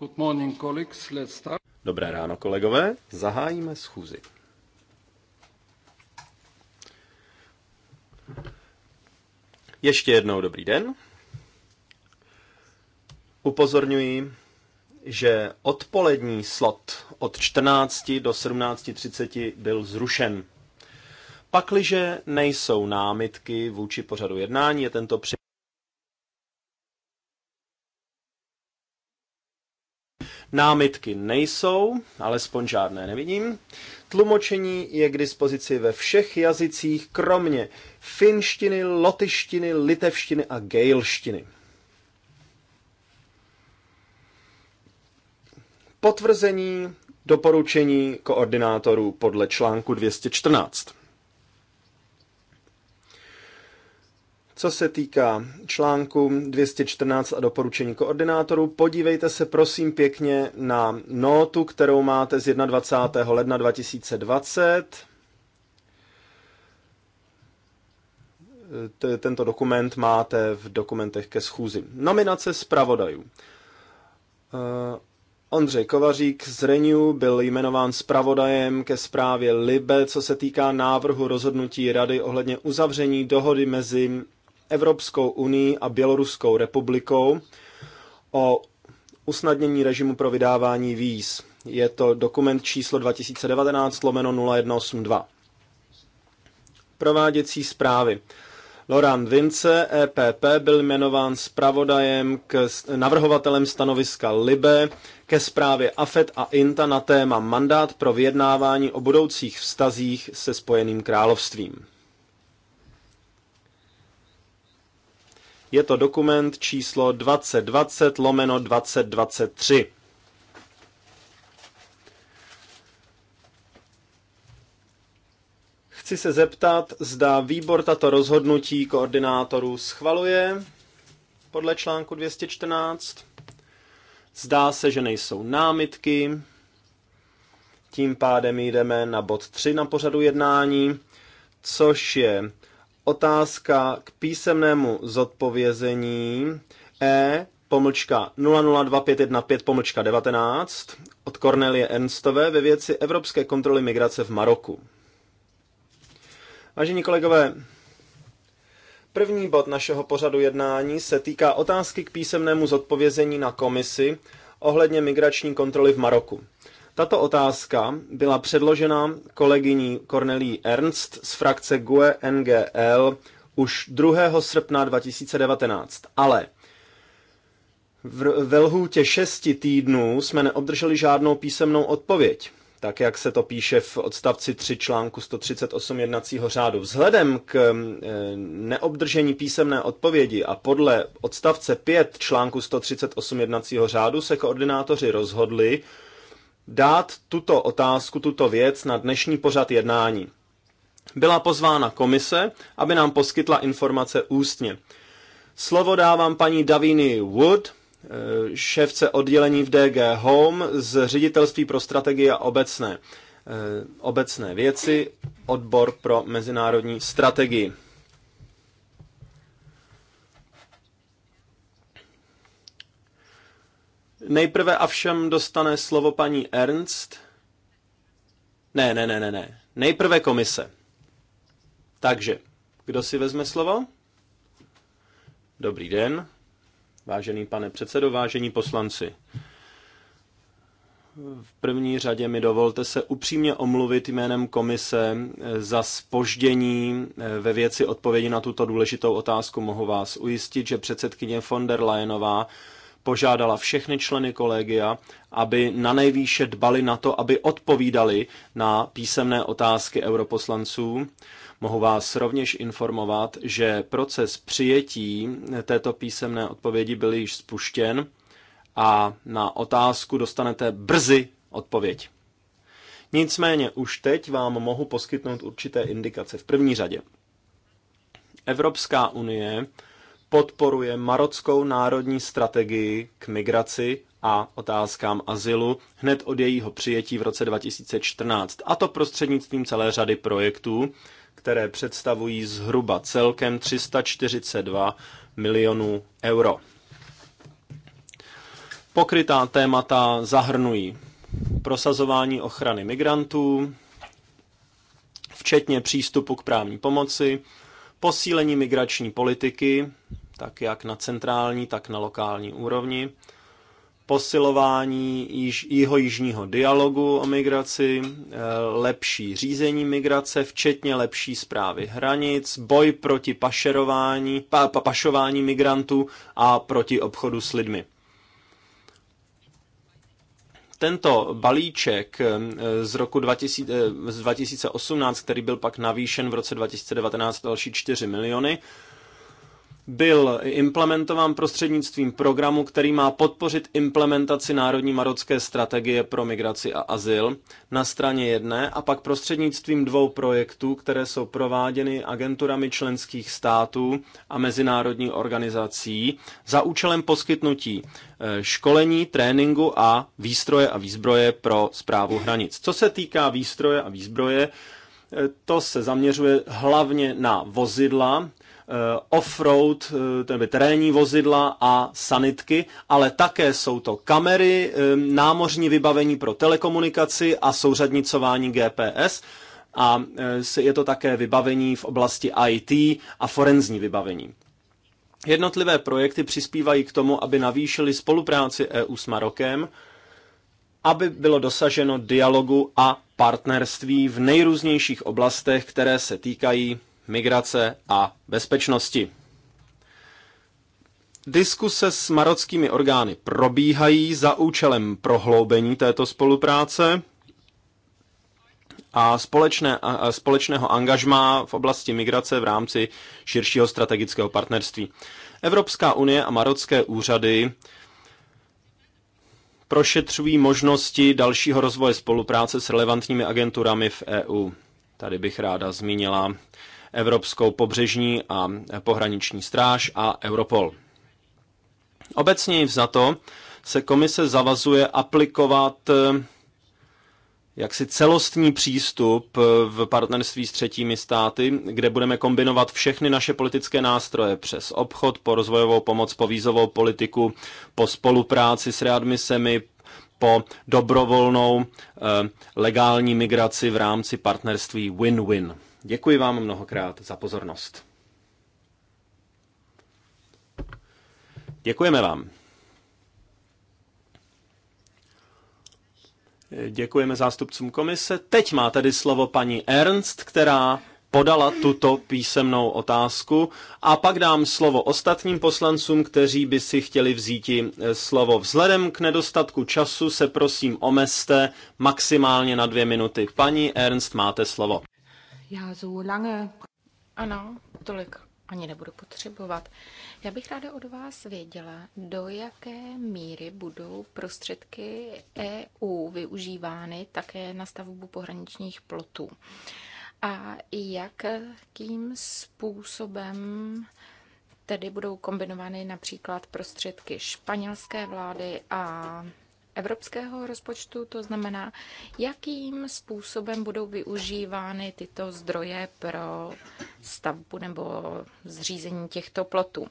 Good morning, colleagues. Let's start. Dobré ráno, kolegové. Zahájíme schůzi. Ještě jednou dobrý den. Upozorňuji, že odpolední slot od 14 do 17.30 byl zrušen. Pakliže nejsou námitky vůči pořadu jednání, je tento při Námitky nejsou, alespoň žádné nevidím. Tlumočení je k dispozici ve všech jazycích, kromě finštiny, lotyštiny, litevštiny a gejlštiny. Potvrzení doporučení koordinátorů podle článku 214. Co se týká článku 214 a doporučení koordinátorů, podívejte se prosím pěkně na notu, kterou máte z 21. ledna 2020. Tento dokument máte v dokumentech ke schůzi. Nominace zpravodajů. Eh, Ondřej Kovařík z Renew byl jmenován zpravodajem ke zprávě Libe, co se týká návrhu rozhodnutí Rady ohledně uzavření dohody mezi Evropskou unii a Běloruskou republikou o usnadnění režimu pro vydávání víz. Je to dokument číslo 2019 lomeno 0182. Prováděcí zprávy. Loran Vince, EPP, byl jmenován zpravodajem k navrhovatelem stanoviska Libe ke zprávě AFET a INTA na téma mandát pro vyjednávání o budoucích vztazích se Spojeným královstvím. Je to dokument číslo 2020 lomeno 2023. Chci se zeptat, zda výbor tato rozhodnutí koordinátorů schvaluje podle článku 214. Zdá se, že nejsou námitky. Tím pádem jdeme na bod 3 na pořadu jednání, což je otázka k písemnému zodpovězení E pomlčka 002515 pomlčka 19 od Cornelie Ernstové ve věci Evropské kontroly migrace v Maroku. Vážení kolegové, první bod našeho pořadu jednání se týká otázky k písemnému zodpovězení na komisi ohledně migrační kontroly v Maroku. Tato otázka byla předložena kolegyní Cornelí Ernst z frakce GUE NGL už 2. srpna 2019, ale v, ve lhůtě 6 týdnů jsme neobdrželi žádnou písemnou odpověď, tak jak se to píše v odstavci 3 článku 138 jednacího řádu. Vzhledem k eh, neobdržení písemné odpovědi a podle odstavce 5 článku 138 jednacího řádu se koordinátoři rozhodli, dát tuto otázku, tuto věc na dnešní pořad jednání. Byla pozvána komise, aby nám poskytla informace ústně. Slovo dávám paní Davini Wood, eh, šéfce oddělení v DG Home z ředitelství pro strategie a obecné, eh, obecné věci, odbor pro mezinárodní strategii. Nejprve a všem dostane slovo paní Ernst. Ne, ne, ne, ne, ne. Nejprve komise. Takže, kdo si vezme slovo? Dobrý den, vážený pane předsedo, vážení poslanci. V první řadě mi dovolte se upřímně omluvit jménem komise za spoždění ve věci odpovědi na tuto důležitou otázku. Mohu vás ujistit, že předsedkyně von der Leyenová požádala všechny členy kolegia, aby na nejvýše dbali na to, aby odpovídali na písemné otázky europoslanců. Mohu vás rovněž informovat, že proces přijetí této písemné odpovědi byl již spuštěn a na otázku dostanete brzy odpověď. Nicméně už teď vám mohu poskytnout určité indikace. V první řadě Evropská unie podporuje marockou národní strategii k migraci a otázkám azylu hned od jejího přijetí v roce 2014. A to prostřednictvím celé řady projektů, které představují zhruba celkem 342 milionů euro. Pokrytá témata zahrnují prosazování ochrany migrantů, včetně přístupu k právní pomoci, posílení migrační politiky, tak jak na centrální, tak na lokální úrovni, posilování již, jeho jižního dialogu o migraci, eh, lepší řízení migrace, včetně lepší zprávy hranic, boj proti pašerování, pa, pa, pašování migrantů a proti obchodu s lidmi. Tento balíček eh, z roku 2000, eh, z 2018, který byl pak navýšen v roce 2019 další 4 miliony, byl implementován prostřednictvím programu, který má podpořit implementaci Národní marocké strategie pro migraci a azyl na straně jedné a pak prostřednictvím dvou projektů, které jsou prováděny agenturami členských států a mezinárodní organizací za účelem poskytnutí eh, školení, tréninku a výstroje a výzbroje pro zprávu hranic. Co se týká výstroje a výzbroje, eh, to se zaměřuje hlavně na vozidla, Eh, off-road, eh, tedy terénní vozidla a sanitky, ale také jsou to kamery, eh, námořní vybavení pro telekomunikaci a souřadnicování GPS a je to také vybavení v oblasti IT a forenzní vybavení. Jednotlivé projekty přispívají k tomu, aby navýšili spolupráci EU s Marokem, aby bylo dosaženo dialogu a partnerství v nejrůznějších oblastech, které se týkají migrace a bezpečnosti. Diskuse s marockými orgány probíhají za účelem prohloubení této spolupráce a, společné, a společného angažmá v oblasti migrace v rámci širšího strategického partnerství. Evropská unie a marocké úřady prošetřují možnosti dalšího rozvoje spolupráce s relevantními agenturami v EU. Tady bych ráda zmínila Evropskou pobřežní a pohraniční stráž a Europol. Obecně za se komise zavazuje aplikovat eh, jaksi celostní přístup eh, v partnerství s třetími státy, kde budeme kombinovat všechny naše politické nástroje přes obchod, po rozvojovou pomoc, po vízovou politiku, po spolupráci s readmisemi, po dobrovolnou eh, legální migraci v rámci partnerství win-win. Děkuji vám mnohokrát za pozornost. Děkujeme vám. Děkujeme zástupcům komise. Teď má tady slovo paní Ernst, která podala tuto písemnou otázku a pak dám slovo ostatním poslancům, kteří by si chtěli vzít e, slovo. Vzhledem k nedostatku času se prosím omezte maximálně na dvě minuty. Paní Ernst, máte slovo. Já so lange... Ano, tolik ani nebudu potřebovat. Já bych ráda od vás věděla, do jaké míry budou prostředky EU využívány také na stavbu pohraničních plotů. A jakým způsobem tedy budou kombinovány například prostředky španělské vlády a evropského rozpočtu, to znamená, jakým způsobem budou využívány tyto zdroje pro stavbu nebo zřízení těchto plotů.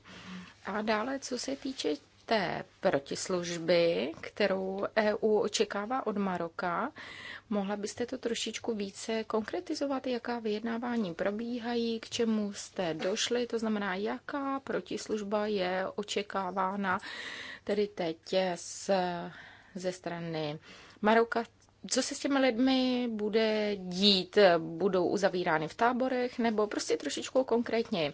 A dále, co se týče té protislužby, kterou EU očekává od Maroka. Mohla byste to trošičku více konkretizovat, jaká vyjednávání probíhají, k čemu jste došli, to znamená, jaká protislužba je očekávána tedy teď z ze strany Maroka. Co se s těmi lidmi bude dít? Budou uzavírány v táborech nebo prostě trošičku konkrétně?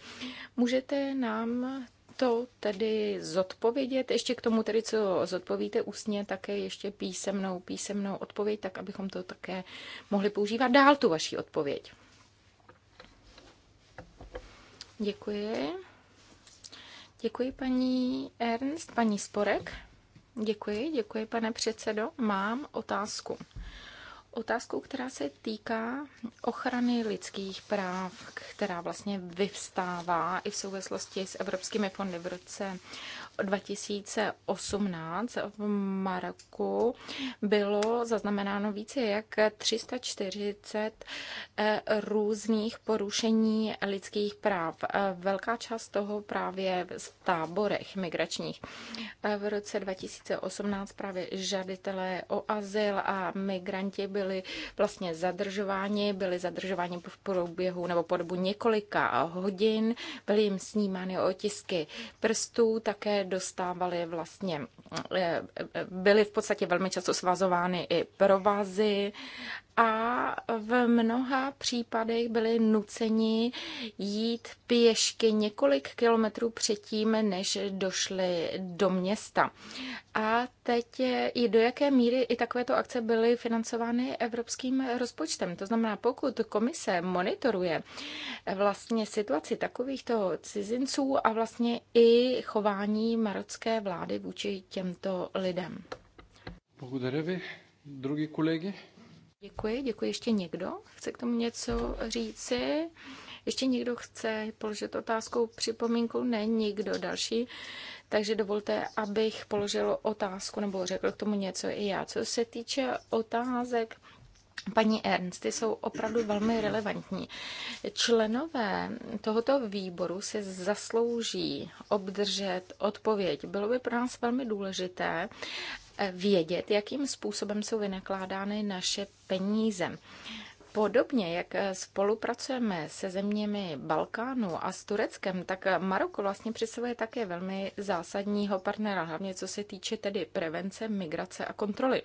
Můžete nám to tedy zodpovědět? Ještě k tomu tedy, co zodpovíte ústně, také ještě písemnou, písemnou odpověď, tak abychom to také mohli používat dál, tu vaši odpověď. Děkuji. Děkuji paní Ernst, paní Sporek. Děkuji, děkuji, pane předsedo. Mám otázku. Otázku, která se týká ochrany lidských práv, která vlastně vyvstává i v souvislosti s evropskými fondy v roce 2018 v Maroku bylo zaznamenáno více jak 340 eh, různých porušení lidských práv. Eh, velká část toho právě v táborech migračních. Eh, v roce 2018 právě žadatelé o azyl a migranti byli vlastně zadržováni, byli zadržováni v průběhu nebo po dobu několika hodin, byly jim snímány otisky prstů, také dostávali vlastně, eh, byly v podstatě velmi často svazovány i provazy a v mnoha případech byli nuceni jít pěšky několik kilometrů předtím, než došli do města. A teď eh, i do jaké míry i takovéto akce byly financovány evropským rozpočtem. To znamená, pokud komise monitoruje eh, vlastně situaci takovýchto cizinců a vlastně i chování marocké vlády vůči těmto lidem. Благодаря Другý kolegy? Děkuji, děkuji. Ještě někdo chce k tomu něco říci? Ještě někdo chce položit otázku, připomínku? Ne, nikdo další. Takže dovolte, abych položil otázku nebo řekl k tomu něco i já. Co se týče otázek paní Ernst, ty jsou opravdu velmi relevantní. Členové tohoto výboru si zaslouží obdržet odpověď. Bylo by pro nás velmi důležité eh, vědět, jakým způsobem jsou vynakládány naše peníze. Podobně, jak eh, spolupracujeme se zeměmi Balkánu a s Tureckem, tak eh, Maroko vlastně představuje také velmi zásadního partnera, hlavně co se týče tedy prevence, migrace a kontroly.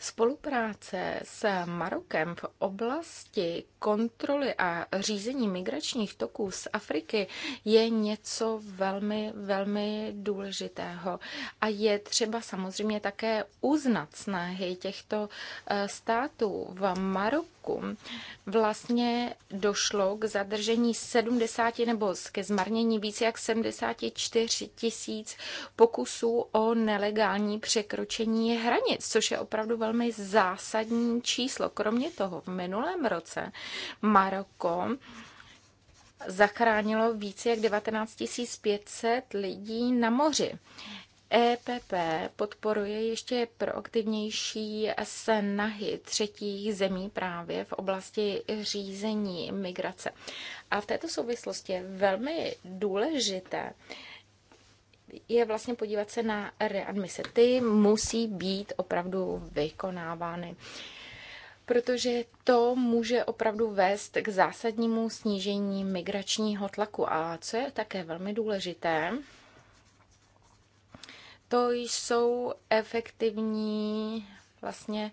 Spolupráce s Marokem v oblasti kontroly a řízení migračních toků z Afriky je něco velmi, velmi důležitého. A je třeba samozřejmě také uznat snahy těchto eh, států v Maroku útokům vlastně došlo k zadržení 70 nebo ke zmarnění více jak 74 tisíc pokusů o nelegální překročení hranic, což je opravdu velmi zásadní číslo. Kromě toho v minulém roce Maroko zachránilo více jak 19 500 lidí na moři. EPP podporuje ještě proaktivnější snahy třetích zemí právě v oblasti řízení migrace. A v této souvislosti je velmi důležité je vlastně podívat se na readmise. Ty musí být opravdu vykonávány protože to může opravdu vést k zásadnímu snížení migračního tlaku. A co je také velmi důležité, to jsou efektivní vlastně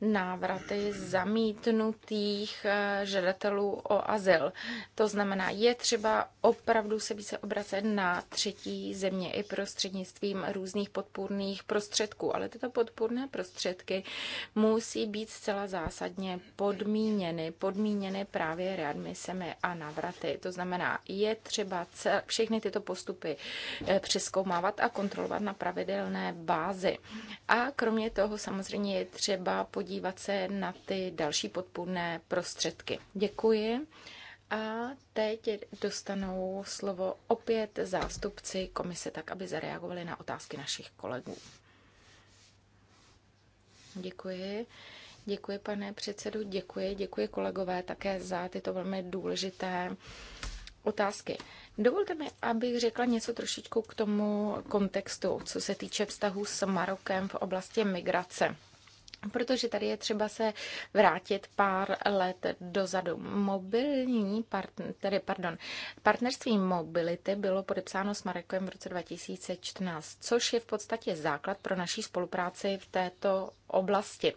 návraty zamítnutých eh, žadatelů o azyl. To znamená, je třeba opravdu se více obracet na třetí země i prostřednictvím různých podpůrných prostředků. Ale tyto podpůrné prostředky musí být zcela zásadně podmíněny, podmíněny právě readmisemi a návraty. To znamená, je třeba cel, všechny tyto postupy eh, přeskoumávat a kontrolovat na pravidelné bázi. A kromě toho samozřejmě je třeba podívat podívat se na ty další podpůrné prostředky. Děkuji. A teď dostanou slovo opět zástupci komise, tak aby zareagovali na otázky našich kolegů. Děkuji. Děkuji, pane předsedu, děkuji, děkuji kolegové také za tyto velmi důležité otázky. Dovolte mi, abych řekla něco trošičku k tomu kontextu, co se týče vztahu s Marokem v oblasti migrace. Protože tady je třeba se vrátit pár let dozadu. Mobilní part, tedy, pardon, partnerství mobility bylo podepsáno s Marekem v roce 2014, což je v podstatě základ pro naší spolupráci v této oblasti.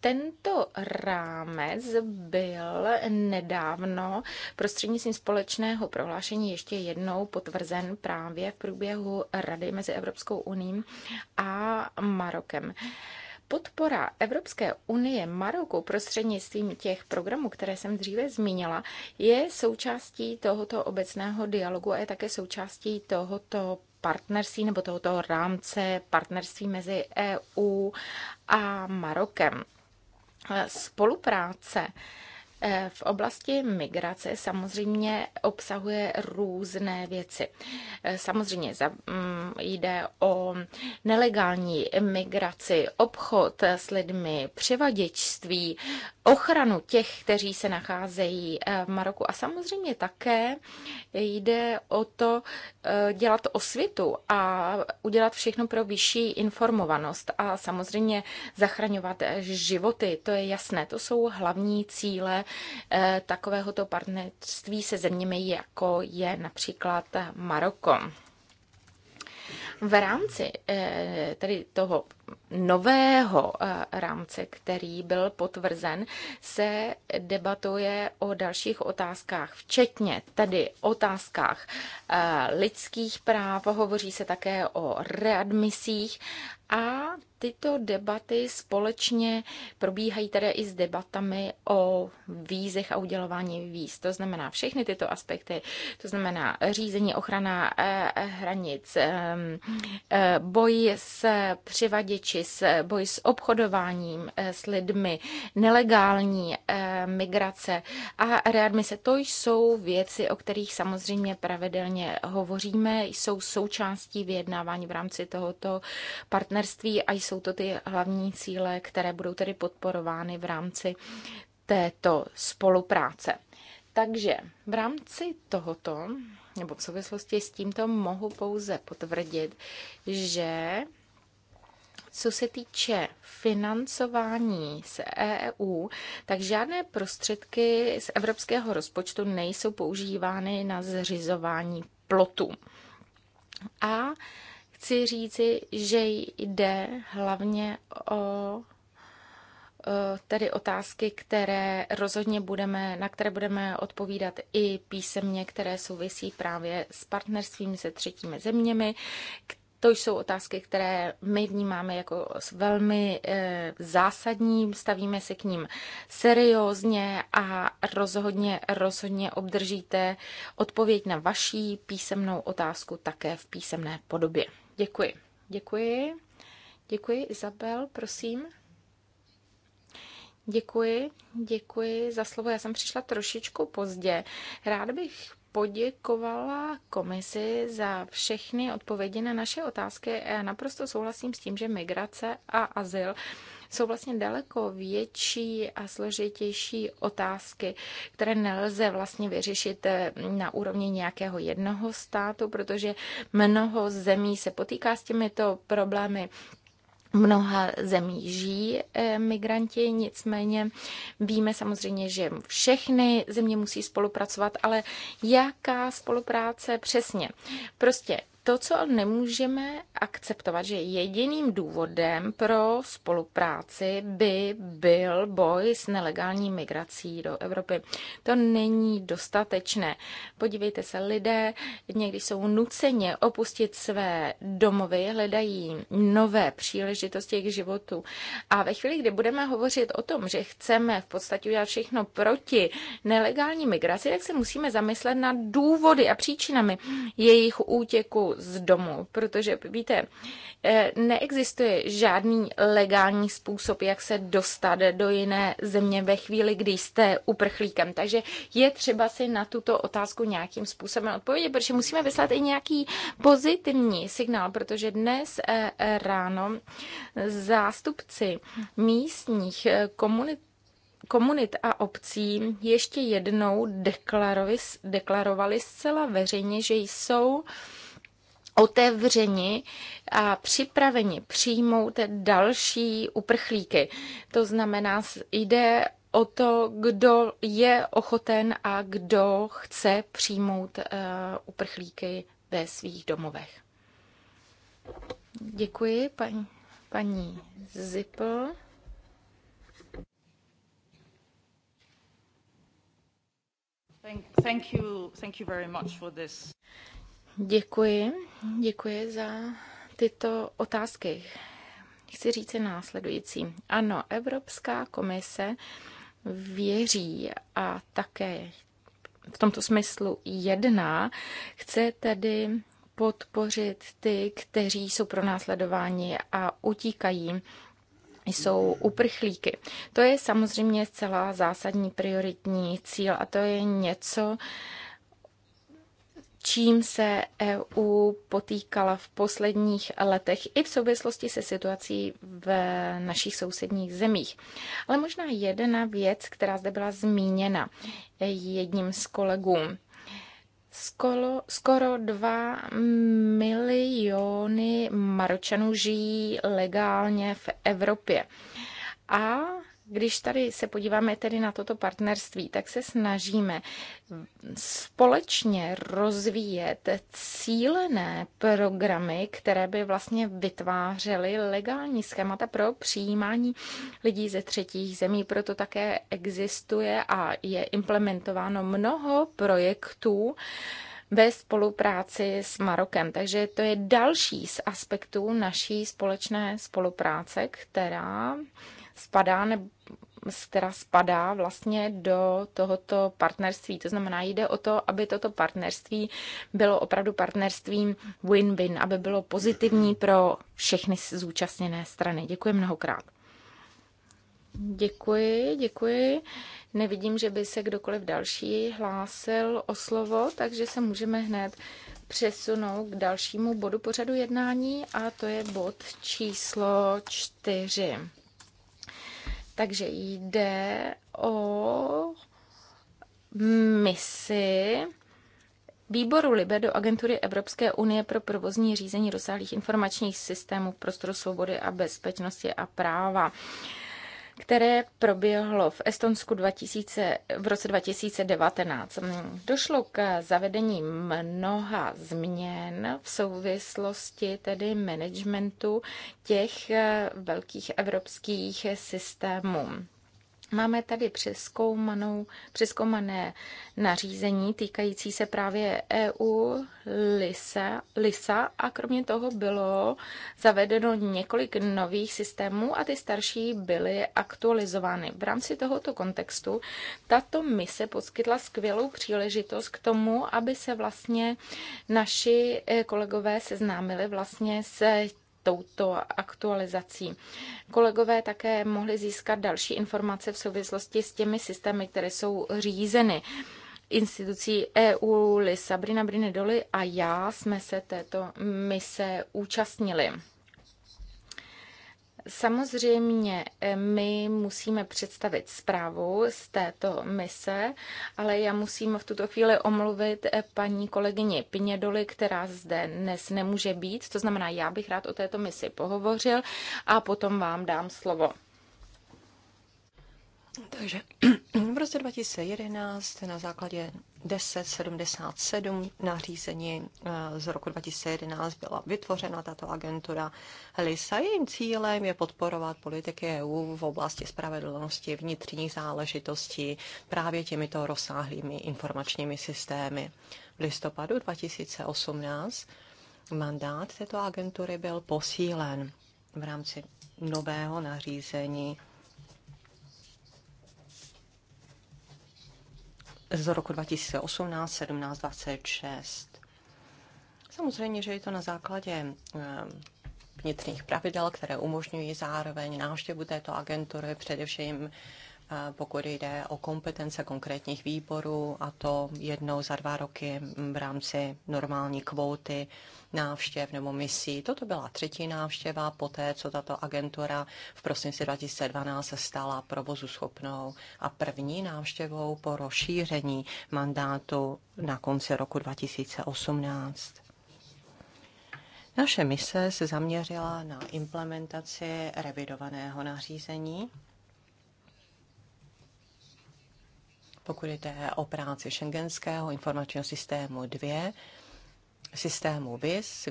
Tento rámec byl nedávno prostřednictvím společného prohlášení ještě jednou potvrzen právě v průběhu Rady mezi Evropskou uní a Marokem podpora Evropské unie Maroku prostřednictvím těch programů, které jsem dříve zmínila, je součástí tohoto obecného dialogu a je také součástí tohoto partnerství nebo tohoto rámce partnerství mezi EU a Marokem. Spolupráce Eh, v oblasti migrace samozřejmě obsahuje různé věci. Eh, samozřejmě mm, jde o nelegální migraci, obchod s lidmi, převaděčství, ochranu těch, kteří se nacházejí eh, v Maroku. A samozřejmě také jde o to dělat osvětu a udělat všechno pro vyšší informovanost a samozřejmě zachraňovat životy. To je jasné, to jsou hlavní cíle Eh, takovéhoto partnerství se zeměmi, jako je například Maroko. V rámci eh, tedy toho nového eh, rámce, který byl potvrzen, se debatuje o dalších otázkách, včetně tedy otázkách lidských práv, hovoří se také o readmisích a tyto debaty společně probíhají tedy i s debatami o vízech a udělování víz. To znamená všechny tyto aspekty, to znamená řízení, ochrana eh, eh, hranic, eh, boj s přivaděči, boj s obchodováním s lidmi, nelegální migrace a readmise. To jsou věci, o kterých samozřejmě pravidelně hovoříme, jsou součástí vyjednávání v rámci tohoto partnerství a jsou jsou to ty hlavní cíle, které budou tedy podporovány v rámci této spolupráce. Takže v rámci tohoto, nebo v souvislosti s tímto, mohu pouze potvrdit, že co se týče financování z EU, tak žádné prostředky z evropského rozpočtu nejsou používány na zřizování plotů. A chci říci, že jde hlavně o tedy otázky, které rozhodně budeme, na které budeme odpovídat i písemně, které souvisí právě s partnerstvím se třetími zeměmi. To jsou otázky, které my vnímáme jako velmi eh, zásadní, stavíme se k ním seriózně a rozhodně, rozhodně obdržíte odpověď na vaší písemnou otázku také v písemné podobě. Děkuji. Děkuji. Děkuji, Izabel, prosím. Děkuji, děkuji za slovo. Já jsem přišla trošičku pozdě. Rád bych poděkovala komisi za všechny odpovědi na naše otázky. Já naprosto souhlasím s tím, že migrace a azyl jsou vlastně daleko větší a složitější otázky, které nelze vlastně vyřešit eh, na úrovni nějakého jednoho státu, protože mnoho zemí se potýká s těmito problémy mnoha zemí žijí e, migranti, nicméně víme samozřejmě, že všechny země musí spolupracovat, ale jaká spolupráce přesně? Prostě to, co nemůžeme akceptovat, že jediným důvodem pro spolupráci by byl boj s nelegální migrací do Evropy. To není dostatečné. Podívejte se, lidé někdy jsou nuceně opustit své domovy, hledají nové příležitosti k životu. A ve chvíli, kdy budeme hovořit o tom, že chceme v podstatě udělat všechno proti nelegální migraci, tak se musíme zamyslet na důvody a příčinami jejich útěku z domu, protože víte, eh, neexistuje žádný legální způsob, jak se dostat do jiné země ve chvíli, kdy jste uprchlíkem. Takže je třeba si na tuto otázku nějakým způsobem odpovědět, protože musíme vyslat i nějaký pozitivní signál, protože dnes eh, ráno zástupci místních eh, komunit komunit a obcí ještě jednou deklarovali, deklarovali zcela veřejně, že jsou uh, otevřeni a připraveni přijmout další uprchlíky. To znamená, jde o to, kdo je ochoten a kdo chce přijmout eh, uprchlíky ve svých domovech. Děkuji, paní, paní Zipl. Thank, you, thank you very much for this. Děkuji, děkuji za tyto otázky. Chci říct následující. Ano, Evropská komise věří a také v tomto smyslu jedná, chce tedy podpořit ty, kteří jsou pro následování a utíkají jsou uprchlíky. To je samozřejmě celá zásadní prioritní cíl a to je něco, čím se EU potýkala v posledních letech i v souvislosti se situací v našich sousedních zemích. Ale možná jedna věc, která zde byla zmíněna jedním z kolegů. Skoro, skoro 2 miliony Maročanů žijí legálně v Evropě. A když tady se podíváme tedy na toto partnerství, tak se snažíme společně rozvíjet cílené programy, které by vlastně vytvářely legální schémata pro přijímání lidí ze třetích zemí. Proto také existuje a je implementováno mnoho projektů, ve spolupráci s Marokem. Takže to je další z aspektů naší společné spolupráce, která spadá, nebo, která spadá vlastně do tohoto partnerství. To znamená, jde o to, aby toto partnerství bylo opravdu partnerstvím win-win, aby bylo pozitivní pro všechny zúčastněné strany. Děkuji mnohokrát. Děkuji, děkuji. Nevidím, že by se kdokoliv další hlásil o slovo, takže se můžeme hned přesunout k dalšímu bodu pořadu jednání a to je bod číslo čtyři. Takže jde o misi výboru LIBE do agentury Evropské unie pro provozní řízení rozsáhlých informačních systémů v prostoru svobody a bezpečnosti a práva které proběhlo v Estonsku 2000, v roce 2019. Mm, došlo k zavedení mnoha změn v souvislosti tedy managementu těch eh, velkých evropských systémů. Máme tady přeskoumanou, přeskoumané nařízení týkající se právě EU LISA, LISA a kromě toho bylo zavedeno několik nových systémů a ty starší byly aktualizovány. V rámci tohoto kontextu tato mise poskytla skvělou příležitost k tomu, aby se vlastně naši eh, kolegové seznámili vlastně s touto aktualizací. Kolegové také mohli získat další informace v souvislosti s těmi systémy, které jsou řízeny institucí EU, Sabrina Brinedoli a já jsme se této mise účastnili. Samozřejmě eh, my musíme představit zprávu z této mise, ale já musím v tuto chvíli omluvit eh, paní kolegyni Pinědoli, která zde dnes nemůže být. To znamená, já bych rád o této misi pohovořil a potom vám dám slovo. Takže v roce 2011 na základě 1077 nařízení eh, z roku 2011 byla vytvořena tato agentura LISA. Jejím cílem je podporovat politiky EU v oblasti spravedlnosti, vnitřních záležitostí právě těmito rozsáhlými informačními systémy. V listopadu 2018 mandát této agentury byl posílen v rámci nového nařízení z roku 2018 26. Samozřejmě, že je to na základě eh, vnitřních pravidel, které umožňují zároveň návštěvu této agentury, především pokud jde o kompetence konkrétních výborů, a to jednou za dva roky v rámci normální kvóty návštěv nebo misí. Toto byla třetí návštěva poté, co tato agentura v prosinci 2012 se stala provozu schopnou a první návštěvou po rozšíření mandátu na konci roku 2018. Naše mise se zaměřila na implementaci revidovaného nařízení pokud jde o práci šengenského informačního systému 2, systému VIS,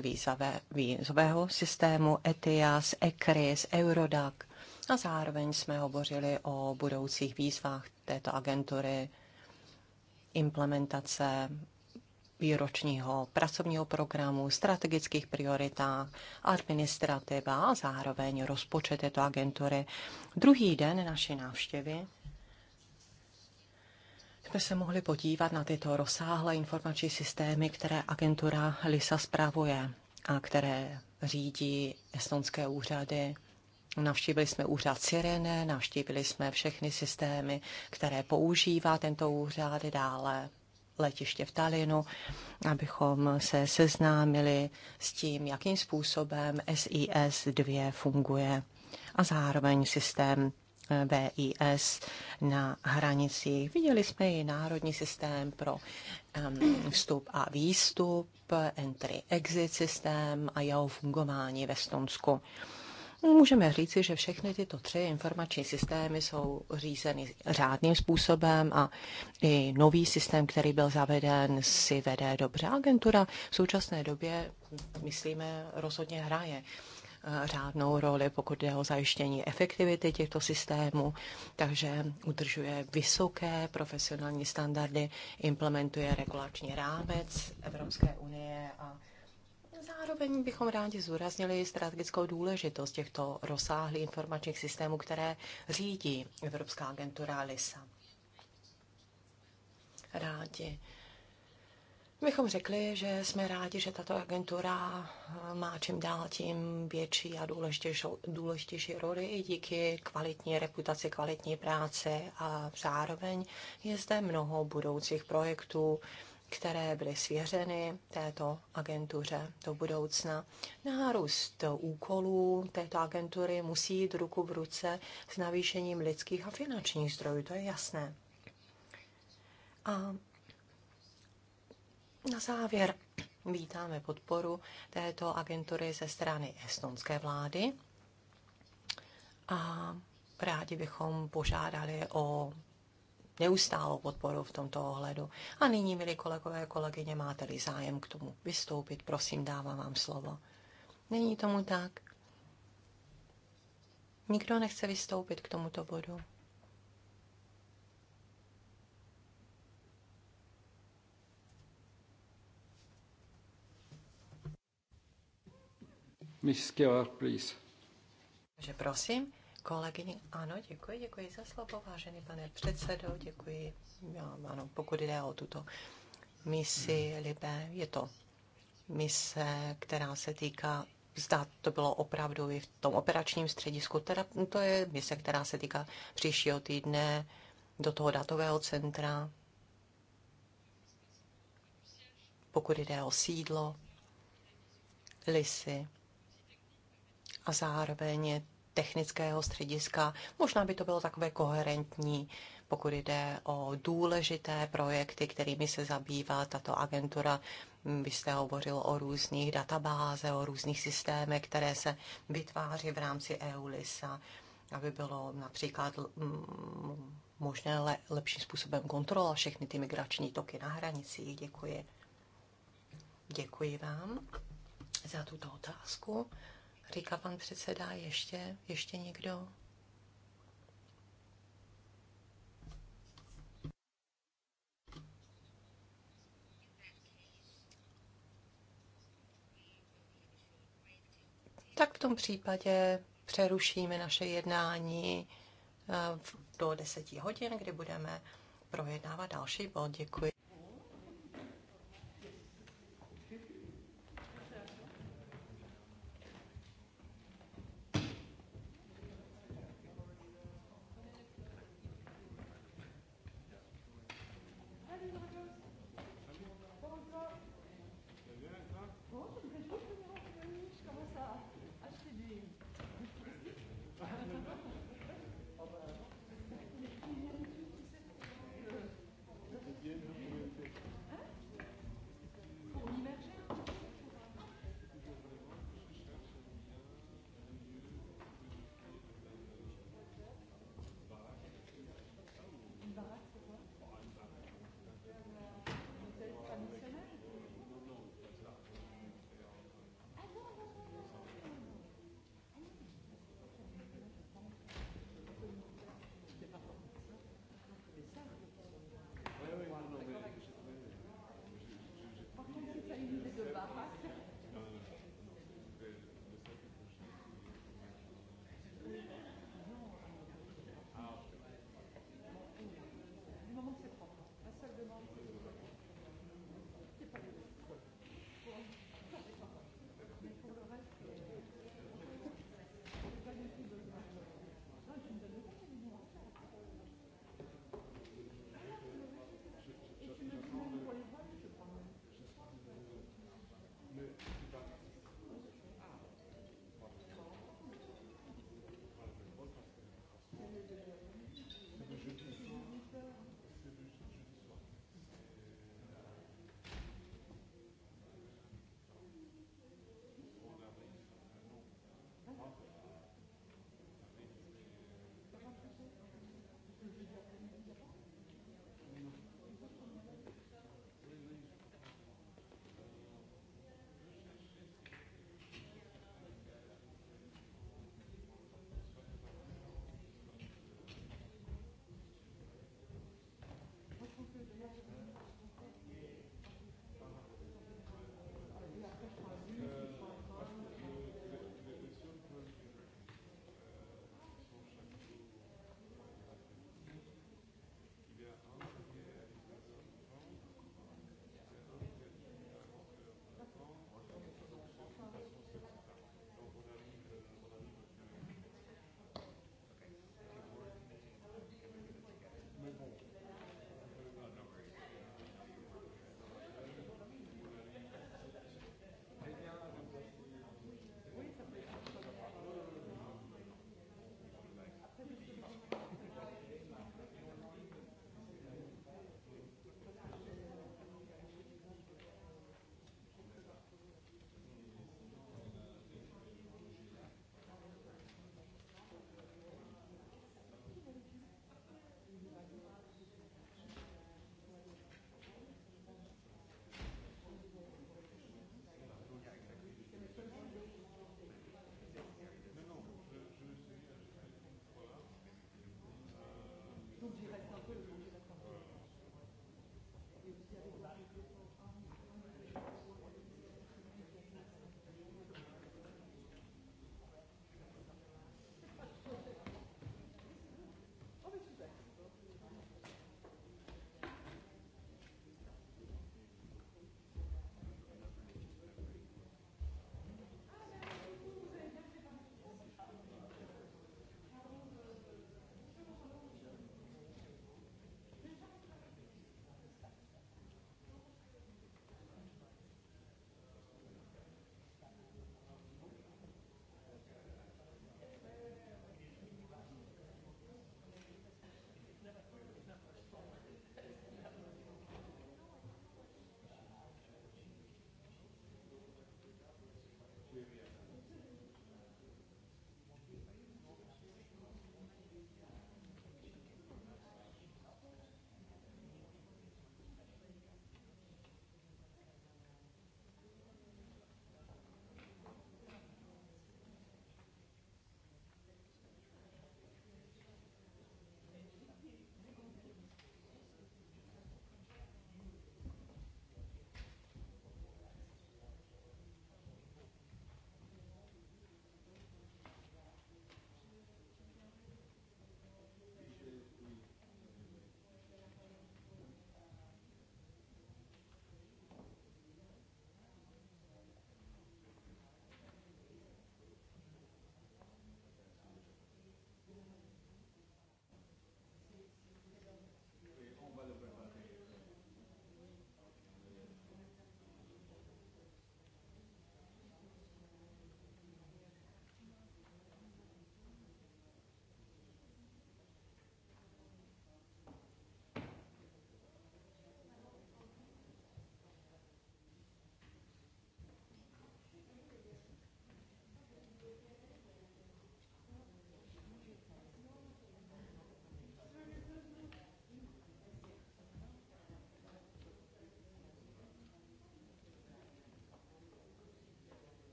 vízového systému ETIAS, ECRIS, Eurodac a zároveň jsme hovořili o budoucích výzvách této agentury, implementace výročního pracovního programu, strategických prioritách, administrativa a zároveň rozpočet této agentury. Druhý den naší návštěvy jsme se mohli podívat na tyto rozsáhlé informační systémy, které agentura LISA zpravuje a které řídí estonské úřady. Navštívili jsme úřad Sirene, navštívili jsme všechny systémy, které používá tento úřad dále letiště v Talinu, abychom se seznámili s tím, jakým způsobem SIS-2 funguje a zároveň systém VIS na hranicích. Viděli jsme i národní systém pro vstup a výstup, entry-exit systém a jeho fungování ve Stonsku. Můžeme říci, že všechny tyto tři informační systémy jsou řízeny řádným způsobem a i nový systém, který byl zaveden, si vede dobře. Agentura v současné době, myslíme, rozhodně hraje řádnou roli, pokud jde o zajištění efektivity těchto systémů, takže udržuje vysoké profesionální standardy, implementuje regulační rámec Evropské unie a Zároveň bychom rádi zúraznili strategickou důležitost těchto rozsáhlých informačních systémů, které řídí Evropská agentura LISA. Rádi bychom řekli, že jsme rádi, že tato agentura eh, má čím dál tím větší a důležitější, důležitější roli díky kvalitní reputaci, kvalitní práce a zároveň je zde mnoho budoucích projektů, které byly svěřeny této agentuře do budoucna. Nárůst úkolů této agentury musí jít ruku v ruce s navýšením lidských a finančních zdrojů, to je jasné. A na závěr vítáme podporu této agentury ze strany estonské vlády a rádi bychom požádali o neustálou podporu v tomto ohledu. A nyní, milí kolegové, kolegyně, máte-li zájem k tomu vystoupit, prosím, dávám vám slovo. Není tomu tak? Nikdo nechce vystoupit k tomuto bodu. Takže prosím, kolegyně, ano, děkuji, děkuji za slovo, vážený pane předsedo, děkuji, ano, pokud jde o tuto misi Libé, je to mise, která se týká zda to bylo opravdu i v tom operačním středisku. Teda to je mise, která se týká příštího týdne do toho datového centra. Pokud jde o sídlo, lisy, a zároveň technického střediska. Možná by to bylo takové koherentní, pokud jde o důležité projekty, kterými se zabývá tato agentura. Vy jste hovořil o různých databáze, o různých systémech, které se vytváří v rámci EULISA, aby bylo například mm, možné le, lepším způsobem kontrola všechny ty migrační toky na hranicích. Děkuji. Děkuji vám za tuto otázku. Říká pan předseda, ještě, ještě někdo? Tak v tom případě přerušíme naše jednání eh, do 10 hodin, kdy budeme projednávat další bod. Děkuji.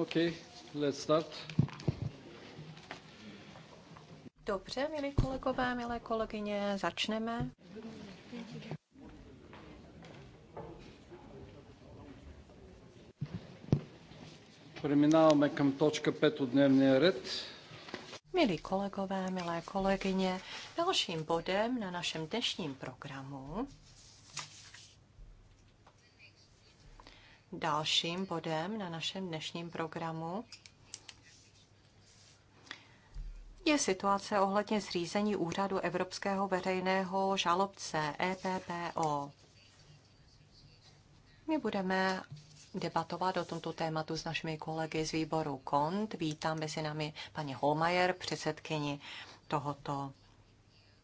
Okay, let's start. Dobře, milí kolegové, milé kolegyně, začneme. Přemínáme k točka 5 dnevní red. Milí kolegové, milé kolegyně, dalším bodem na našem dnešním programu dalším bodem na našem dnešním programu je situace ohledně zřízení úřadu Evropského veřejného žalobce EPPO. My budeme debatovat o tomto tématu s našimi kolegy z výboru KONT. Vítám mezi námi paní Holmajer, předsedkyni tohoto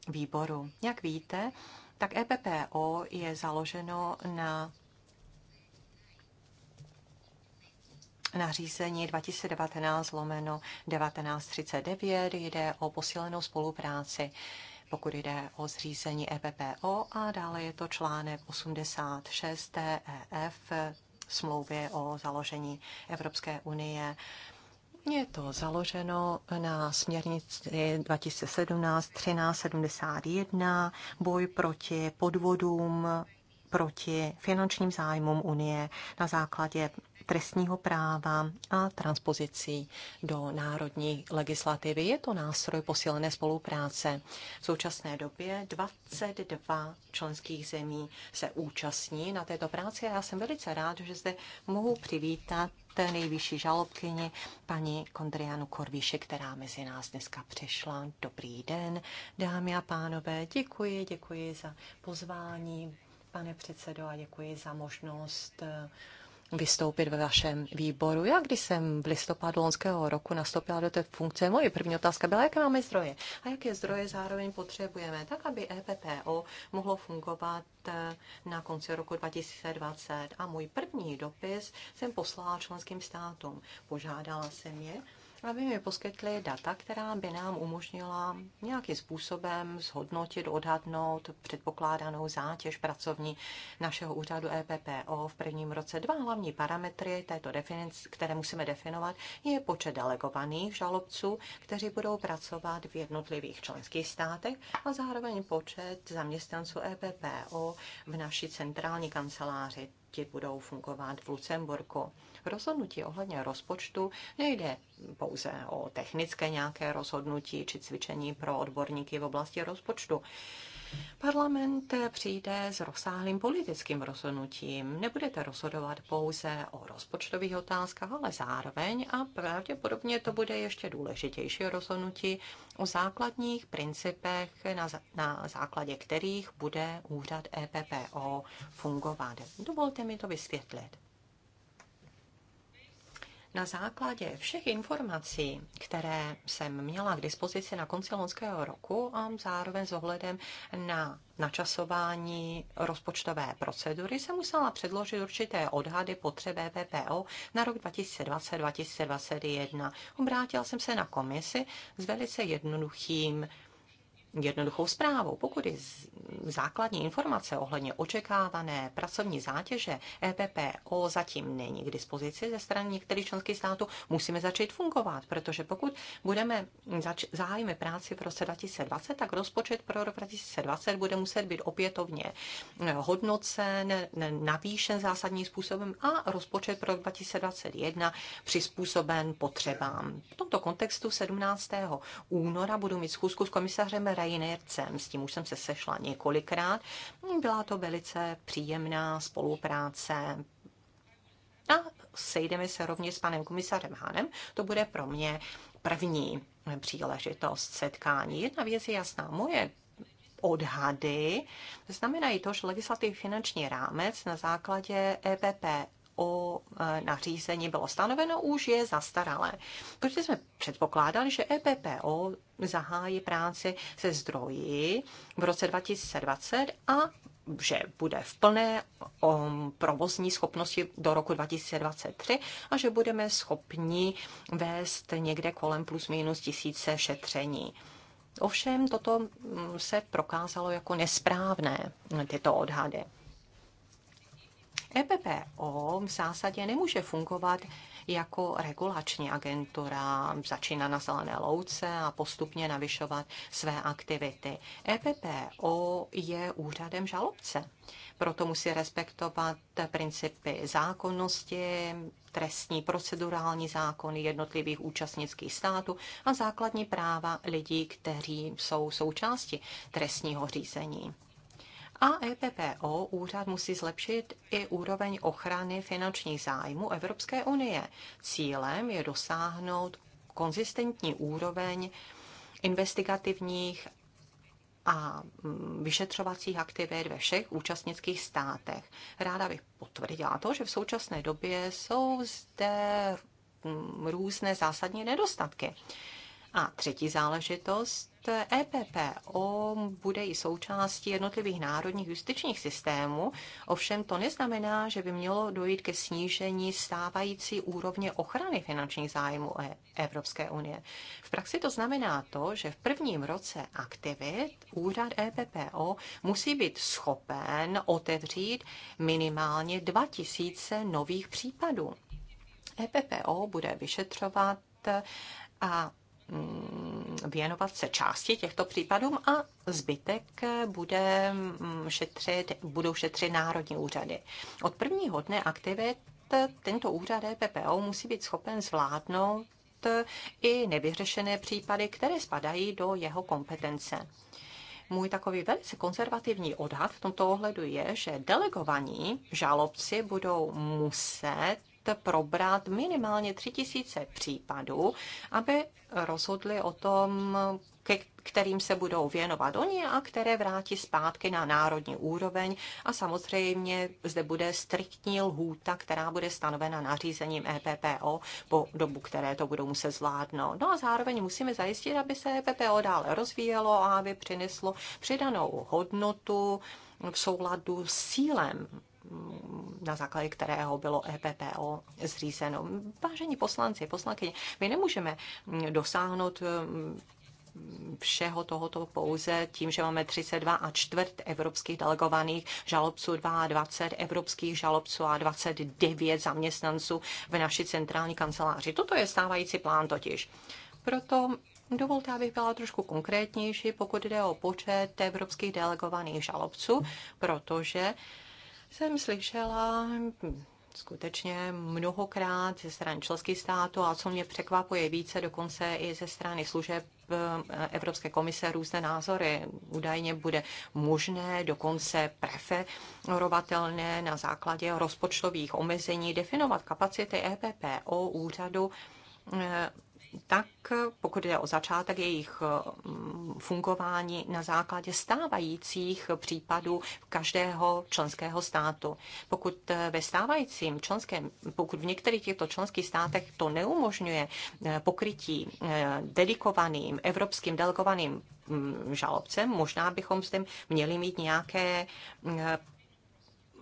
výboru. Jak víte, tak EPPO je založeno na nařízení 2019 lomeno 1939 jde o posílenou spolupráci pokud jde o zřízení EPPO a dále je to článek 86 TEF e smlouvě o založení Evropské unie. Je to založeno na směrnici 2017-1371, boj proti podvodům, proti finančním zájmům Unie na základě trestního práva a transpozicí do národní legislativy. Je to nástroj posílené spolupráce. V současné době 22 členských zemí se účastní na této práci a já jsem velice rád, že zde mohu přivítat nejvyšší žalobkyni paní Kondrianu Korvíše, která mezi nás dneska přišla. Dobrý den, dámy a pánové, děkuji, děkuji za pozvání, pane předsedo, a děkuji za možnost eh, vystoupit ve vašem výboru. Já, když jsem v listopadu loňského roku nastoupila do té funkce, moje první otázka byla, jaké máme zdroje a jaké zdroje zároveň potřebujeme, tak aby EPPO mohlo fungovat eh, na konci roku 2020. A můj první dopis jsem poslala členským státům. Požádala jsem je, aby mi poskytli data, která by nám umožnila nějakým způsobem zhodnotit, odhadnout předpokládanou zátěž pracovní našeho úřadu EPPO v prvním roce. Dva hlavní parametry této definice, které musíme definovat, je počet delegovaných žalobců, kteří budou pracovat v jednotlivých členských státech a zároveň počet zaměstnanců EPPO v naší centrální kanceláři banky budou fungovat v Lucemburku. Rozhodnutí ohledně rozpočtu nejde pouze o technické nějaké rozhodnutí či cvičení pro odborníky v oblasti rozpočtu. Parlament přijde s rozsáhlým politickým rozhodnutím. Nebudete rozhodovat pouze o rozpočtových otázkách, ale zároveň a pravděpodobně to bude ještě důležitější rozhodnutí o základních principech, na, na základě kterých bude úřad EPPO fungovat. Dovolte mi to vysvětlit. Na základě všech informací, které jsem měla k dispozici na konci loňského roku a zároveň s ohledem na načasování rozpočtové procedury, jsem musela předložit určité odhady potřeb PPO na rok 2020-2021. Obrátila jsem se na komisi s velice jednoduchým jednoduchou zprávou. Pokud je základní informace ohledně očekávané pracovní zátěže EPPO zatím není k dispozici ze strany některých členských států, musíme začít fungovat, protože pokud budeme zač- zájmy práci v roce 2020, tak rozpočet pro rok 2020 bude muset být opětovně eh, hodnocen, navýšen zásadním způsobem a rozpočet pro rok 2021 přizpůsoben potřebám. V tomto kontextu 17. února budu mít schůzku s komisařem Rej Ukrajiny S tím už jsem se sešla několikrát. Byla to velice příjemná spolupráce. A sejdeme se rovněž s panem komisařem Hanem. To bude pro mě první příležitost setkání. Jedna věc je jasná. Moje odhady znamenají to, že legislativní finanční rámec na základě EPP o e, nařízení bylo stanoveno, už je zastaralé. Protože jsme předpokládali, že EPPO zahájí práci se zdroji v roce 2020 a že bude v plné um, provozní schopnosti do roku 2023 a že budeme schopni vést někde kolem plus minus tisíce šetření. Ovšem toto mm, se prokázalo jako nesprávné, tyto odhady. EPPO v zásadě nemůže fungovat jako regulační agentura, začíná na zelené louce a postupně navyšovat své aktivity. EPPO je úřadem žalobce, proto musí respektovat principy zákonnosti, trestní procedurální zákony jednotlivých účastnických států a základní práva lidí, kteří jsou součástí trestního řízení. A EPPO úřad musí zlepšit i úroveň ochrany finančních zájmů Evropské unie. Cílem je dosáhnout konzistentní úroveň investigativních a mm, vyšetřovacích aktivit ve všech účastnických státech. Ráda bych potvrdila to, že v současné době jsou zde mm, různé zásadní nedostatky. A třetí záležitost EPPO bude i součástí jednotlivých národních justičních systémů, ovšem to neznamená, že by mělo dojít ke snížení stávající úrovně ochrany finančních zájmů e- Evropské unie. V praxi to znamená to, že v prvním roce aktivit úřad EPPO musí být schopen otevřít minimálně 2000 nových případů. EPPO bude vyšetřovat a Mm, věnovat se části těchto případům a zbytek bude mm, šetřit, budou šetřit národní úřady. Od prvního dne aktivit tento úřad EPPO musí být schopen zvládnout i nevyřešené případy, které spadají do jeho kompetence. Můj takový velice konzervativní odhad v tomto ohledu je, že delegovaní žalobci budou muset probrat minimálně 3000 případů, aby rozhodli o tom, ke kterým se budou věnovat oni a které vrátí zpátky na národní úroveň. A samozřejmě zde bude striktní lhůta, která bude stanovena nařízením EPPO po dobu, které to budou muset zvládnout. No a zároveň musíme zajistit, aby se EPPO dále rozvíjelo a aby přineslo přidanou hodnotu v souladu s cílem na základě kterého bylo EPPO zřízeno. Vážení poslanci, poslankyně, my nemůžeme mm, dosáhnout mm, všeho tohoto pouze tím, že máme 32 a čtvrt evropských delegovaných žalobců, 22 evropských žalobců a 29 zaměstnanců v naší centrální kanceláři. Toto je stávající plán totiž. Proto Dovolte, abych byla trošku konkrétnější, pokud jde o počet evropských delegovaných žalobců, protože jsem slyšela skutečně mnohokrát ze strany členských států a co mě překvapuje více, dokonce i ze strany služeb eh, Evropské komise různé názory. Údajně bude možné, dokonce preferovatelné na základě rozpočtových omezení definovat kapacity EPPO úřadu eh, tak pokud jde o začátek jejich eh, fungování na základě stávajících případů každého členského státu. Pokud eh, ve stávajícím členském, pokud v některých těchto členských státech to neumožňuje eh, pokrytí dedikovaným evropským delegovaným mm, žalobcem, možná bychom s tím měli mít nějaké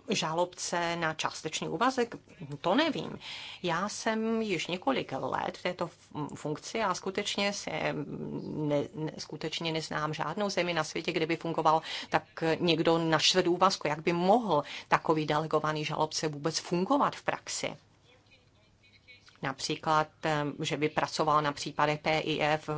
žalobce na částečný úvazek, to nevím. Já jsem již několik let v této funkci a skutečně, se mm, ne, ne, skutečně neznám žádnou zemi na světě, kde by fungoval tak někdo na čtvrt úvazku. Jak by mohl takový delegovaný žalobce vůbec fungovat v praxi? například, že by pracoval na případech eh, PIF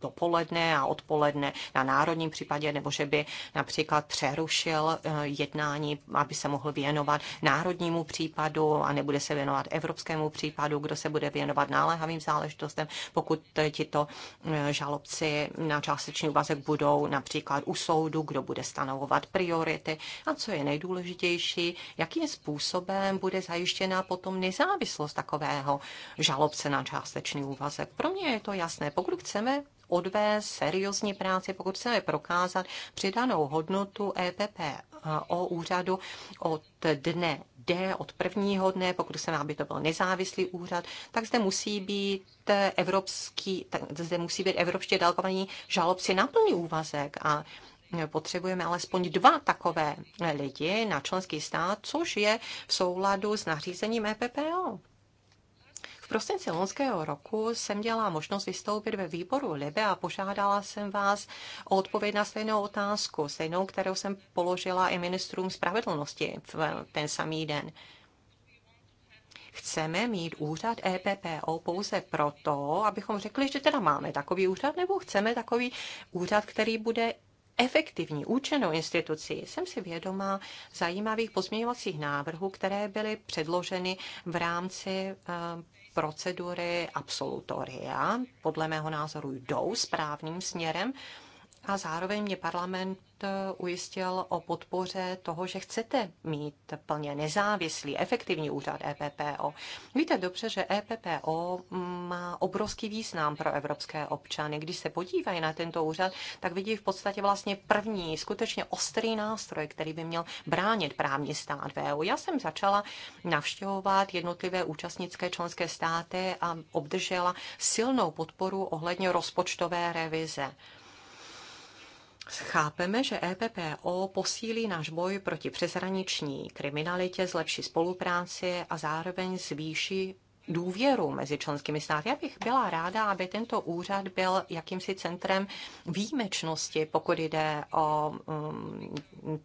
dopoledne a odpoledne na národním případě, nebo že by například přerušil eh, jednání, aby se mohl věnovat národnímu případu a nebude se věnovat evropskému případu, kdo se bude věnovat náléhavým záležitostem, pokud eh, tito žalobci na částečný úvazek budou například u soudu, kdo bude stanovovat priority a co je nejdůležitější, jakým způsobem bude zajištěna potom nezávislost takové takzvaného žalobce na částečný úvazek. Pro mě je to jasné. Pokud chceme odvést seriózní práci, pokud chceme prokázat přidanou hodnotu EPPO eh, úřadu od dne D, od prvního dne, pokud chceme, aby to byl nezávislý úřad, tak zde musí být evropský, tak zde musí být evropště dalkovaní žalobci na plný úvazek a potřebujeme alespoň dva takové lidi na členský stát, což je v souladu s nařízením EPPO prosinci loňského roku jsem měla možnost vystoupit ve výboru Libe a požádala jsem vás o odpověď na stejnou otázku, stejnou, kterou jsem položila i ministrům spravedlnosti v ten samý den. Chceme mít úřad EPPO pouze proto, abychom řekli, že teda máme takový úřad, nebo chceme takový úřad, který bude efektivní, účinnou instituci. Jsem si vědoma zajímavých pozměňovacích návrhů, které byly předloženy v rámci eh, procedury absolutoria podle mého názoru jdou správným směrem a zároveň mě parlament Eh, ujistil o podpoře toho, že chcete mít plně nezávislý, efektivní úřad EPPO. Víte dobře, že EPPO mm, má obrovský význam pro evropské občany. Když se podívají na tento úřad, tak vidí v podstatě vlastně první, skutečně ostrý nástroj, který by měl bránit právní stát EU. Já jsem začala navštěvovat jednotlivé účastnické členské státy a obdržela silnou podporu ohledně rozpočtové revize. Chápeme, že EPPO posílí náš boj proti přeshraniční kriminalitě, zlepší spolupráci a zároveň zvýší důvěru mezi členskými státy. Já bych byla ráda, aby tento úřad byl jakýmsi centrem výjimečnosti, pokud jde o, mm,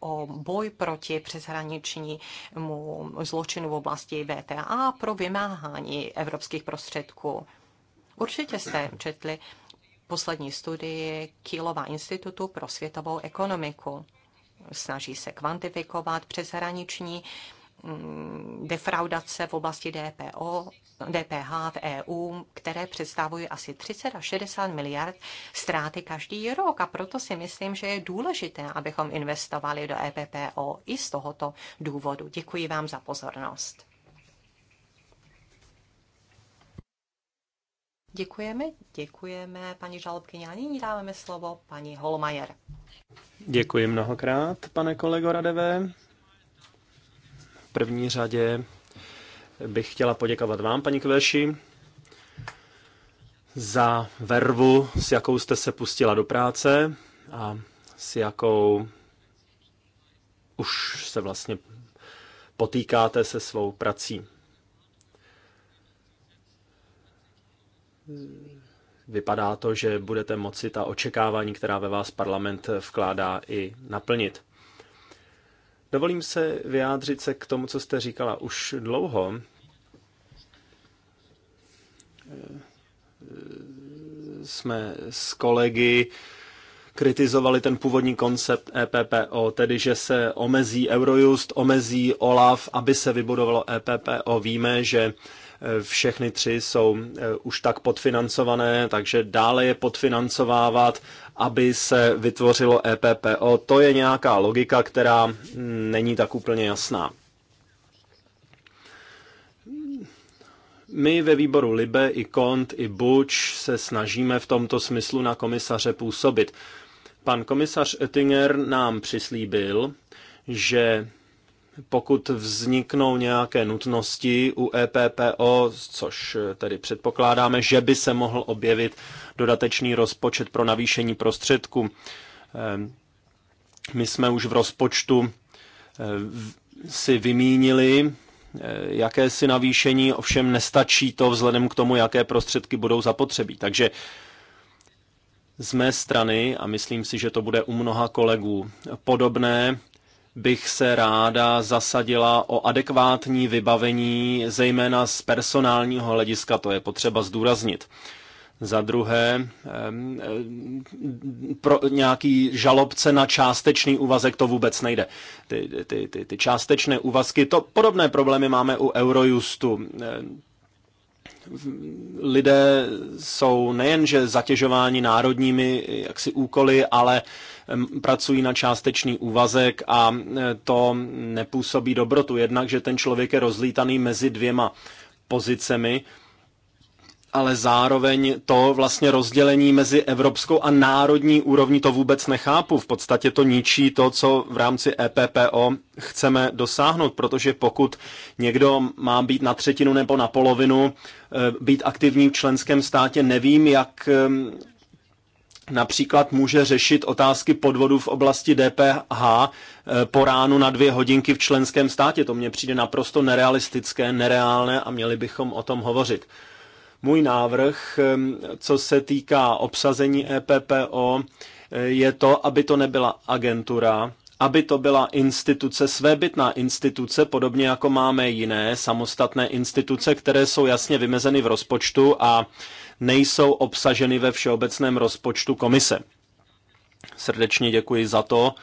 o boj proti přeshraničnímu zločinu v oblasti VTA pro vymáhání evropských prostředků. Určitě jste četli poslední studii Kýlova institutu pro světovou ekonomiku. Snaží se kvantifikovat přeshraniční mm, defraudace v oblasti DPO, DPH v EU, které představují asi 30 až 60 miliard ztráty každý rok. A proto si myslím, že je důležité, abychom investovali do EPPO i z tohoto důvodu. Děkuji vám za pozornost. Děkujeme, děkujeme paní žalobkyně. A nyní dáváme slovo paní Holmajer. Děkuji mnohokrát, pane kolego Radevé. V první řadě bych chtěla poděkovat vám, paní Kveši, za vervu, s jakou jste se pustila do práce a s jakou už se vlastně potýkáte se svou prací. vypadá to, že budete moci ta očekávání, která ve vás parlament vkládá, i naplnit. Dovolím se vyjádřit se k tomu, co jste říkala už dlouho. Jsme s kolegy kritizovali ten původní koncept EPPO, tedy že se omezí Eurojust, omezí OLAF, aby se vybudovalo EPPO. Víme, že všechny tři jsou eh, už tak podfinancované, takže dále je podfinancovávat, aby se vytvořilo EPPO. To je nějaká logika, která není tak úplně jasná. My ve výboru Libe i Kont i Buč se snažíme v tomto smyslu na komisaře působit. Pan komisař Oettinger nám přislíbil, že pokud vzniknou nějaké nutnosti u EPPO, což eh, tedy předpokládáme, že by se mohl objevit dodatečný rozpočet pro navýšení prostředků. Eh, my jsme už v rozpočtu eh, si vymínili jakési navýšení, ovšem nestačí to vzhledem k tomu, jaké prostředky budou zapotřebí. Takže z mé strany, a myslím si, že to bude u mnoha kolegů podobné, bych se ráda zasadila o adekvátní vybavení, zejména z personálního hlediska, to je potřeba zdůraznit. Za druhé, pro nějaký žalobce na částečný úvazek to vůbec nejde. Ty, ty, ty, ty částečné úvazky, to podobné problémy máme u Eurojustu lidé jsou nejenže zatěžováni národními eh, jaksi úkoly, ale pracují na částečný úvazek a eh, to nepůsobí dobrotu. Jednak, že ten člověk je rozlítaný mezi dvěma pozicemi ale zároveň to vlastně rozdělení mezi evropskou a národní úrovní to vůbec nechápu. V podstatě to ničí to, co v rámci EPPO chceme dosáhnout, protože pokud někdo má být na třetinu nebo na polovinu, eh, být aktivní v členském státě, nevím, jak eh, například může řešit otázky podvodu v oblasti DPH eh, po ránu na dvě hodinky v členském státě. To mně přijde naprosto nerealistické, nereálné a měli bychom o tom hovořit. Můj návrh, co se týká obsazení EPPO, je to, aby to nebyla agentura, aby to byla instituce, svébytná instituce, podobně jako máme jiné samostatné instituce, které jsou jasně vymezeny v rozpočtu a nejsou obsaženy ve všeobecném rozpočtu komise. Srdečně děkuji za to,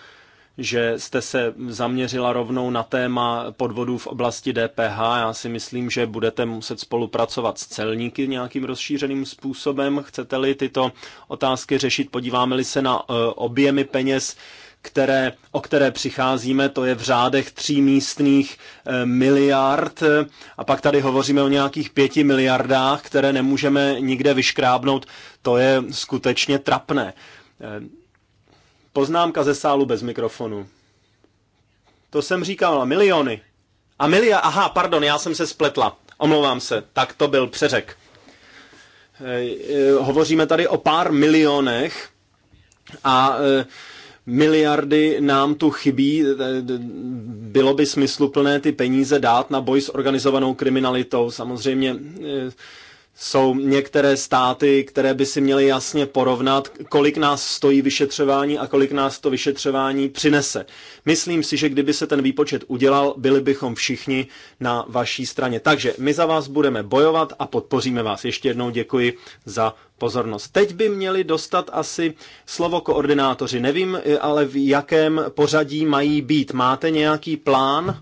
že jste se zaměřila rovnou na téma podvodů v oblasti DPH. Já si myslím, že budete muset spolupracovat s celníky nějakým rozšířeným způsobem. Chcete-li tyto otázky řešit, podíváme-li se na e, objemy peněz, které, o které přicházíme, to je v řádech tří místných e, miliard a pak tady hovoříme o nějakých pěti miliardách, které nemůžeme nikde vyškrábnout, to je skutečně trapné. E, Poznámka ze sálu bez mikrofonu. To jsem říkal, miliony. A milia, aha, pardon, já jsem se spletla. Omlouvám se, tak to byl přeřek. E, e, hovoříme tady o pár milionech a e, miliardy nám tu chybí, bylo by smysluplné ty peníze dát na boj s organizovanou kriminalitou. Samozřejmě jsou některé státy, které by si měly jasně porovnat, kolik nás stojí vyšetřování a kolik nás to vyšetřování přinese. Myslím si, že kdyby se ten výpočet udělal, byli bychom všichni na vaší straně. Takže my za vás budeme bojovat a podpoříme vás. Ještě jednou děkuji za pozornost. Teď by měli dostat asi slovo koordinátoři. Nevím, eh, ale v jakém pořadí mají být. Máte nějaký plán?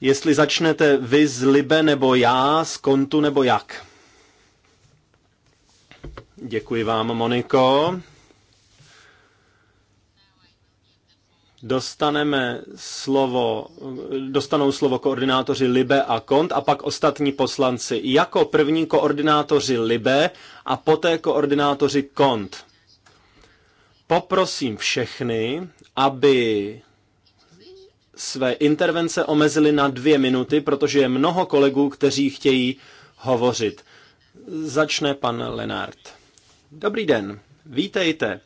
jestli začnete vy z Libe nebo já, z kontu nebo jak. Děkuji vám, Moniko. Dostaneme slovo, dostanou slovo koordinátoři Libe a Kont a pak ostatní poslanci. Jako první koordinátoři Libe a poté koordinátoři Kont. Poprosím všechny, aby své intervence omezili na dvě minuty, protože je mnoho kolegů, kteří chtějí hovořit. Začne pan Lenard. Dobrý den, vítejte.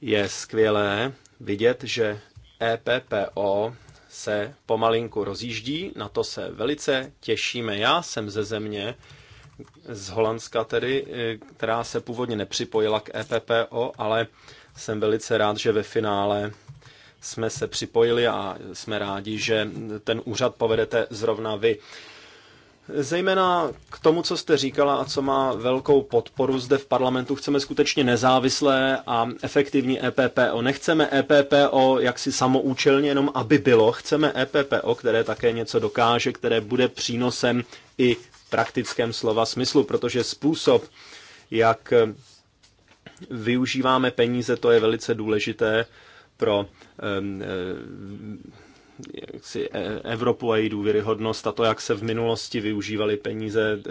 Je skvělé vidět, že EPPO se pomalinku rozjíždí, na to se velice těšíme. Já jsem ze země, z Holandska tedy, e, která se původně nepřipojila k EPPO, ale jsem velice rád, že ve finále jsme se připojili a jsme rádi, že ten úřad povedete zrovna vy. Zejména k tomu, co jste říkala a co má velkou podporu zde v parlamentu, chceme skutečně nezávislé a efektivní EPPO. Nechceme EPPO jaksi samoučelně, jenom aby bylo. Chceme EPPO, které také něco dokáže, které bude přínosem i v praktickém slova smyslu, protože způsob, jak využíváme peníze, to je velice důležité pro eh, jaksi eh, Evropu a její důvěryhodnost a to, jak se v minulosti využívaly peníze, eh,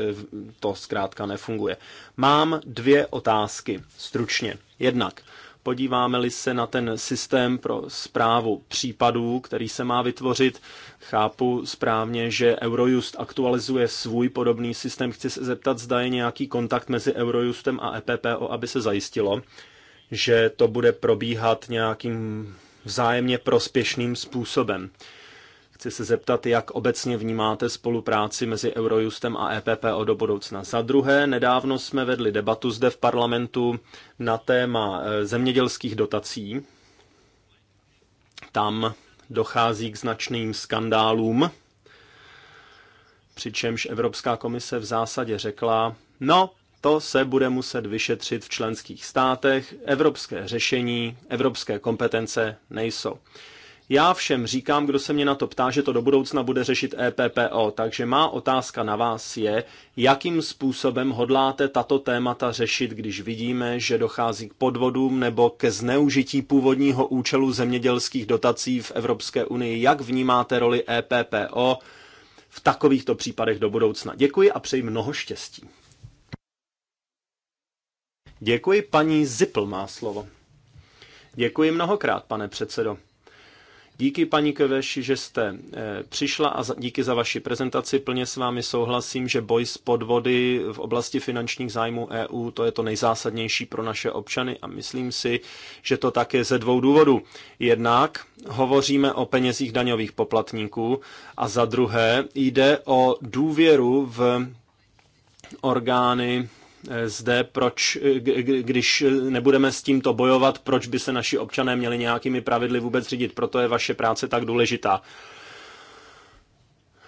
to zkrátka nefunguje. Mám dvě otázky, stručně. Jednak, podíváme-li se na ten systém pro zprávu případů, který se má vytvořit, chápu správně, že Eurojust aktualizuje svůj podobný systém. Chci se zeptat, zda je nějaký kontakt mezi Eurojustem a EPPO, aby se zajistilo, že to bude probíhat nějakým vzájemně prospěšným způsobem. Chci se zeptat, jak obecně vnímáte spolupráci mezi Eurojustem a EPPO do budoucna. Za druhé, nedávno jsme vedli debatu zde v parlamentu na téma eh, zemědělských dotací. Tam dochází k značným skandálům, přičemž Evropská komise v zásadě řekla, no, to se bude muset vyšetřit v členských státech. Evropské řešení, evropské kompetence nejsou. Já všem říkám, kdo se mě na to ptá, že to do budoucna bude řešit EPPO, takže má otázka na vás je, jakým způsobem hodláte tato témata řešit, když vidíme, že dochází k podvodům nebo ke zneužití původního účelu zemědělských dotací v Evropské unii. Jak vnímáte roli EPPO v takovýchto případech do budoucna? Děkuji a přeji mnoho štěstí. Děkuji, paní Zipl má slovo. Děkuji mnohokrát, pane předsedo. Díky paní Keveš, že jste eh, přišla a díky za vaši prezentaci. Plně s vámi souhlasím, že boj s podvody v oblasti finančních zájmů EU to je to nejzásadnější pro naše občany a myslím si, že to také ze dvou důvodů. Jednak hovoříme o penězích daňových poplatníků a za druhé jde o důvěru v orgány zde, proč, když nebudeme s tímto bojovat, proč by se naši občané měli nějakými pravidly vůbec řídit. Proto je vaše práce tak důležitá.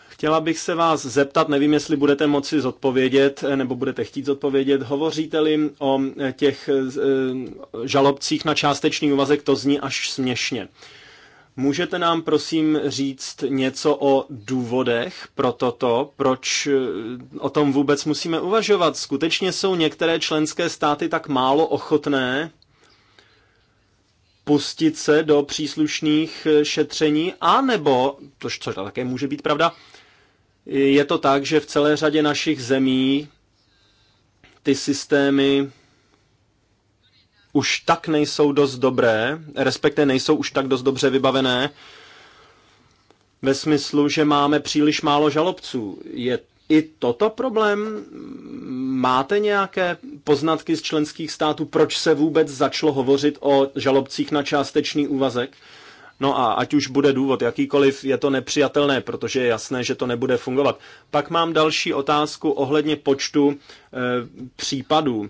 Chtěla bych se vás zeptat, nevím, jestli budete moci zodpovědět, nebo budete chtít zodpovědět, hovoříte-li o těch e, žalobcích na částečný úvazek, to zní až směšně. Můžete nám prosím říct něco o důvodech pro toto, proč eh, o tom vůbec musíme uvažovat? Skutečně jsou některé členské státy tak málo ochotné pustit se do příslušných eh, šetření, anebo, což, to také může být pravda, je to tak, že v celé řadě našich zemí ty systémy už tak nejsou dost dobré, respektive nejsou už tak dost dobře vybavené, ve smyslu, že máme příliš málo žalobců. Je i toto problém? Máte nějaké poznatky z členských států, proč se vůbec začalo hovořit o žalobcích na částečný úvazek? No a ať už bude důvod jakýkoliv, je to nepřijatelné, protože je jasné, že to nebude fungovat. Pak mám další otázku ohledně počtu e, případů. E,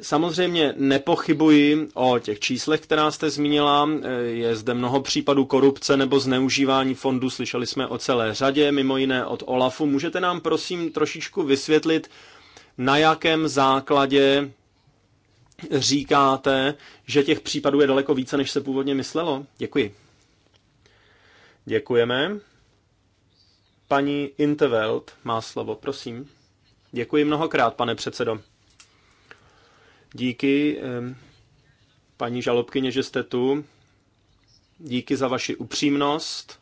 Samozřejmě nepochybuji o těch číslech, která jste zmínila. Je zde mnoho případů korupce nebo zneužívání fondů. Slyšeli jsme o celé řadě, mimo jiné od OLAFu. Můžete nám prosím trošičku vysvětlit, na jakém základě říkáte, že těch případů je daleko více, než se původně myslelo? Děkuji. Děkujeme. Paní Intervelt má slovo, prosím. Děkuji mnohokrát, pane předsedo. Díky, paní žalobkyně, že jste tu. Díky za vaši upřímnost.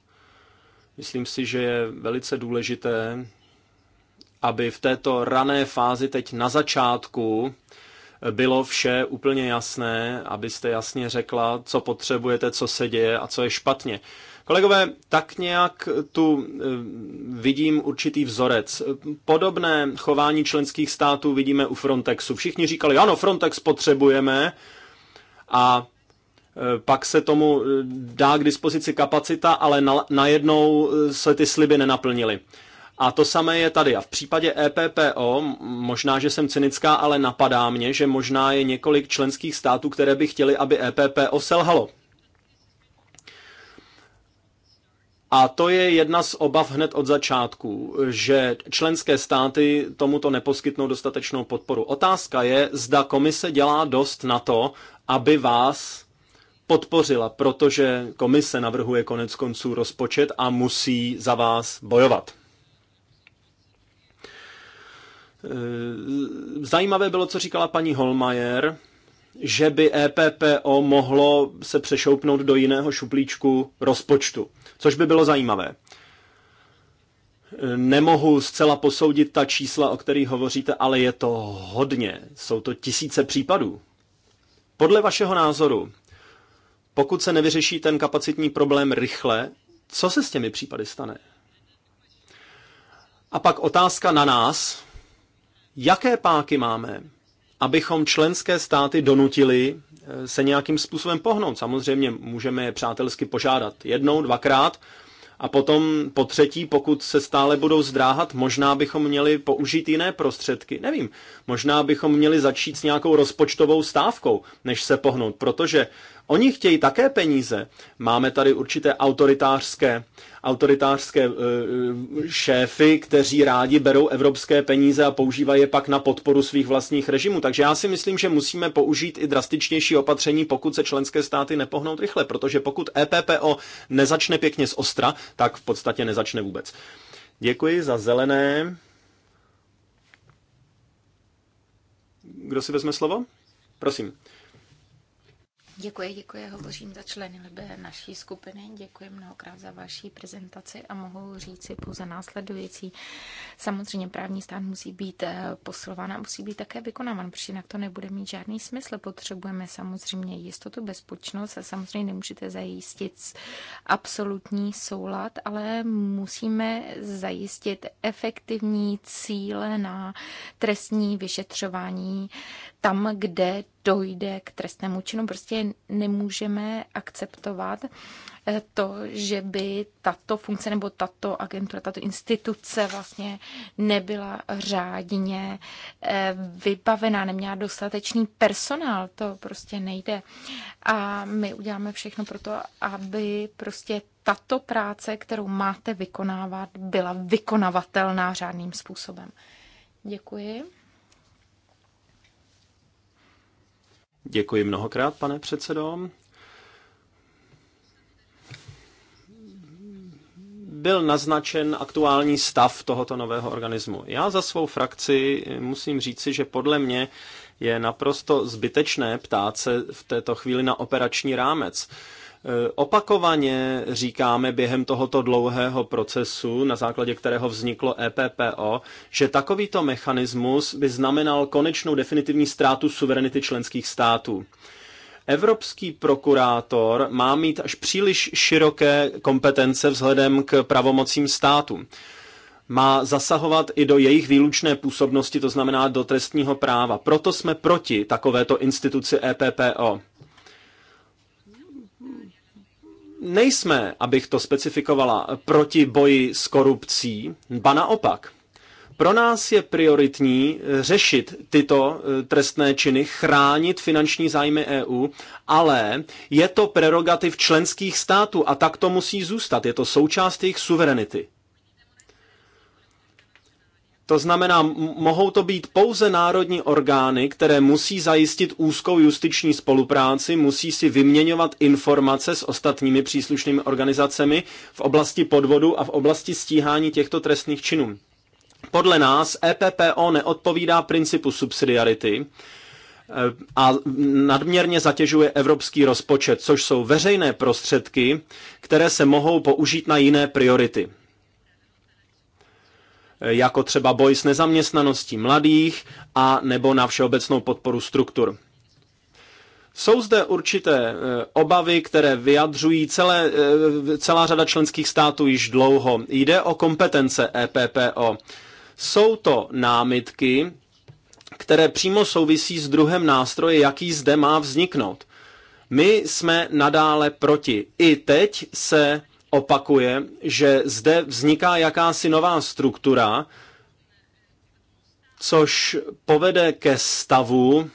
Myslím si, že je velice důležité, aby v této rané fázi, teď na začátku, bylo vše úplně jasné, abyste jasně řekla, co potřebujete, co se děje a co je špatně. Kolegové, tak nějak tu eh, vidím určitý vzorec. Podobné chování členských států vidíme u Frontexu. Všichni říkali, ano, Frontex potřebujeme a eh, pak se tomu eh, dá k dispozici kapacita, ale najednou se ty sliby nenaplnily. A to samé je tady. A v případě EPPO, možná, že jsem cynická, ale napadá mě, že možná je několik členských států, které by chtěli, aby EPPO selhalo. A to je jedna z obav hned od začátku, že členské státy tomuto neposkytnou dostatečnou podporu. Otázka je, zda komise dělá dost na to, aby vás podpořila, protože komise navrhuje konec konců rozpočet a musí za vás bojovat. Zajímavé bylo, co říkala paní Holmajer že by EPPO mohlo se přešoupnout do jiného šuplíčku rozpočtu, což by bylo zajímavé. Nemohu zcela posoudit ta čísla, o kterých hovoříte, ale je to hodně. Jsou to tisíce případů. Podle vašeho názoru, pokud se nevyřeší ten kapacitní problém rychle, co se s těmi případy stane? A pak otázka na nás. Jaké páky máme? abychom členské státy donutili eh, se nějakým způsobem pohnout. Samozřejmě můžeme je přátelsky požádat jednou, dvakrát a potom po třetí, pokud se stále budou zdráhat, možná bychom měli použít jiné prostředky. Nevím, možná bychom měli začít s nějakou rozpočtovou stávkou, než se pohnout, protože Oni chtějí také peníze. Máme tady určité autoritářské, autoritářské eh, eh, šéfy, kteří rádi berou evropské peníze a používají je pak na podporu svých vlastních režimů. Takže já si myslím, že musíme použít i drastičnější opatření, pokud se členské státy nepohnou rychle, protože pokud EPPO nezačne pěkně z ostra, tak v podstatě nezačne vůbec. Děkuji za zelené. Kdo si vezme slovo? Prosím. Děkuji, děkuji. Hovořím za členy Libe naší skupiny. Děkuji mnohokrát za vaší prezentaci a mohu říci pouze následující. Samozřejmě právní stát musí být eh, posilován a musí být také vykonávan, protože jinak to nebude mít žádný smysl. Potřebujeme samozřejmě jistotu, bezpečnost a samozřejmě nemůžete zajistit absolutní soulad, ale musíme zajistit efektivní cíle na trestní vyšetřování tam, kde dojde k trestnému činu. Prostě nemůžeme akceptovat eh, to, že by tato funkce nebo tato agentura, tato instituce vlastně nebyla řádně eh, vybavená, neměla dostatečný personál, to prostě nejde. A my uděláme všechno pro to, aby prostě tato práce, kterou máte vykonávat, byla vykonavatelná řádným způsobem. Děkuji. Děkuji mnohokrát, pane předsedo. byl naznačen aktuální stav tohoto nového organismu. Já za svou frakci musím říci, že podle mě je naprosto zbytečné ptát se v této chvíli na operační rámec. Eh, opakovaně říkáme během tohoto dlouhého procesu, na základě kterého vzniklo EPPO, že takovýto mechanismus by znamenal konečnou definitivní ztrátu suverenity členských států. Evropský prokurátor má mít až příliš široké kompetence vzhledem k pravomocím státu. Má zasahovat i do jejich výlučné působnosti, to znamená do trestního práva. Proto jsme proti takovéto instituci EPPO nejsme, abych to specifikovala, proti boji s korupcí, ba naopak. Pro nás je prioritní řešit tyto eh, trestné činy, chránit finanční zájmy EU, ale je to prerogativ členských států a tak to musí zůstat. Je to součást jejich suverenity. To znamená, mohou to být pouze národní orgány, které musí zajistit úzkou justiční spolupráci, musí si vyměňovat informace s ostatními příslušnými organizacemi v oblasti podvodu a v oblasti stíhání těchto trestných činů. Podle nás EPPO neodpovídá principu subsidiarity e, a nadměrně zatěžuje evropský rozpočet, což jsou veřejné prostředky, které se mohou použít na jiné priority. Eh, jako třeba boj s nezaměstnaností mladých a nebo na všeobecnou podporu struktur. Jsou zde určité eh, obavy, které vyjadřují celé, eh, celá řada členských států již dlouho. Jde o kompetence EPPO. Jsou to námitky, které přímo souvisí s druhém nástroje, jaký zde má vzniknout. My jsme nadále proti. I teď se opakuje, že zde vzniká jakási nová struktura, což povede ke stavu,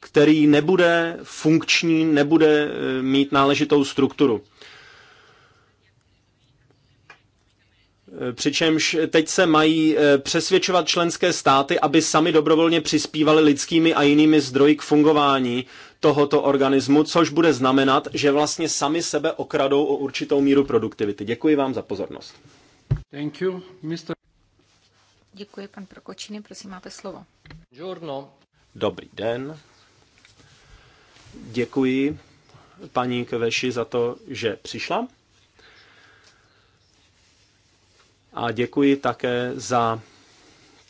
který nebude funkční, nebude eh, mít náležitou strukturu. Eh, přičemž teď se mají eh, přesvědčovat členské státy, aby sami dobrovolně přispívali lidskými a jinými zdroji k fungování tohoto organismu, což bude znamenat, že vlastně sami sebe okradou o určitou míru produktivity. Děkuji vám za pozornost. Thank you, Mr. Děkuji, pan Prokočiny, prosím, máte slovo. Giorno. Dobrý den. Děkuji paní Kveši za to, že přišla A děkuji také za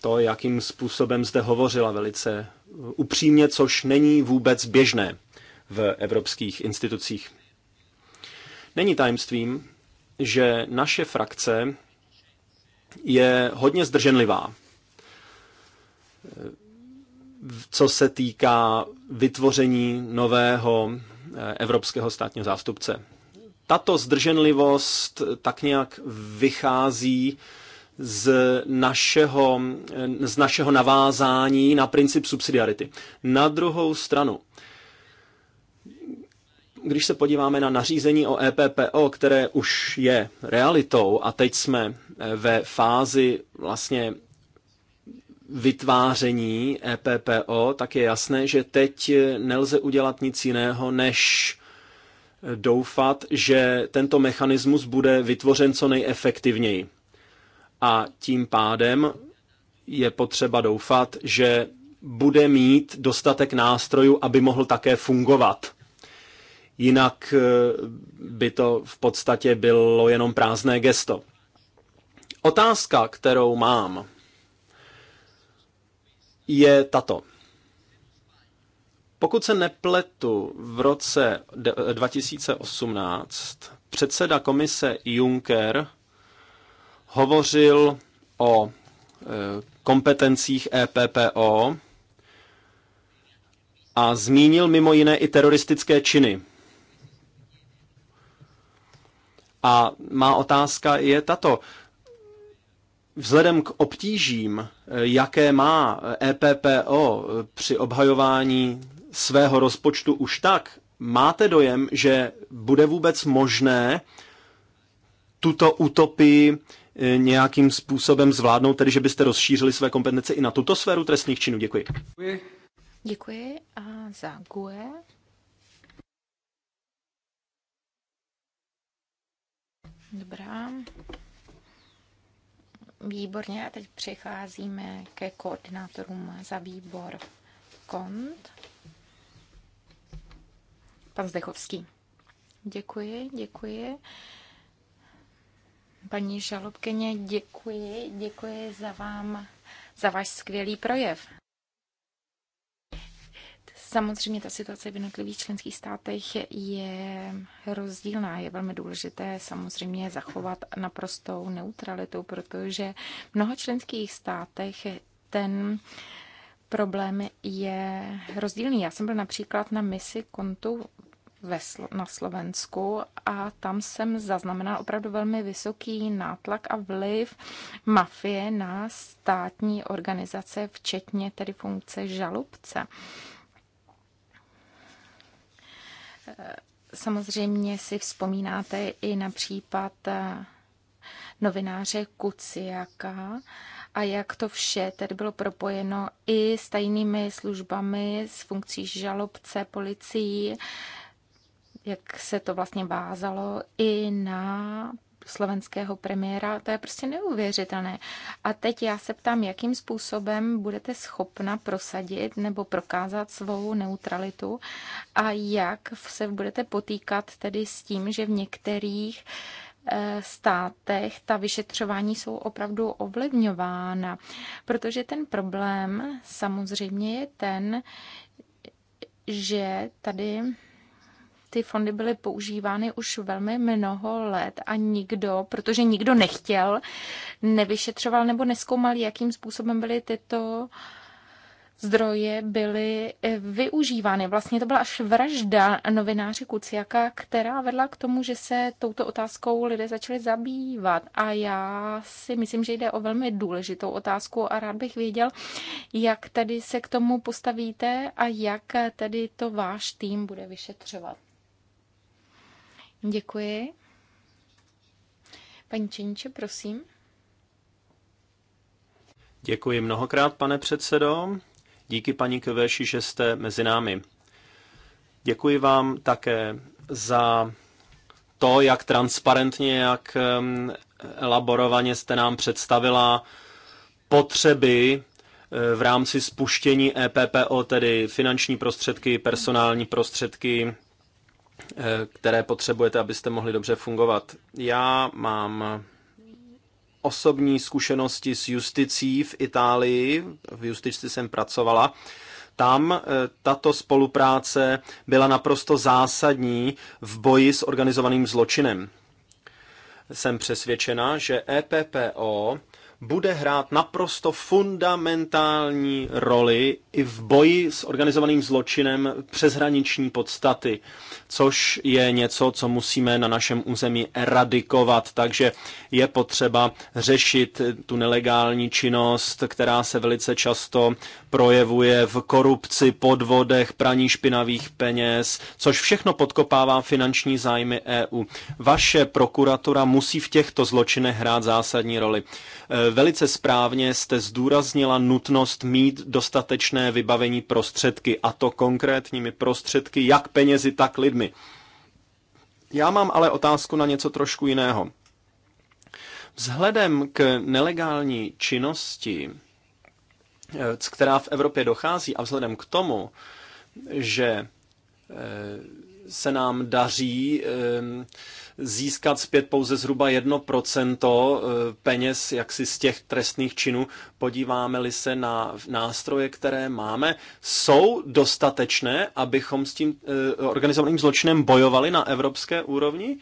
to, jakým způsobem zde hovořila velice upřímně, což není vůbec běžné v evropských institucích. Není tajemstvím, že naše frakce je hodně zdrženlivá, co se týká vytvoření nového eh, evropského státního zástupce. Tato zdrženlivost tak nějak vychází z našeho, z našeho navázání na princip subsidiarity. Na druhou stranu, když se podíváme na nařízení o EPPO, které už je realitou a teď jsme ve fázi vlastně vytváření EPPO, tak je jasné, že teď nelze udělat nic jiného, než doufat, že tento mechanismus bude vytvořen co nejefektivněji. A tím pádem je potřeba doufat, že bude mít dostatek nástrojů, aby mohl také fungovat. Jinak eh, by to v podstatě bylo jenom prázdné gesto. Otázka, kterou mám, je tato. Pokud se nepletu, v roce 2018 předseda komise Juncker hovořil o e, kompetencích EPPO a zmínil mimo jiné i teroristické činy. A má otázka je tato. Vzhledem k obtížím, e, jaké má EPPO při obhajování svého rozpočtu už tak, máte dojem, že bude vůbec možné tuto utopii eh, nějakým způsobem zvládnout, tedy že byste rozšířili své kompetence i na tuto sféru trestných činů? Děkuji. Děkuji a za GUE. Dobrá. Výborně, a teď přecházíme ke koordinátorům za výbor KONT. Pan Zdechovský. Děkuji, děkuji. Paní žalobkyně, děkuji, děkuji za vám, za váš skvělý projev. Samozřejmě ta situace v jednotlivých členských státech je rozdílná. Je velmi důležité samozřejmě zachovat naprostou neutralitu, protože v mnoha členských státech ten problém je rozdílný. Já jsem byl například na misi kontu ve Slo- na Slovensku a tam jsem zaznamenal opravdu velmi vysoký nátlak a vliv mafie na státní organizace, včetně tedy funkce žalubce. Samozřejmě si vzpomínáte i na případ novináře Kuciaka, a jak to vše tedy bylo propojeno i s tajnými službami, s funkcí žalobce, policií, jak se to vlastně vázalo i na slovenského premiéra, to je prostě neuvěřitelné. A teď já se ptám, jakým způsobem budete schopna prosadit nebo prokázat svou neutralitu a jak se budete potýkat tedy s tím, že v některých státech ta vyšetřování jsou opravdu ovlivňována, protože ten problém samozřejmě je ten, že tady ty fondy byly používány už velmi mnoho let a nikdo, protože nikdo nechtěl, nevyšetřoval nebo neskoumal, jakým způsobem byly tyto zdroje byly eh, využívány. Vlastně to byla až vražda novináře Kuciaka, která vedla k tomu, že se touto otázkou lidé začali zabývat. A já si myslím, že jde o velmi důležitou otázku a rád bych věděl, jak tady se k tomu postavíte a jak tady to váš tým bude vyšetřovat. Děkuji. Paní Čeníče, prosím. Děkuji mnohokrát, pane předsedo. Díky paní Kveši, že jste mezi námi. Děkuji vám také za to, jak transparentně, jak elaborovaně jste nám představila potřeby eh, v rámci spuštění EPPO, tedy finanční prostředky, personální prostředky, eh, které potřebujete, abyste mohli dobře fungovat. Já mám osobní zkušenosti s justicí v Itálii, v justici jsem pracovala, tam eh, tato spolupráce byla naprosto zásadní v boji s organizovaným zločinem. Jsem přesvědčena, že EPPO bude hrát naprosto fundamentální roli i v boji s organizovaným zločinem přeshraniční podstaty, což je něco, co musíme na našem území eradikovat. Takže je potřeba řešit tu nelegální činnost, která se velice často projevuje v korupci, podvodech, praní špinavých peněz, což všechno podkopává finanční zájmy EU. Vaše prokuratura musí v těchto zločinech hrát zásadní roli. E, velice správně jste zdůraznila nutnost mít dostatečné vybavení prostředky, a to konkrétními prostředky, jak penězi, tak lidmi. Já mám ale otázku na něco trošku jiného. Vzhledem k nelegální činnosti Eh, která v Evropě dochází a vzhledem k tomu, že eh, se nám daří eh, získat zpět pouze zhruba 1% peněz jaksi z těch trestných činů. Podíváme-li se na nástroje, které máme, jsou dostatečné, abychom s tím organizovaným zločinem bojovali na evropské úrovni?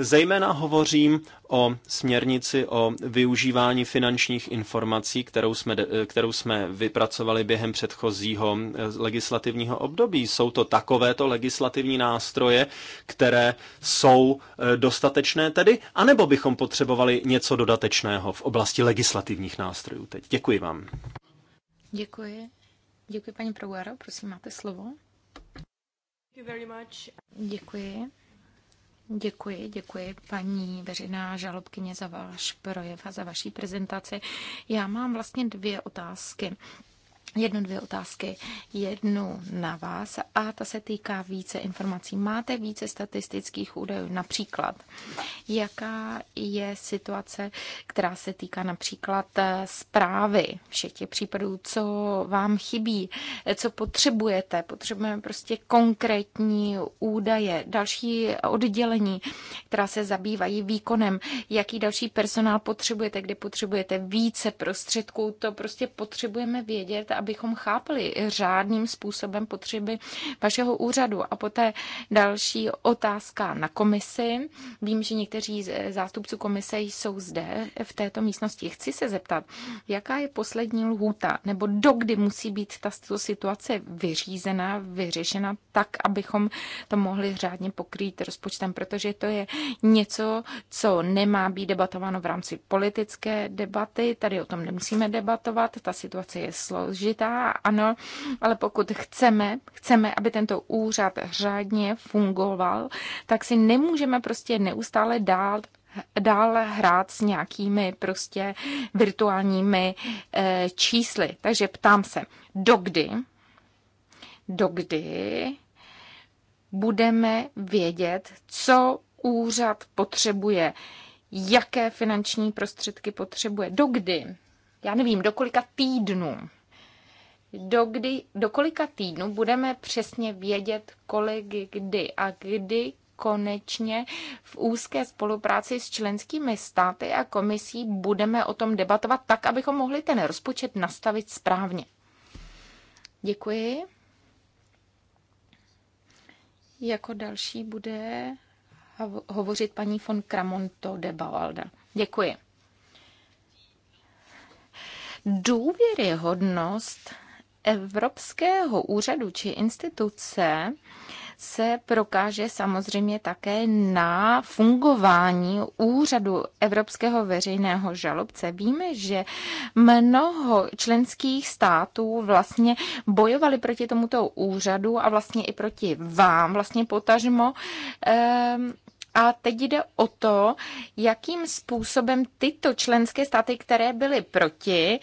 Zejména hovořím o směrnici o využívání finančních informací, kterou jsme, kterou jsme vypracovali během předchozího eh, legislativního období. Jsou to takovéto legislativní nástroje, které jsou eh, dostatečné tedy, anebo bychom potřebovali něco dodatečného v oblasti legislativních nástrojů teď. Děkuji vám. Děkuji. Děkuji paní Proguero, prosím, máte slovo. Děkuji. Děkuji, děkuji paní veřejná žalobkyně za váš projev a za vaší prezentaci. Já mám vlastně dvě otázky jednu, dvě otázky. Jednu na vás a ta se týká více informací. Máte více statistických údajů, například jaká je situace, která se týká například eh, zprávy všech těch případů, co vám chybí, co potřebujete. Potřebujeme prostě konkrétní údaje, další oddělení, která se zabývají výkonem, jaký další personál potřebujete, kde potřebujete více prostředků, to prostě potřebujeme vědět abychom chápali řádným způsobem potřeby vašeho úřadu. A poté další otázka na komisi. Vím, že někteří zástupců komise jsou zde v této místnosti. Chci se zeptat, jaká je poslední lhůta, nebo dokdy musí být tato situace vyřízena, vyřešena tak, abychom to mohli řádně pokrýt rozpočtem, protože to je něco, co nemá být debatováno v rámci politické debaty. Tady o tom nemusíme debatovat, ta situace je složitá důležitá, ano, ale pokud chceme, chceme, aby tento úřad řádně fungoval, tak si nemůžeme prostě neustále dát dál hrát s nějakými prostě virtuálními e, čísly. Takže ptám se, dokdy, dokdy budeme vědět, co úřad potřebuje, jaké finanční prostředky potřebuje, dokdy, já nevím, do kolika týdnů do, kdy, do kolika týdnů budeme přesně vědět, kolik kdy a kdy konečně v úzké spolupráci s členskými státy a komisí budeme o tom debatovat tak, abychom mohli ten rozpočet nastavit správně. Děkuji. Jako další bude hovořit paní von Kramonto de Bavalda. Děkuji. Důvěryhodnost evropského úřadu či instituce se prokáže samozřejmě také na fungování úřadu Evropského veřejného žalobce. Víme, že mnoho členských států vlastně bojovali proti tomuto úřadu a vlastně i proti vám, vlastně potažmo. Ehm, a teď jde o to, jakým způsobem tyto členské státy, které byly proti,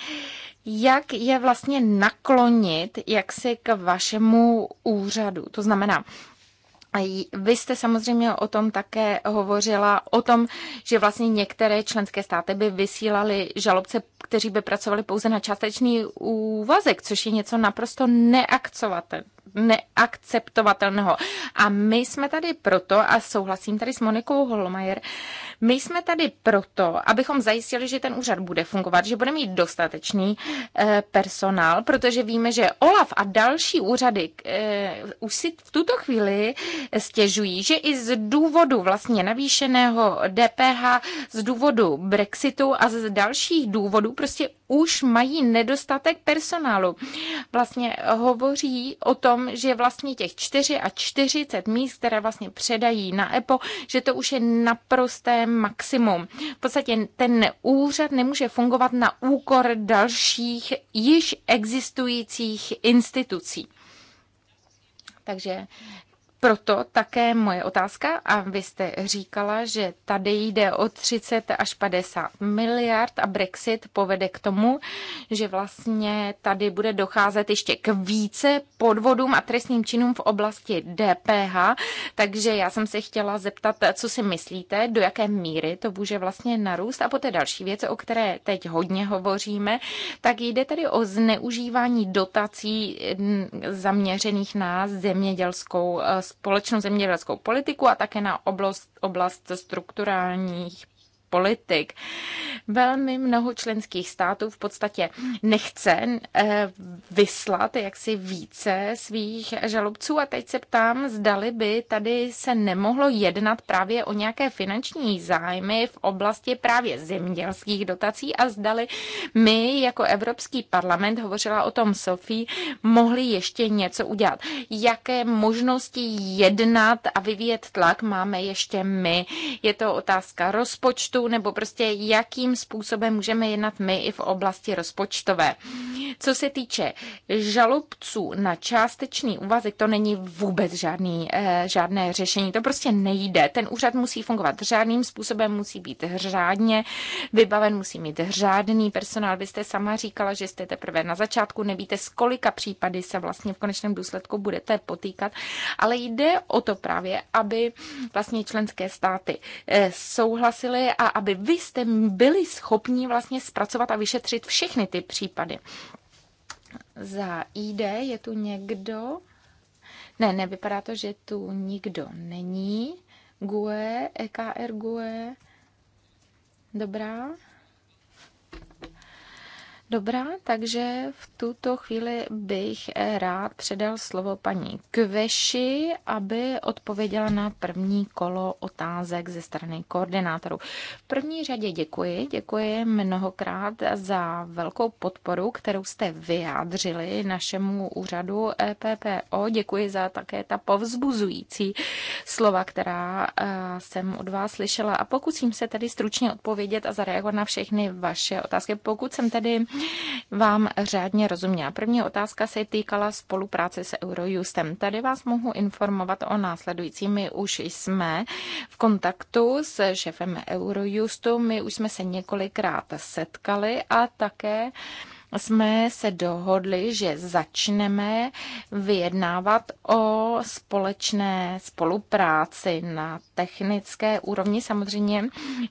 jak je vlastně naklonit jaksi k vašemu úřadu. To znamená, vy jste samozřejmě o tom také hovořila, o tom, že vlastně některé členské státy by vysílali žalobce, kteří by pracovali pouze na částečný úvazek, což je něco naprosto neakcovatelné neakceptovatelného. A my jsme tady proto, a souhlasím tady s Monikou Holmajer, my jsme tady proto, abychom zajistili, že ten úřad bude fungovat, že bude mít dostatečný eh, personál, protože víme, že OLAF a další úřady eh, už si v tuto chvíli stěžují, že i z důvodu vlastně navýšeného DPH, z důvodu Brexitu a z dalších důvodů prostě už mají nedostatek personálu. Vlastně hovoří o tom, že vlastně těch 4 a 40 míst, které vlastně předají na EPO, že to už je naprosté maximum. V podstatě ten úřad nemůže fungovat na úkor dalších již existujících institucí. Takže proto také moje otázka, a vy jste říkala, že tady jde o 30 až 50 miliard a Brexit povede k tomu, že vlastně tady bude docházet ještě k více podvodům a trestným činům v oblasti DPH. Takže já jsem se chtěla zeptat, co si myslíte, do jaké míry to může vlastně narůst. A poté další věc, o které teď hodně hovoříme, tak jde tady o zneužívání dotací zaměřených na zemědělskou eh, společnou zemědělskou politiku a také na oblast, oblast strukturálních politik. Velmi mnoho členských států v podstatě nechce eh, vyslat jaksi více svých žalobců a teď se ptám, zdali by tady se nemohlo jednat právě o nějaké finanční zájmy v oblasti právě zemědělských dotací a zdali my jako Evropský parlament, hovořila o tom Sofie, mohli ještě něco udělat. Jaké možnosti jednat a vyvíjet tlak máme ještě my? Je to otázka rozpočtu, rozpočtu, nebo prostě jakým způsobem můžeme jednat my i v oblasti rozpočtové. Co se týče žalobců na částečný úvazek, to není vůbec žádný, eh, žádné řešení. To prostě nejde. Ten úřad musí fungovat řádným způsobem, musí být řádně vybaven, musí mít řádný personál. Vy jste sama říkala, že jste teprve na začátku, nevíte, z kolika případy se vlastně v konečném důsledku budete potýkat, ale jde o to právě, aby vlastně členské státy eh, souhlasily a aby vy jste byli schopni vlastně zpracovat a vyšetřit všechny ty případy. Za ID je tu někdo? Ne, nevypadá to, že tu nikdo není. GUE, EKR GUE. Dobrá. Dobrá, takže v tuto chvíli bych eh, rád předal slovo paní Kveši, aby odpověděla na první kolo otázek ze strany koordinátorů. V první řadě děkuji, děkuji mnohokrát za velkou podporu, kterou jste vyjádřili našemu úřadu EPPO. Děkuji za také ta povzbuzující slova, která eh, jsem od vás slyšela. A pokusím se tedy stručně odpovědět a zareagovat na všechny vaše otázky. Pokud jsem tedy vám řádně rozuměla. První otázka se týkala spolupráce se Eurojustem. Tady vás mohu informovat o následujícím. My už jsme v kontaktu s šefem Eurojustu, my už jsme se několikrát setkali a také jsme se dohodli, že začneme vyjednávat o společné spolupráci na technické úrovni, samozřejmě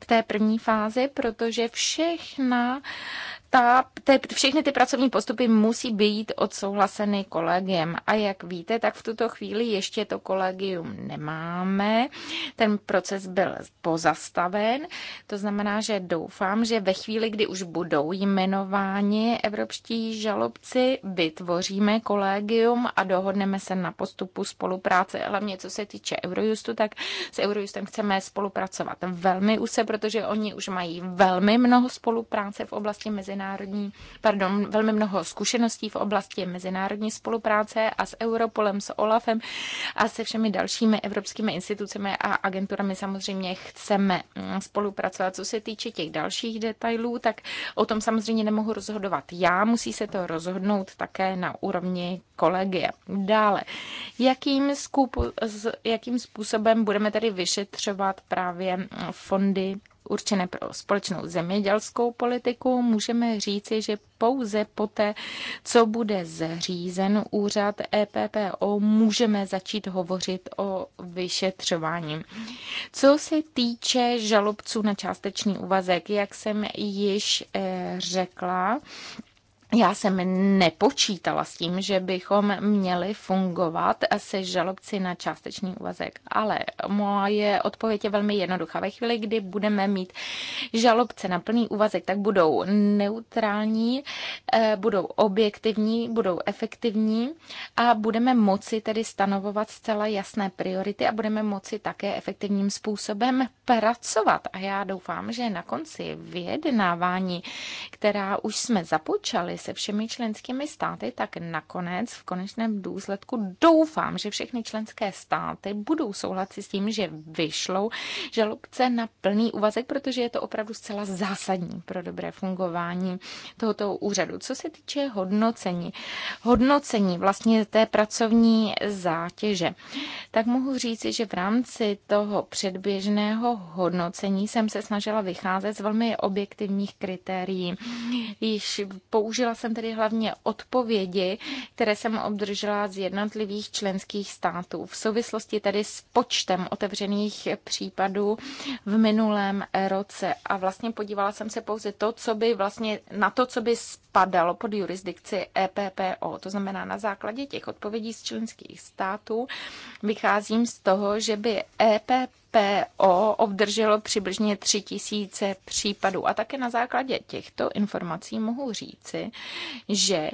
v té první fázi, protože všechna ta, te, všechny ty pracovní postupy musí být odsouhlaseny kolegiem. A jak víte, tak v tuto chvíli ještě to kolegium nemáme. Ten proces byl pozastaven. To znamená, že doufám, že ve chvíli, kdy už budou jmenováni evropští žalobci, vytvoříme kolegium a dohodneme se na postupu spolupráce. Hlavně co se týče Eurojustu, tak s Eurojustem chceme spolupracovat velmi úse, protože oni už mají velmi mnoho spolupráce v oblasti mezi mezinárodní, pardon, velmi mnoho zkušeností v oblasti mezinárodní spolupráce a s Europolem, s OLAFem a se všemi dalšími evropskými institucemi a agenturami samozřejmě chceme mm, spolupracovat. Co se týče těch dalších detailů, tak o tom samozřejmě nemohu rozhodovat já, musí se to rozhodnout také na úrovni kolegie. Dále, jakým, skupu, jakým způsobem budeme tedy vyšetřovat právě mm, fondy určené pro společnou zemědělskou politiku, můžeme říci, že pouze poté, co bude zřízen úřad EPPO, můžeme začít hovořit o vyšetřování. Co se týče žalobců na částečný úvazek, jak jsem již eh, řekla, já jsem nepočítala s tím, že bychom měli fungovat se žalobci na částečný úvazek, ale moje odpověď je velmi jednoduchá. Ve chvíli, kdy budeme mít žalobce na plný úvazek, tak budou neutrální, eh, budou objektivní, budou efektivní a budeme moci tedy stanovovat zcela jasné priority a budeme moci také efektivním způsobem pracovat. A já doufám, že na konci vyjednávání, která už jsme započali, jednali se všemi členskými státy, tak nakonec v konečném důsledku doufám, že všechny členské státy budou souhlasit s tím, že vyšlou žalobce na plný úvazek, protože je to opravdu zcela zásadní pro dobré fungování tohoto úřadu. Co se týče hodnocení, hodnocení vlastně té pracovní zátěže, tak mohu říci, že v rámci toho předběžného hodnocení jsem se snažila vycházet z velmi objektivních kritérií. Již použil Použila jsem tedy hlavně odpovědi, které jsem obdržela z jednotlivých členských států v souvislosti tedy s počtem otevřených případů v minulém roce. A vlastně podívala jsem se pouze to, co by vlastně na to, co by spadalo pod jurisdikci EPPO. To znamená, na základě těch odpovědí z členských států vycházím z toho, že by EPPO MPO obdrželo přibližně 3000 případů. A také na základě těchto informací mohu říci, že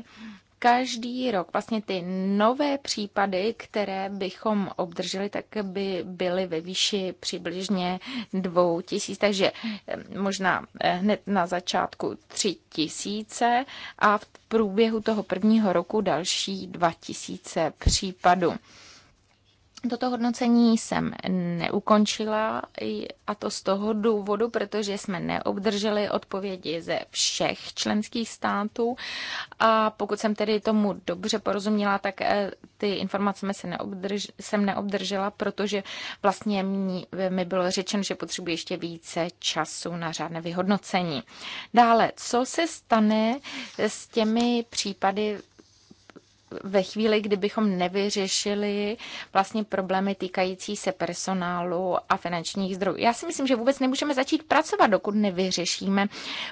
každý rok vlastně ty nové případy, které bychom obdrželi, tak by byly ve výši přibližně 2000, takže eh, možná eh, hned na začátku 3000 a v průběhu toho prvního roku další 2000 případů. Toto hodnocení jsem neukončila a to z toho důvodu, protože jsme neobdrželi odpovědi ze všech členských států a pokud jsem tedy tomu dobře porozuměla, tak eh, ty informace se neobdrž, jsem neobdržela, protože vlastně mi bylo řečeno, že potřebuji ještě více času na řádné vyhodnocení. Dále, co se stane s těmi případy ve chvíli, kdybychom nevyřešili vlastně problémy týkající se personálu a finančních zdrojů. Já si myslím, že vůbec nemůžeme začít pracovat, dokud nevyřešíme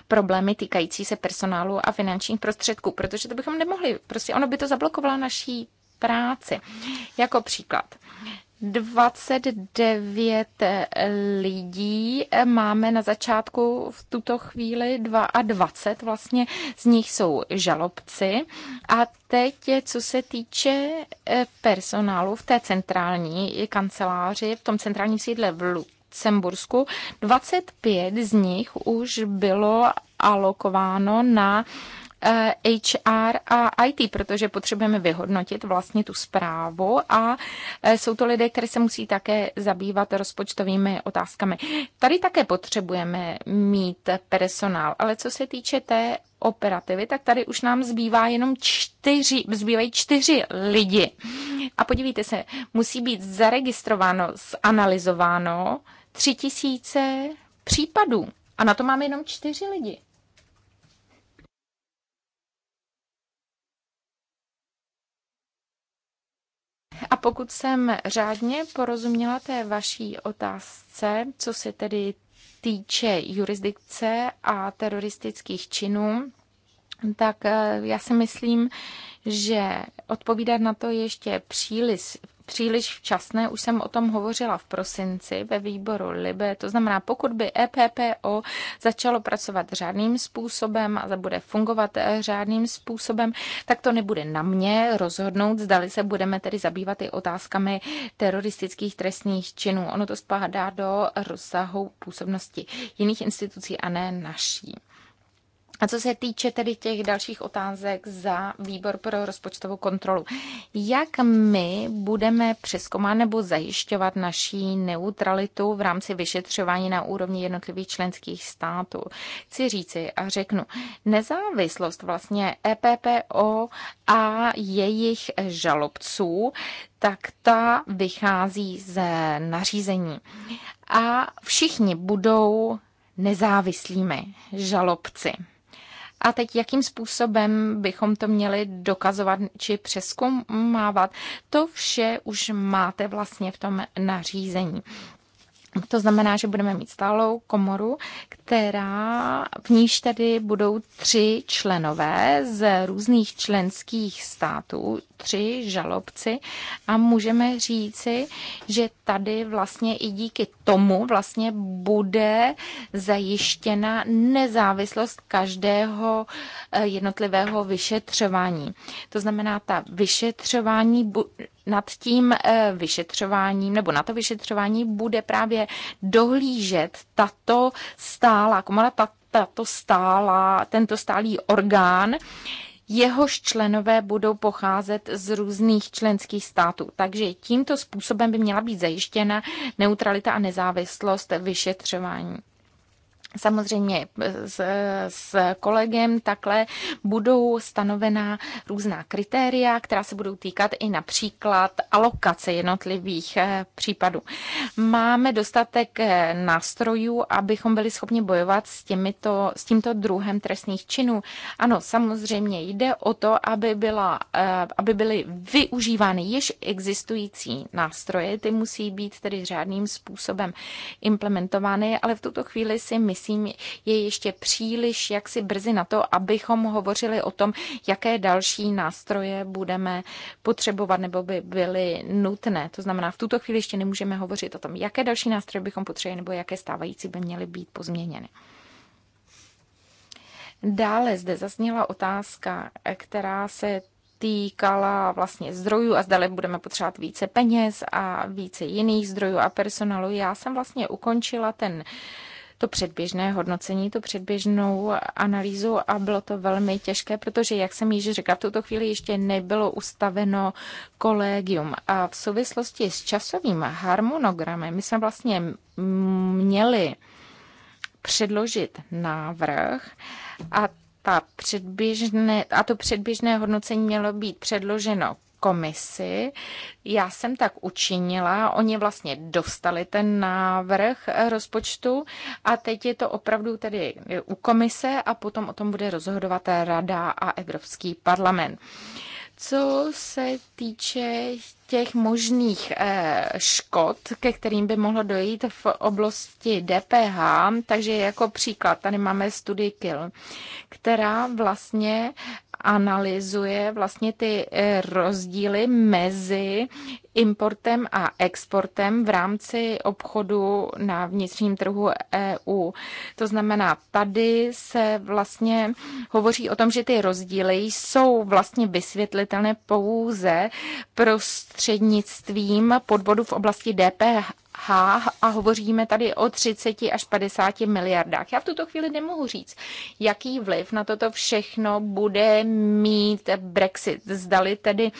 problémy týkající se personálu a finančních prostředků, protože to bychom nemohli. Prostě ono by to zablokovalo naší práci. Jako příklad. 29 eh, lidí eh, máme na začátku v tuto chvíli 22, vlastně z nich jsou žalobci. A teď, co se týče eh, personálu v té centrální kanceláři, v tom centrálním sídle v Lucembursku. 25 z nich už bylo alokováno na HR a IT, protože potřebujeme vyhodnotit vlastně tu zprávu a e, jsou to lidé, kteří se musí také zabývat rozpočtovými otázkami. Tady také potřebujeme mít personál, ale co se týče té operativy, tak tady už nám zbývá jenom čtyři, zbývají čtyři lidi. A podívejte se, musí být zaregistrováno, zanalizováno tři tisíce případů. A na to máme jenom čtyři lidi. A pokud jsem řádně porozuměla té vaší otázce, co se tedy týče jurisdikce a teroristických činů, tak eh, já si myslím, že odpovídat na to ještě příliš, příliš včasné, už jsem o tom hovořila v prosinci ve výboru Libe, to znamená, pokud by EPPO začalo pracovat řádným způsobem a bude fungovat eh, řádným způsobem, tak to nebude na mě rozhodnout, zdali se budeme tedy zabývat i otázkami teroristických trestných činů. Ono to spadá do rozsahu působnosti jiných institucí a ne naší. A co se týče tedy těch dalších otázek za výbor pro rozpočtovou kontrolu, jak my budeme přeskoumat nebo zajišťovat naší neutralitu v rámci vyšetřování na úrovni jednotlivých členských států? Chci říci a řeknu, nezávislost vlastně EPPO a jejich žalobců, tak ta vychází ze nařízení. A všichni budou nezávislými žalobci. A teď jakým způsobem bychom to měli dokazovat či přeskumávat, to vše už máte vlastně v tom nařízení. To znamená, že budeme mít stálou komoru, která v níž tady budou tři členové z různých členských států, tři žalobci a můžeme říci, že tady vlastně i díky tomu vlastně bude zajištěna nezávislost každého eh, jednotlivého vyšetřování. To znamená, ta vyšetřování nad tím eh, vyšetřováním nebo na to vyšetřování bude právě dohlížet tato stála jako komora, tato stála, tento stálý orgán, jehož členové budou pocházet z různých členských států. Takže tímto způsobem by měla být zajištěna neutralita a nezávislost vyšetřování samozřejmě eh, s, s kolegem takhle budou stanovená různá kritéria, která se budou týkat i například alokace jednotlivých eh, případů. Máme dostatek eh, nástrojů, abychom byli schopni bojovat s, těmito, s tímto druhem trestných činů. Ano, samozřejmě jde o to, aby, byla, aby byly využívány již existující nástroje. Ty musí být tedy řádným způsobem implementovány, ale v tuto chvíli si myslím, myslím, je ještě příliš jaksi brzy na to, abychom hovořili o tom, jaké další nástroje budeme potřebovat nebo by byly nutné. To znamená, v tuto chvíli ještě nemůžeme hovořit o tom, jaké další nástroje bychom potřebovali nebo jaké stávající by měly být pozměněny. Dále zde zazněla otázka, která se týkala vlastně zdrojů a zdali budeme potřebovat více peněz a více jiných zdrojů a personálu. Já jsem vlastně ukončila ten uh, to předběžné hodnocení, tu předběžnou analýzu a bylo to velmi těžké, protože, jak jsem již řekla, v tuto chvíli ještě nebylo ustaveno kolegium. A v souvislosti s časovým harmonogramem my jsme vlastně měli předložit návrh a ta předběžné, a to předběžné hodnocení mělo být předloženo komisi. Já jsem tak učinila, oni vlastně dostali ten návrh rozpočtu a teď je to opravdu tedy u komise a potom o tom bude rozhodovat Rada a Evropský parlament. Co se týče těch možných eh, škod, ke kterým by mohlo dojít v oblasti DPH, takže jako příklad tady máme studii KIL, která vlastně analyzuje vlastně ty eh, rozdíly mezi importem a exportem v rámci obchodu na vnitřním trhu EU. To znamená, tady se vlastně hovoří o tom, že ty rozdíly jsou vlastně vysvětlitelné pouze prostřednictvím podvodu v oblasti DPH H a hovoříme tady o 30 až 50 miliardách. Já v tuto chvíli nemohu říct, jaký vliv na toto všechno bude mít Brexit. Zdali tedy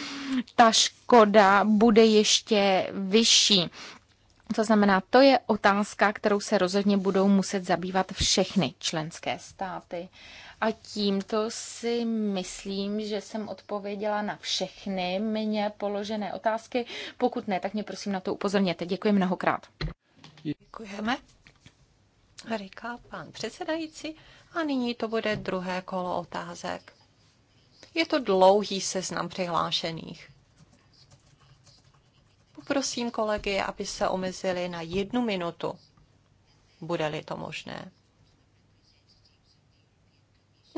ta škoda bude ještě vyšší. To znamená, to je otázka, kterou se rozhodně budou muset zabývat všechny členské státy. A tímto si myslím, že jsem odpověděla na všechny mě položené otázky. Pokud ne, tak mě prosím na to upozorněte. Děkuji mnohokrát. Děkujeme. Říká pan předsedající. A nyní to bude druhé kolo otázek. Je to dlouhý seznam přihlášených. Poprosím kolegy, aby se omezili na jednu minutu, bude-li to možné.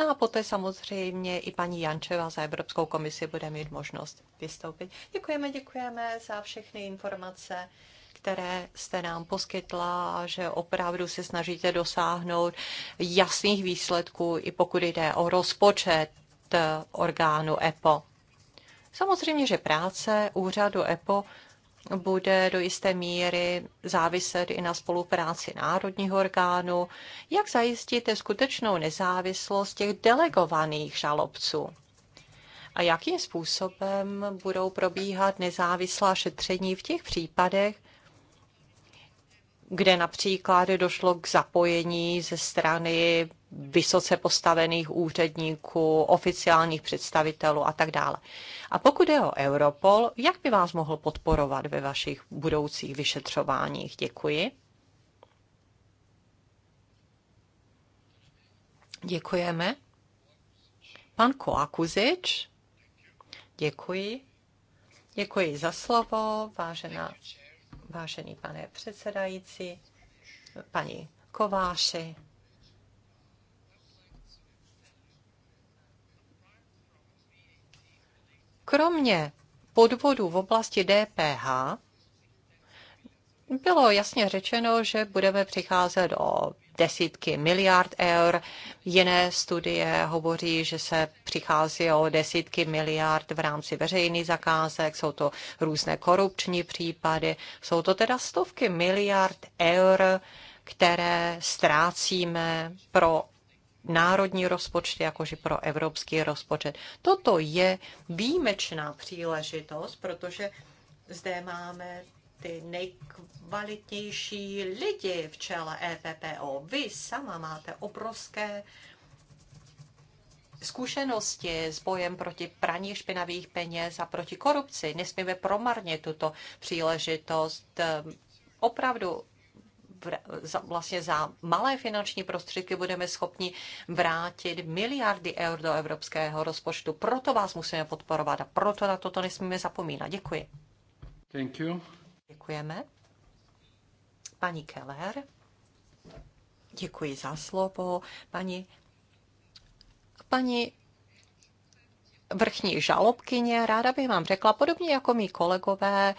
No a poté samozřejmě i paní Jančeva za Evropskou komisi bude mít možnost vystoupit. Děkujeme, děkujeme za všechny informace které jste nám poskytla, a že opravdu se snažíte dosáhnout jasných výsledků, i pokud jde o rozpočet eh, orgánu EPO. Samozřejmě, že práce úřadu EPO bude do jisté míry záviset i na spolupráci národních orgánů. Jak zajistíte skutečnou nezávislost těch delegovaných žalobců? A jakým způsobem budou probíhat nezávislá šetření v těch případech, kde například došlo k zapojení ze strany vysoce postavených úředníků, oficiálních představitelů a tak dále. A pokud je o Europol, jak by vás mohl podporovat ve vašich budoucích vyšetřováních? Děkuji. Děkujeme. Pan Koakuzič. Děkuji. Děkuji za slovo, vážená vážený pane předsedající, paní Kováši. Kromě podvodu v oblasti DPH bylo jasně řečeno, že budeme přicházet o desítky miliard eur. Jiné studie hovoří, že se přichází o desítky miliard v rámci veřejných zakázek, jsou to různé korupční případy, jsou to teda stovky miliard eur, které ztrácíme pro národní rozpočty, jakož i pro evropský rozpočet. Toto je výjimečná příležitost, protože zde máme ty nejkvalitnější lidi v čele EPPO. Vy sama máte obrovské zkušenosti s bojem proti praní špinavých peněz a proti korupci. Nesmíme promarnit tuto příležitost. Ehm, opravdu vlastně za malé finanční prostředky budeme schopni vrátit miliardy eur do evropského rozpočtu. Proto vás musíme podporovat a proto na toto nesmíme zapomínat. Děkuji. Thank you. Děkujeme. Paní Keller. Děkuji za slovo. Paní Paní vrchní žalobkyně, ráda bych vám řekla, podobně jako mý kolegové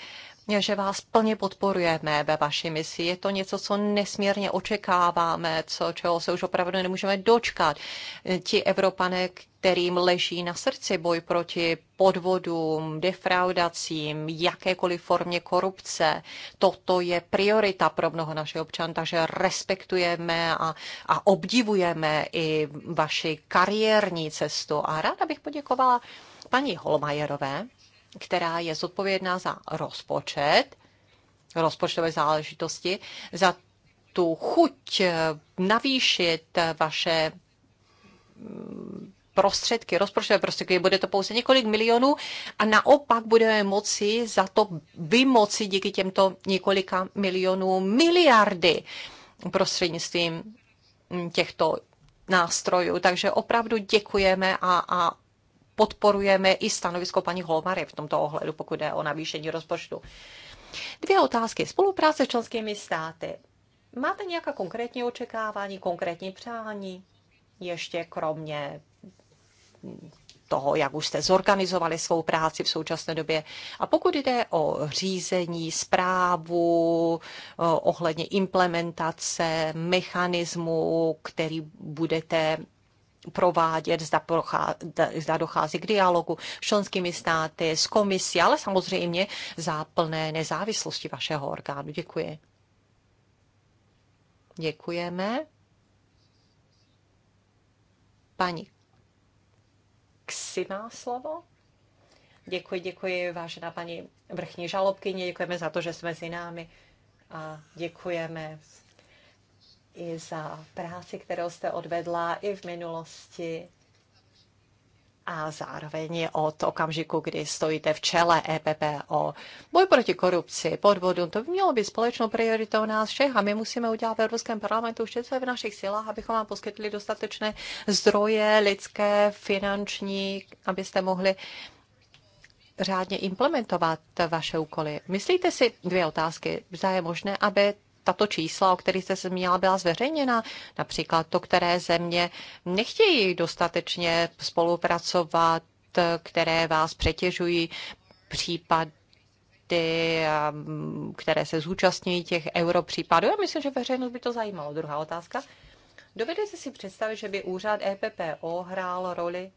že vás plně podporujeme ve vaší misi. Je to něco, co nesmírně očekáváme, co, čeho se už opravdu nemůžeme dočkat. Ti Evropané, kterým leží na srdci boj proti podvodům, defraudacím, jakékoliv formě korupce. Toto je priorita pro mnoho našich občanů, takže respektujeme a, a obdivujeme i vaši kariérní cestu. A ráda bych poděkovala paní Holmajerové, která je zodpovědná za rozpočet, rozpočtové záležitosti, za tu chuť eh, navýšit eh, vaše mm, prostředky, rozpočtové prostředky, bude to pouze několik milionů a naopak budeme moci za to vymoci díky těmto několika milionů miliardy prostřednictvím těchto nástrojů. Takže opravdu děkujeme a, a podporujeme i stanovisko paní Holmary v tomto ohledu, pokud jde o navýšení rozpočtu. Dvě otázky. Spolupráce s členskými státy. Máte nějaká konkrétní očekávání, konkrétní přání? Ještě kromě toho, jak už jste zorganizovali svou práci v současné době. A pokud jde o řízení, zprávu, eh, ohledně implementace mechanismu, který budete provádět, zda, prochá, zda dochází k dialogu s členskými státy, s komisí, ale samozřejmě za plné nezávislosti vašeho orgánu. Děkuji. Děkujeme. Paní Ksina slovo. Děkuji, děkuji, vážená paní vrchní žalobkyně, děkujeme za to, že jsme mezi námi a děkujeme i za práci, kterou jste odvedla i v minulosti a zároveň od okamžiku, kdy stojíte v čele EPPO. Boj proti korupci, podvodům, to by mělo být společnou prioritou nás všech a my musíme udělat v Evropském parlamentu vše, co je v našich silách, abychom vám poskytli dostatečné zdroje lidské, finanční, abyste mohli řádně implementovat vaše úkoly. Myslíte si dvě otázky. Zda je možné, aby tato čísla, o kterých jste se zmínila, byla zveřejněna? Například to, které země nechtějí dostatečně spolupracovat, které vás přetěžují případ um, které se zúčastňují těch europřípadů. Já myslím, že veřejnost by to zajímalo. Druhá otázka. Dovedete si představit, že by úřad EPPO hrál roli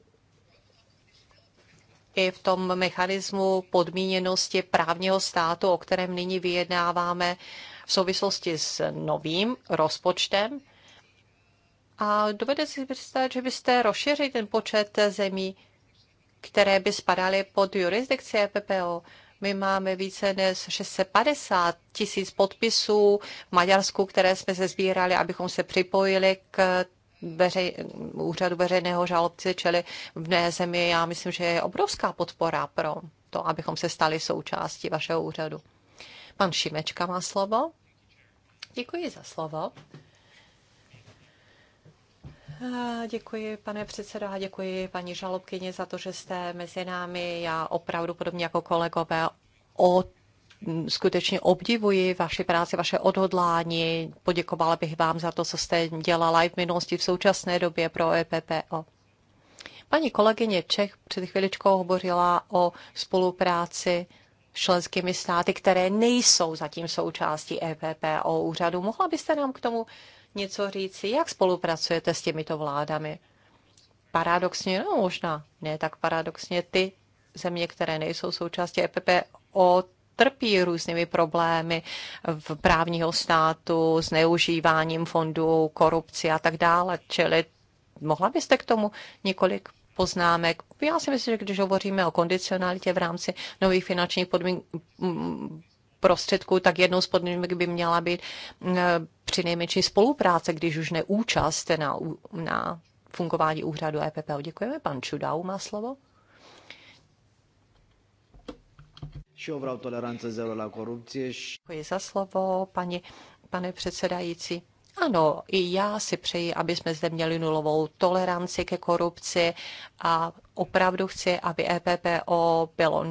i v tom mechanismu podmíněnosti právního státu, o kterém nyní vyjednáváme v souvislosti s novým rozpočtem. A dovede si představit, že byste rozšířili ten počet zemí, které by spadaly pod jurisdikci EPPO. My máme více než 650 tisíc podpisů v Maďarsku, které jsme se sbírali, abychom se připojili k veřej, úřadu veřejného žalobce, čili v mé zemi já myslím, že je obrovská podpora pro to, abychom se stali součástí vašeho úřadu. Pan Šimečka má slovo. Děkuji za slovo. Děkuji, pane předsedo, a děkuji paní žalobkyně za to, že jste mezi námi. Já opravdu, podobně jako kolegové, o, skutečně obdivuji vaši práci, vaše odhodlání. Poděkovala bych vám za to, co jste dělala i v minulosti, v současné době pro EPPO. Paní kolegyně Čech před chviličkou hovořila o spolupráci členskými státy, které nejsou zatím součástí EPPO úřadu. Mohla byste nám k tomu něco říci? Jak spolupracujete s těmito vládami? Paradoxně, no možná ne tak paradoxně, ty země, které nejsou součástí EPPO, trpí různými problémy v právního státu, zneužíváním fondů, korupci a tak dále. Čili mohla byste k tomu několik poznámek. Já si myslím, že když hovoříme o kondicionalitě v rámci nových finančních podmínek, mm, prostředků, tak jednou z podmínek by měla být mm, při nejmenší spolupráce, když už neúčast na, na fungování úřadu EPPO. Děkujeme. Pan Čudau má slovo. Děkuji za slovo, paní, pane předsedající. Ano, i já si přeji, aby jsme zde měli nulovou toleranci ke korupci a opravdu chci, aby EPPO bylo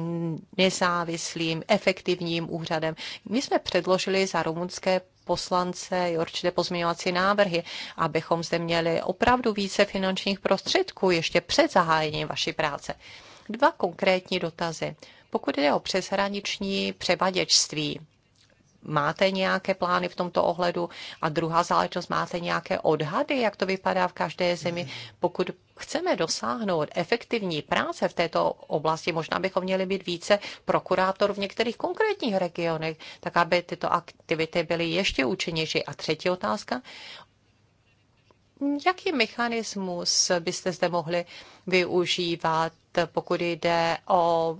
nezávislým, efektivním úřadem. My jsme předložili za rumunské poslance i určité pozměňovací návrhy, abychom zde měli opravdu více finančních prostředků ještě před zahájením vaší práce. Dva konkrétní dotazy. Pokud jde o přeshraniční převaděčství, Máte nějaké plány v tomto ohledu? A druhá záležitost, máte nějaké odhady, jak to vypadá v každé zemi? Pokud chceme dosáhnout efektivní práce v této oblasti, možná bychom měli být více prokurátor v některých konkrétních regionech, tak aby tyto aktivity byly ještě účinnější. A třetí otázka, jaký mechanismus byste zde mohli využívat, pokud jde o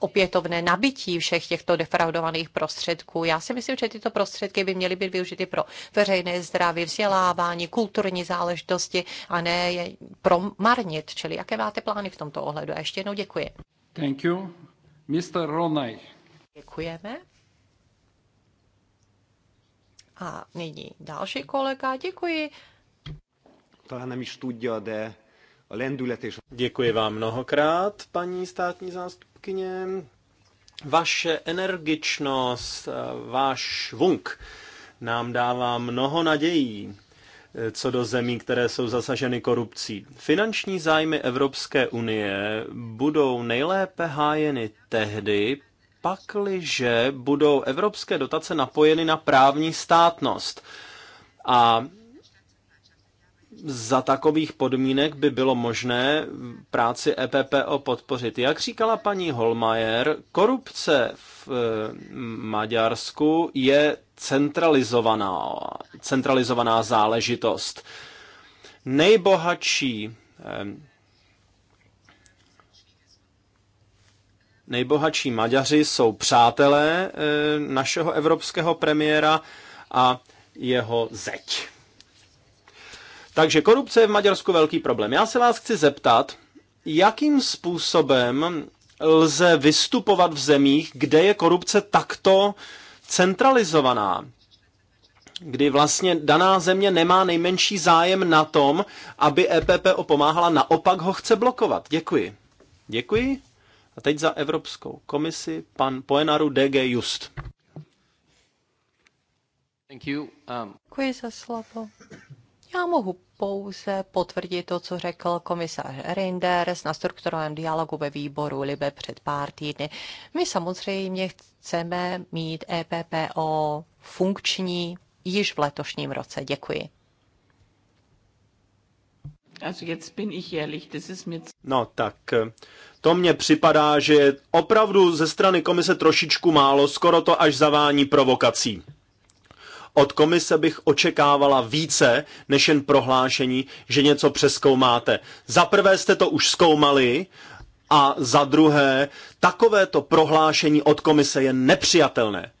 opětovné nabití všech těchto defraudovaných prostředků. Já si myslím, že tyto prostředky by měly být využity pro veřejné zdraví, vzdělávání, kulturní záležitosti a ne je promarnit. Čili jaké máte plány v tomto ohledu? A ještě jednou děkuji. Thank you. Mr. Ronay. Děkujeme. A nyní další kolega. Děkuji. Děkuji vám mnohokrát, paní státní zástupce předsedkyně. Vaše energičnost, eh, váš švunk nám dává mnoho nadějí eh, co do zemí, které jsou zasaženy korupcí. Finanční zájmy Evropské unie budou nejlépe hájeny tehdy, pakliže budou evropské dotace napojeny na právní státnost. A za takových podmínek by bylo možné práci EPPO podpořit. Jak říkala paní Holmajer, korupce v eh, Maďarsku je centralizovaná, centralizovaná záležitost. Nejbohatší eh, nejbohatší Maďaři jsou přátelé eh, našeho evropského premiéra a jeho zeď. Takže korupce je v Maďarsku velký problém. Já se vás chci zeptat, jakým způsobem lze vystupovat v zemích, kde je korupce takto centralizovaná, kdy vlastně daná země nemá nejmenší zájem na tom, aby EPP pomáhala, naopak ho chce blokovat. Děkuji. Děkuji. A teď za Evropskou komisi pan Poenaru DG Just. Thank you. Um, Děkuji za slovo. Já mohu pouze potvrdit to, co řekl komisař Reinders na strukturovém dialogu ve výboru Libe před pár týdny. My samozřejmě chceme mít EPPO funkční již v letošním roce. Děkuji. No tak, to mně připadá, že je opravdu ze strany komise trošičku málo, skoro to až zavání provokací. Od komise bych očekávala více než jen prohlášení, že něco přeskoumáte. Za prvé jste to už zkoumali a za druhé takovéto prohlášení od komise je nepřijatelné.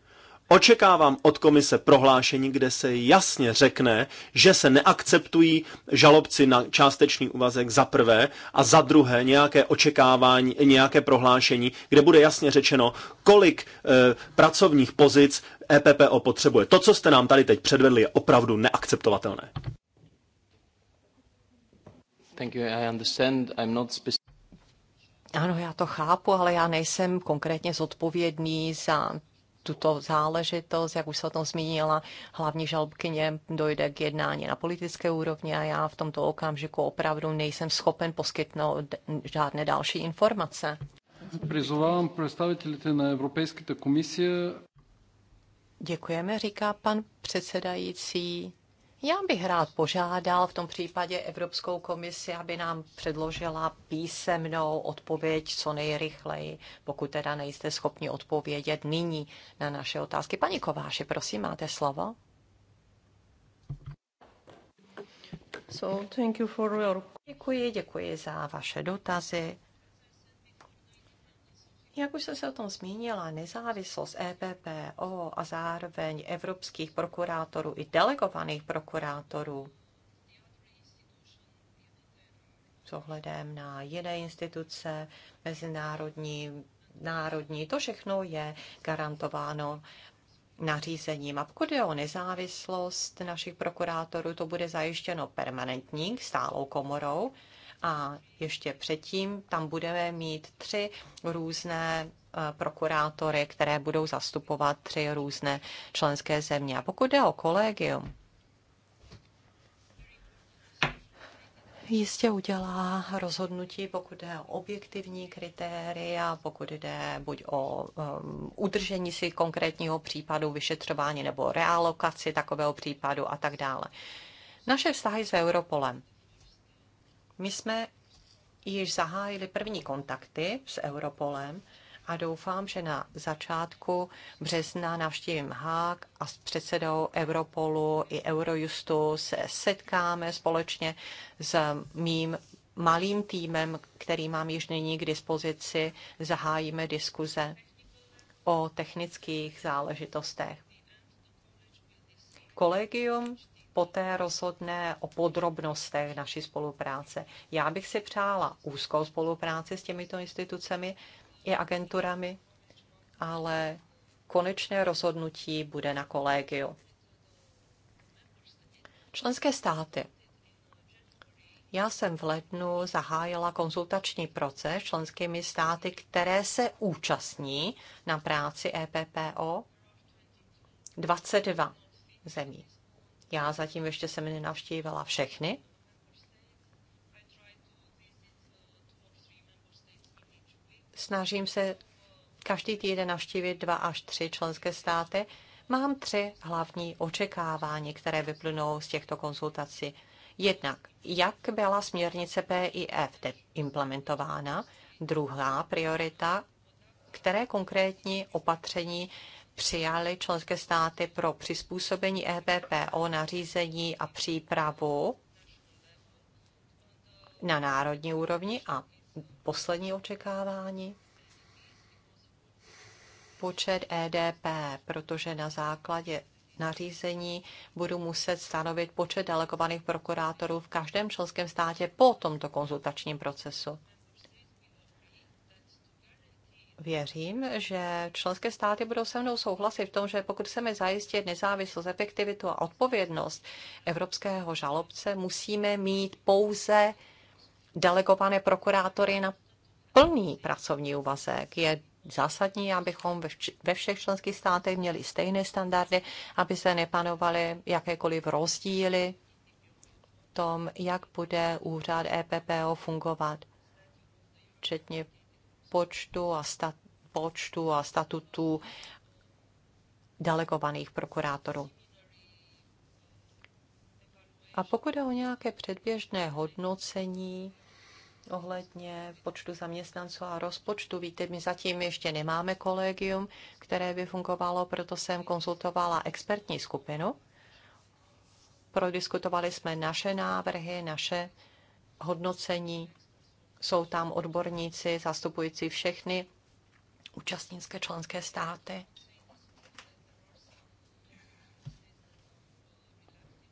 Očekávám od komise prohlášení, kde se jasně řekne, že se neakceptují žalobci na částečný úvazek za prvé a za druhé nějaké očekávání, nějaké prohlášení, kde bude jasně řečeno, kolik e, pracovních pozic EPPO potřebuje. To, co jste nám tady teď předvedli, je opravdu neakceptovatelné. Thank you, I understand. I'm not specific. Ano, já to chápu, ale já nejsem konkrétně zodpovědný za tuto záležitost, jak už se o tom zmínila, hlavní žalbkyně dojde k jednání na politické úrovni a já v tomto okamžiku opravdu nejsem schopen poskytnout žádné další informace. Přizovám představitelé na Evropské komise. Děkujeme, říká pan předsedající. Já bych rád požádal v tom případě Evropskou komisi, aby nám předložila písemnou odpověď co nejrychleji, pokud teda nejste schopni odpovědět nyní na naše otázky. Paní Kováši, prosím, máte slovo. So, thank you for your... Děkuji, děkuji za vaše dotazy. Jak už jsem se o tom zmínila, nezávislost EPPO a zároveň evropských prokurátorů i delegovaných prokurátorů s ohledem na jiné instituce, mezinárodní, národní, to všechno je garantováno nařízením. A pokud je o nezávislost našich prokurátorů, to bude zajištěno permanentní stálou komorou, a ještě předtím tam budeme mít tři různé eh, prokurátory, které budou zastupovat tři různé členské země. A pokud jde o kolegium, jistě udělá rozhodnutí, pokud jde o objektivní kritéria, pokud jde buď o um, udržení si konkrétního případu, vyšetřování nebo realokaci takového případu a tak dále. Naše vztahy s Europolem. My jsme již zahájili první kontakty s Europolem a doufám, že na začátku března navštívím Hák a s předsedou Europolu i Eurojustu se setkáme společně s mým malým týmem, který mám již nyní k dispozici, zahájíme diskuze o technických záležitostech. Kolegium poté rozhodne o podrobnostech naší spolupráce. Já bych si přála úzkou spolupráci s těmito institucemi i agenturami, ale konečné rozhodnutí bude na kolegiu. Členské státy. Já jsem v lednu zahájila konzultační proces členskými státy, které se účastní na práci EPPO 22 zemí. Já zatím ještě jsem nenavštívila všechny. Snažím se každý týden navštívit dva až tři členské státy. Mám tři hlavní očekávání, které vyplynou z těchto konzultací. Jednak, jak byla směrnice PIF implementována? Druhá priorita, které konkrétní opatření přijaly členské státy pro přizpůsobení EBPO nařízení a přípravu na národní úrovni a poslední očekávání počet EDP, protože na základě nařízení budu muset stanovit počet delegovaných prokurátorů v každém členském státě po tomto konzultačním procesu věřím, že členské státy budou se mnou souhlasit v tom, že pokud chceme zajistit nezávislost, efektivitu a odpovědnost evropského žalobce, musíme mít pouze delegované prokurátory na plný pracovní úvazek. Je zásadní, abychom ve všech členských státech měli stejné standardy, aby se nepanovaly jakékoliv rozdíly v tom, jak bude úřad EPPO fungovat, včetně počtu a, stat, počtu a statutu delegovaných prokurátorů. A pokud je o nějaké předběžné hodnocení ohledně počtu zaměstnanců a rozpočtu, víte, my zatím ještě nemáme kolegium, které by fungovalo, proto jsem konzultovala expertní skupinu. Prodiskutovali jsme naše návrhy, naše hodnocení jsou tam odborníci zastupující všechny účastnické členské státy.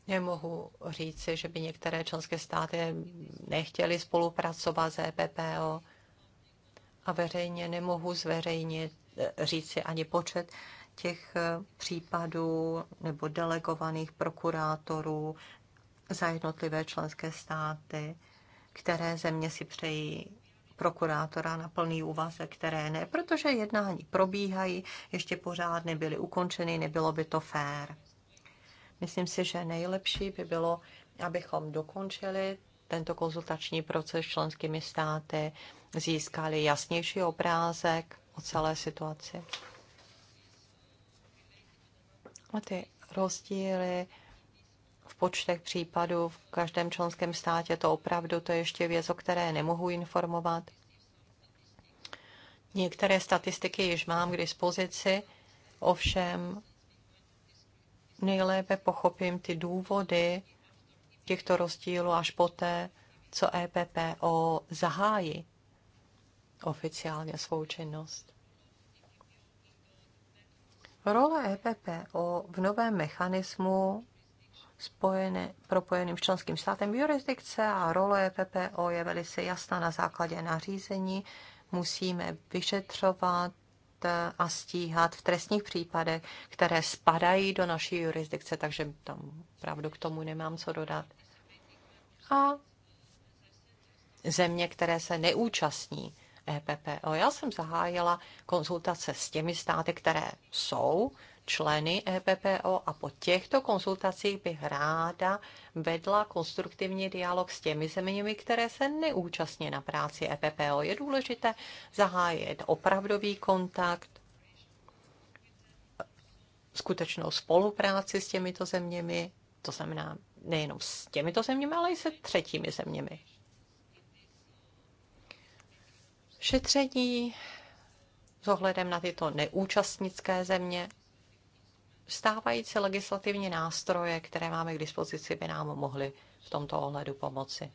Nemohu říci, že by některé členské státy nechtěly spolupracovat s EPPO a veřejně nemohu zveřejnit, říci ani počet těch eh, případů nebo delegovaných prokurátorů za jednotlivé členské státy které země si přejí prokurátora na plný úvazek, které ne, protože jednání probíhají, ještě pořád nebyly ukončeny, nebylo by to fér. Myslím si, že nejlepší by bylo, abychom dokončili tento konzultační proces s členskými státy, získali jasnější obrázek o celé situaci. A ty rozdíly v počtech případů v každém členském státě. To opravdu to je ještě věc, o které nemohu informovat. Některé statistiky již mám k dispozici, ovšem nejlépe pochopím ty důvody těchto rozdílů až poté, co EPPO zahájí oficiálně svou činnost. Role EPPO v novém mechanismu spojené, propojeným s členským státem jurisdikce a role PPO je velice jasná na základě nařízení. Musíme vyšetřovat eh, a stíhat v trestních případech, které spadají do naší jurisdikce, takže tam pravdu k tomu nemám co dodat. A země, které se neúčastní EPPO. Já jsem zahájila konzultace s těmi státy, které jsou členy EPPO a po těchto konsultacích bych ráda vedla konstruktivní dialog s těmi zeměmi, které se neúčastní na práci EPPO. Je důležité zahájit opravdový kontakt, skutečnou spolupráci s těmito zeměmi, to znamená nejenom s těmito zeměmi, ale i se třetími zeměmi. Šetření s ohledem na tyto neúčastnické země stávající legislativní nástroje, které máme k dispozici, by nám mohly v tomto ohledu pomoci.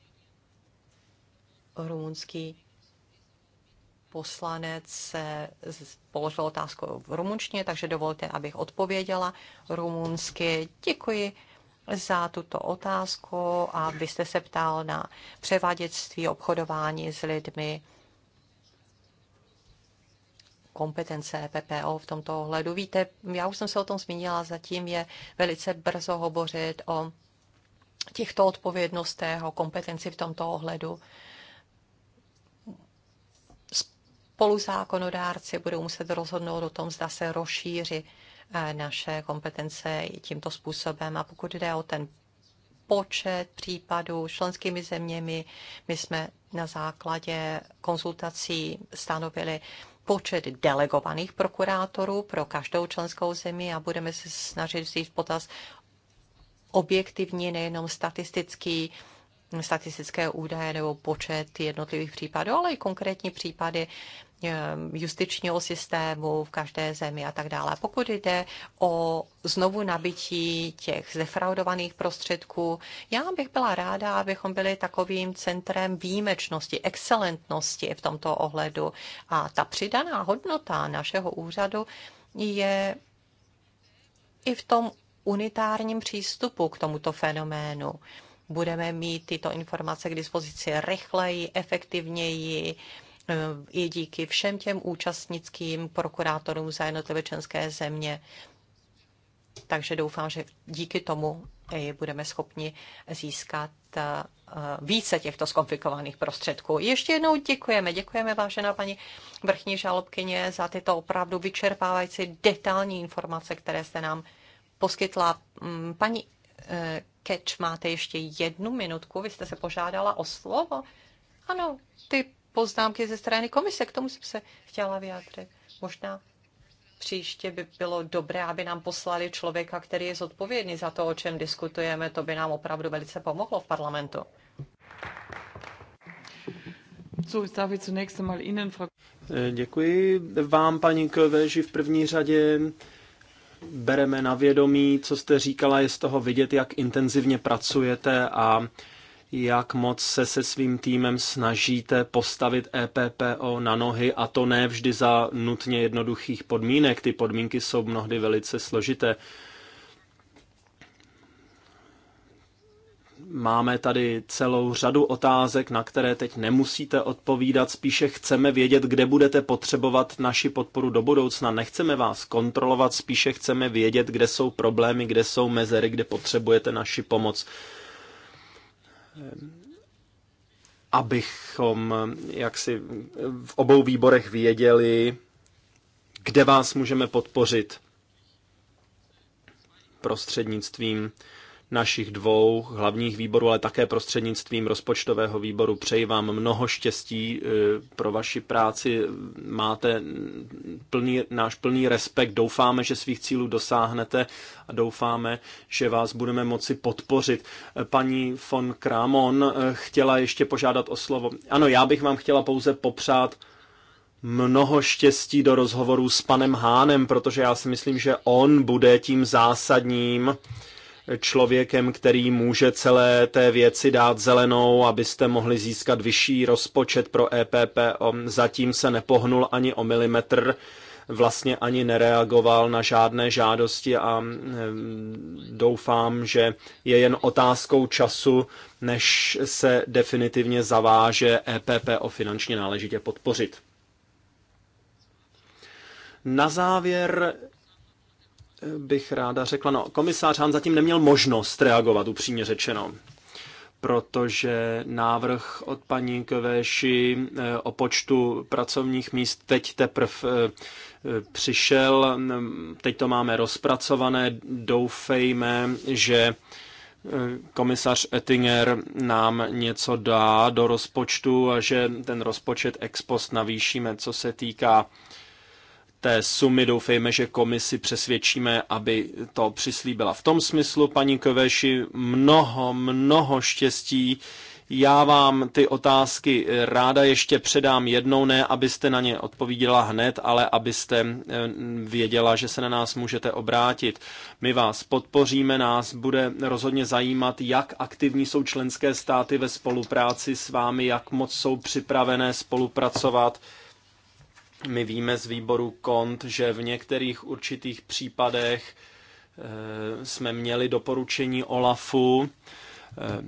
Rumunský poslanec položil otázku v rumunštině, takže dovolte, abych odpověděla rumunsky. Děkuji za tuto otázku a vy jste se ptal na převaděctví, obchodování s lidmi kompetence e PPO v tomto ohledu. Víte, já už jsem se o tom zmínila, zatím je velice brzo hovořit o těchto odpovědnostech, o kompetenci v tomto ohledu. Spoluzákonodárci budou muset rozhodnout o tom, zda se rozšíří eh, naše kompetence tímto způsobem. A pokud jde o ten počet případů členskými zeměmi, my jsme na základě konzultací stanovili počet delegovaných prokurátorů pro každou členskou zemi a budeme se snažit vzít potaz objektivní, nejenom statistický statistické údaje nebo počet jednotlivých případů, ale i konkrétní případy eh, justičního systému v každé zemi a tak dále. Pokud jde o znovu nabití těch zefraudovaných prostředků, já bych byla ráda, abychom byli takovým centrem výjimečnosti, excelentnosti v tomto ohledu. A ta přidaná hodnota našeho úřadu je i v tom unitárním přístupu k tomuto fenoménu budeme mít tyto informace k dispozici rychleji, efektivněji, eh, i díky všem těm účastnickým prokurátorům za jednotlivé členské země. Takže doufám, že díky tomu budeme schopni získat eh, více těchto skonfikovaných prostředků. Ještě jednou děkujeme. Děkujeme, vážená paní vrchní žalobkyně, za tyto opravdu vyčerpávající detailní informace, které jste nám poskytla. Mm, paní eh, Catch, máte ještě jednu minutku, vy jste se požádala o slovo. Ano, ty poznámky ze strany komise, k tomu jsem se chtěla vyjádřit. Možná příště by bylo dobré, aby nám poslali člověka, který je zodpovědný za to, o čem diskutujeme. To by nám opravdu velice pomohlo v parlamentu. Eh, děkuji vám, paní Kölveži, v první řadě bereme na vědomí, co jste říkala, je z toho vidět, jak intenzivně pracujete a jak moc se se svým týmem snažíte postavit EPPO na nohy a to ne vždy za nutně jednoduchých podmínek. Ty podmínky jsou mnohdy velice složité. Máme tady celou řadu otázek, na které teď nemusíte odpovídat. Spíše chceme vědět, kde budete potřebovat naši podporu do budoucna. Nechceme vás kontrolovat, spíše chceme vědět, kde jsou problémy, kde jsou mezery, kde potřebujete naši pomoc. Abychom jaksi v obou výborech věděli, kde vás můžeme podpořit prostřednictvím našich dvou hlavních výborů, ale také prostřednictvím rozpočtového výboru. Přeji vám mnoho štěstí eh, pro vaši práci. Máte plný, náš plný respekt. Doufáme, že svých cílů dosáhnete a doufáme, že vás budeme moci podpořit. Eh, paní von Kramon eh, chtěla ještě požádat o slovo. Ano, já bych vám chtěla pouze popřát mnoho štěstí do rozhovoru s panem Hánem, protože já si myslím, že on bude tím zásadním člověkem, který může celé té věci dát zelenou, abyste mohli získat vyšší rozpočet pro EPP. Zatím se nepohnul ani o milimetr vlastně ani nereagoval na žádné žádosti a doufám, že je jen otázkou času, než se definitivně zaváže EPP o finančně náležitě podpořit. Na závěr bych ráda řekla, no komisář Hán zatím neměl možnost reagovat, upřímně řečeno protože návrh od paní Kvéši eh, o počtu pracovních míst teď teprve eh, přišel. Teď to máme rozpracované. Doufejme, že eh, komisař Ettinger nám něco dá do rozpočtu a že ten rozpočet ex post navýšíme, co se týká té sumy doufejme, že komisi přesvědčíme, aby to přislíbila. V tom smyslu, paní Koveši, mnoho, mnoho štěstí. Já vám ty otázky ráda ještě předám jednou, ne abyste na ně odpovídala hned, ale abyste eh, věděla, že se na nás můžete obrátit. My vás podpoříme, nás bude rozhodně zajímat, jak aktivní jsou členské státy ve spolupráci s vámi, jak moc jsou připravené spolupracovat my víme z výboru KONT, že v některých určitých případech eh, jsme měli doporučení OLAFu eh,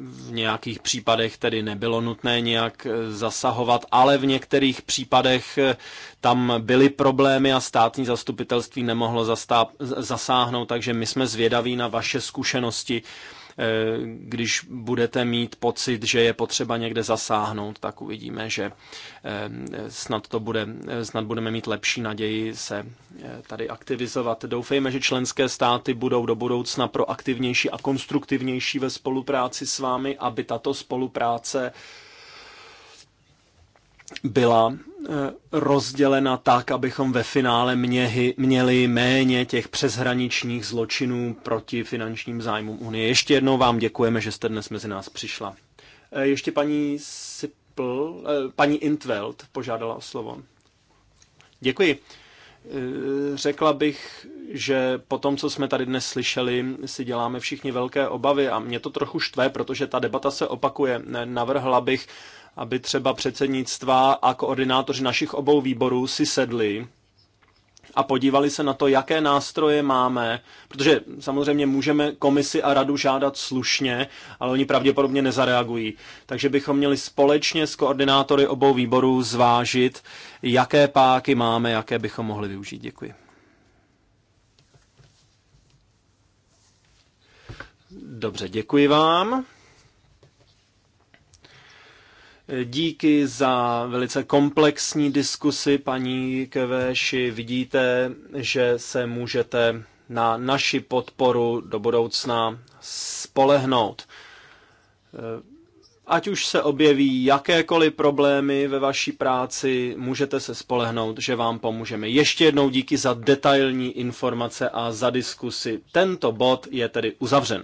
v nějakých případech tedy nebylo nutné nějak eh, zasahovat, ale v některých případech tam byly problémy a státní zastupitelství nemohlo zasáhnout, takže my jsme zvědaví na vaše zkušenosti Eh, když budete mít pocit, že je potřeba někde zasáhnout, tak uvidíme, že eh, snad, to bude, eh, snad budeme mít lepší naději se tady aktivizovat. Doufejme, že členské státy budou do budoucna proaktivnější a konstruktivnější ve spolupráci s vámi, aby tato spolupráce byla Eh, rozdělena tak, abychom ve finále měhy, měli méně těch přeshraničních zločinů proti finančním zájmům Unie. Ještě jednou vám děkujeme, že jste dnes mezi nás přišla. Eh, ještě paní Sipl, eh, paní Intveld požádala o slovo. Děkuji. Řekla bych, že po tom, co jsme tady dnes slyšeli, si děláme všichni velké obavy a mě to trochu štve, protože ta debata se opakuje. Navrhla bych aby třeba předsednictva a koordinátoři našich obou výborů si sedli a podívali se na to, jaké nástroje máme, protože samozřejmě můžeme komisi a radu žádat slušně, ale oni pravděpodobně nezareagují. Takže bychom měli společně s koordinátory obou výborů zvážit, jaké páky máme, jaké bychom mohli využít. Děkuji. Dobře, děkuji vám. Díky za velice komplexní diskusi, paní Kevéši. Vidíte, že se můžete na naši podporu do budoucna spolehnout. Ať už se objeví jakékoliv problémy ve vaší práci, můžete se spolehnout, že vám pomůžeme. Ještě jednou díky za detailní informace a za diskusi. Tento bod je tedy uzavřen.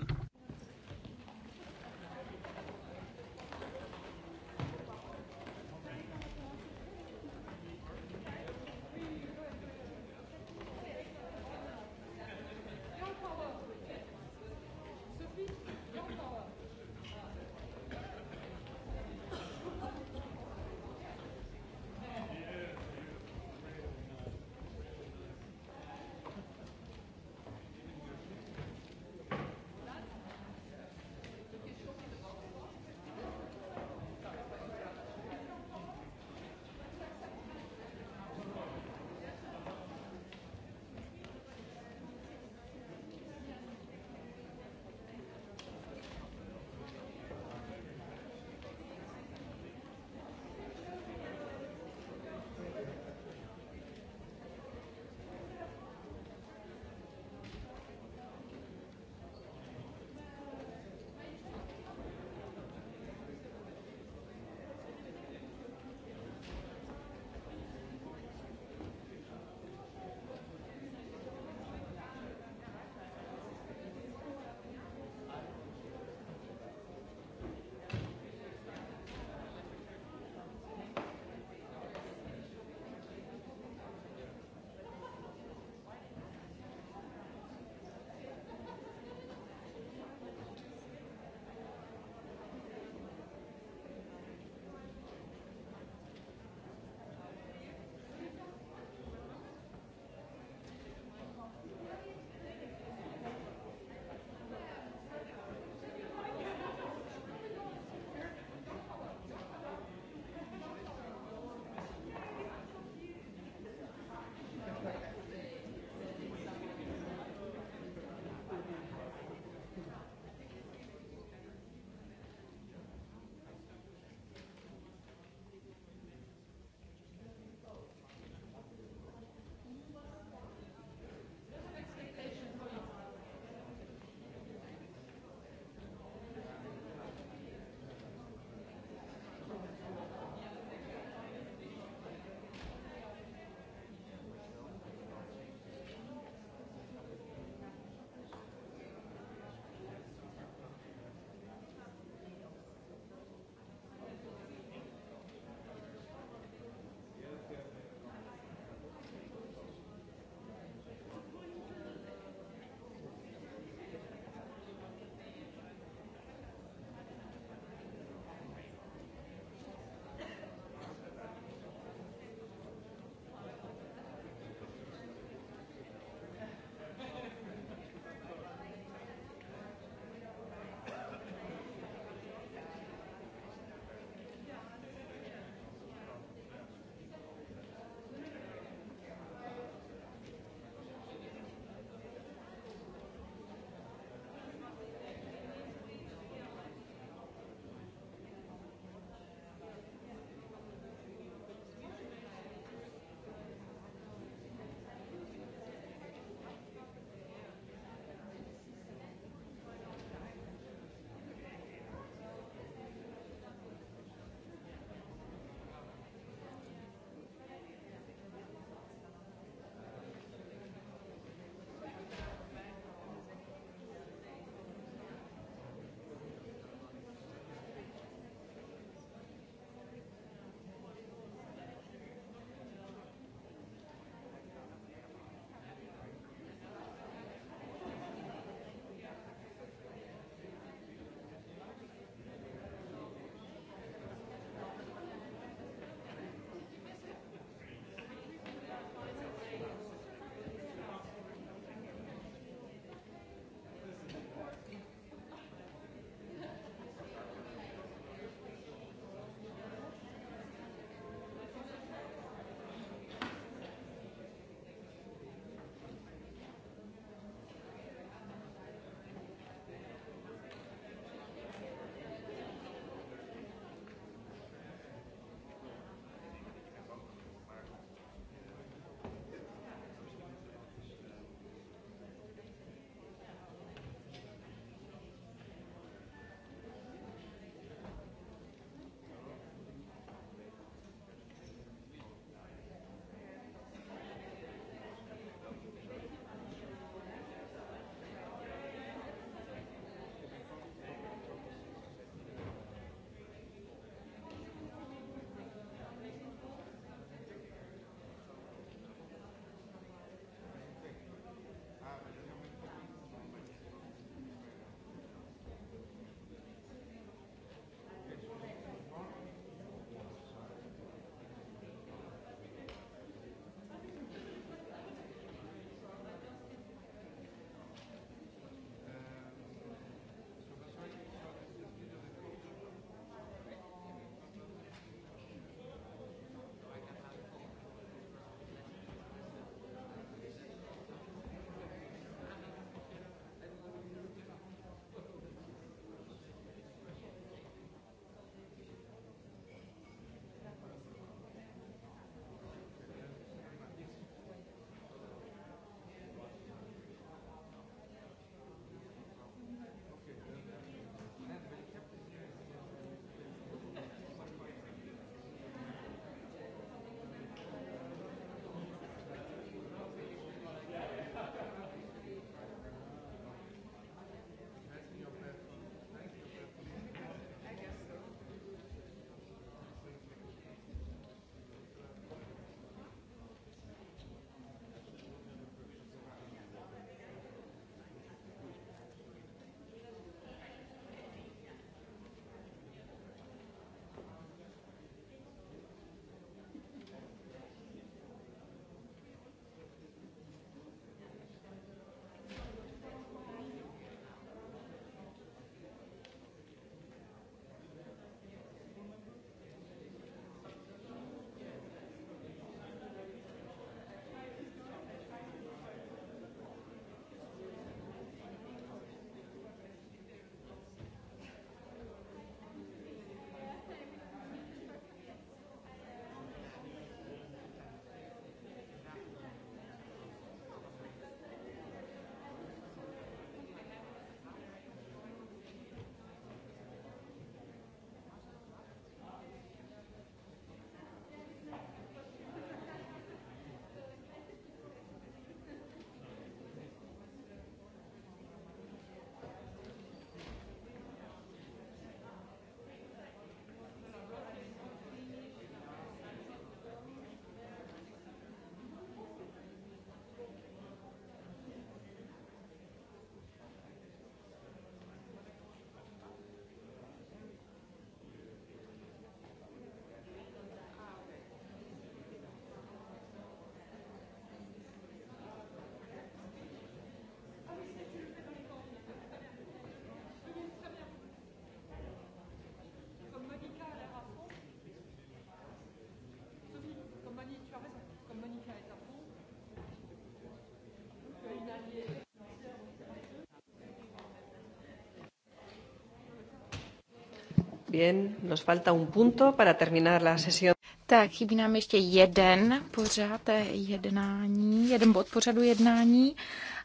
Bien, nos falta un punto para terminar la sesión. Tak, chybí nám ještě jeden pořad eh, jednání, jeden bod pořadu jednání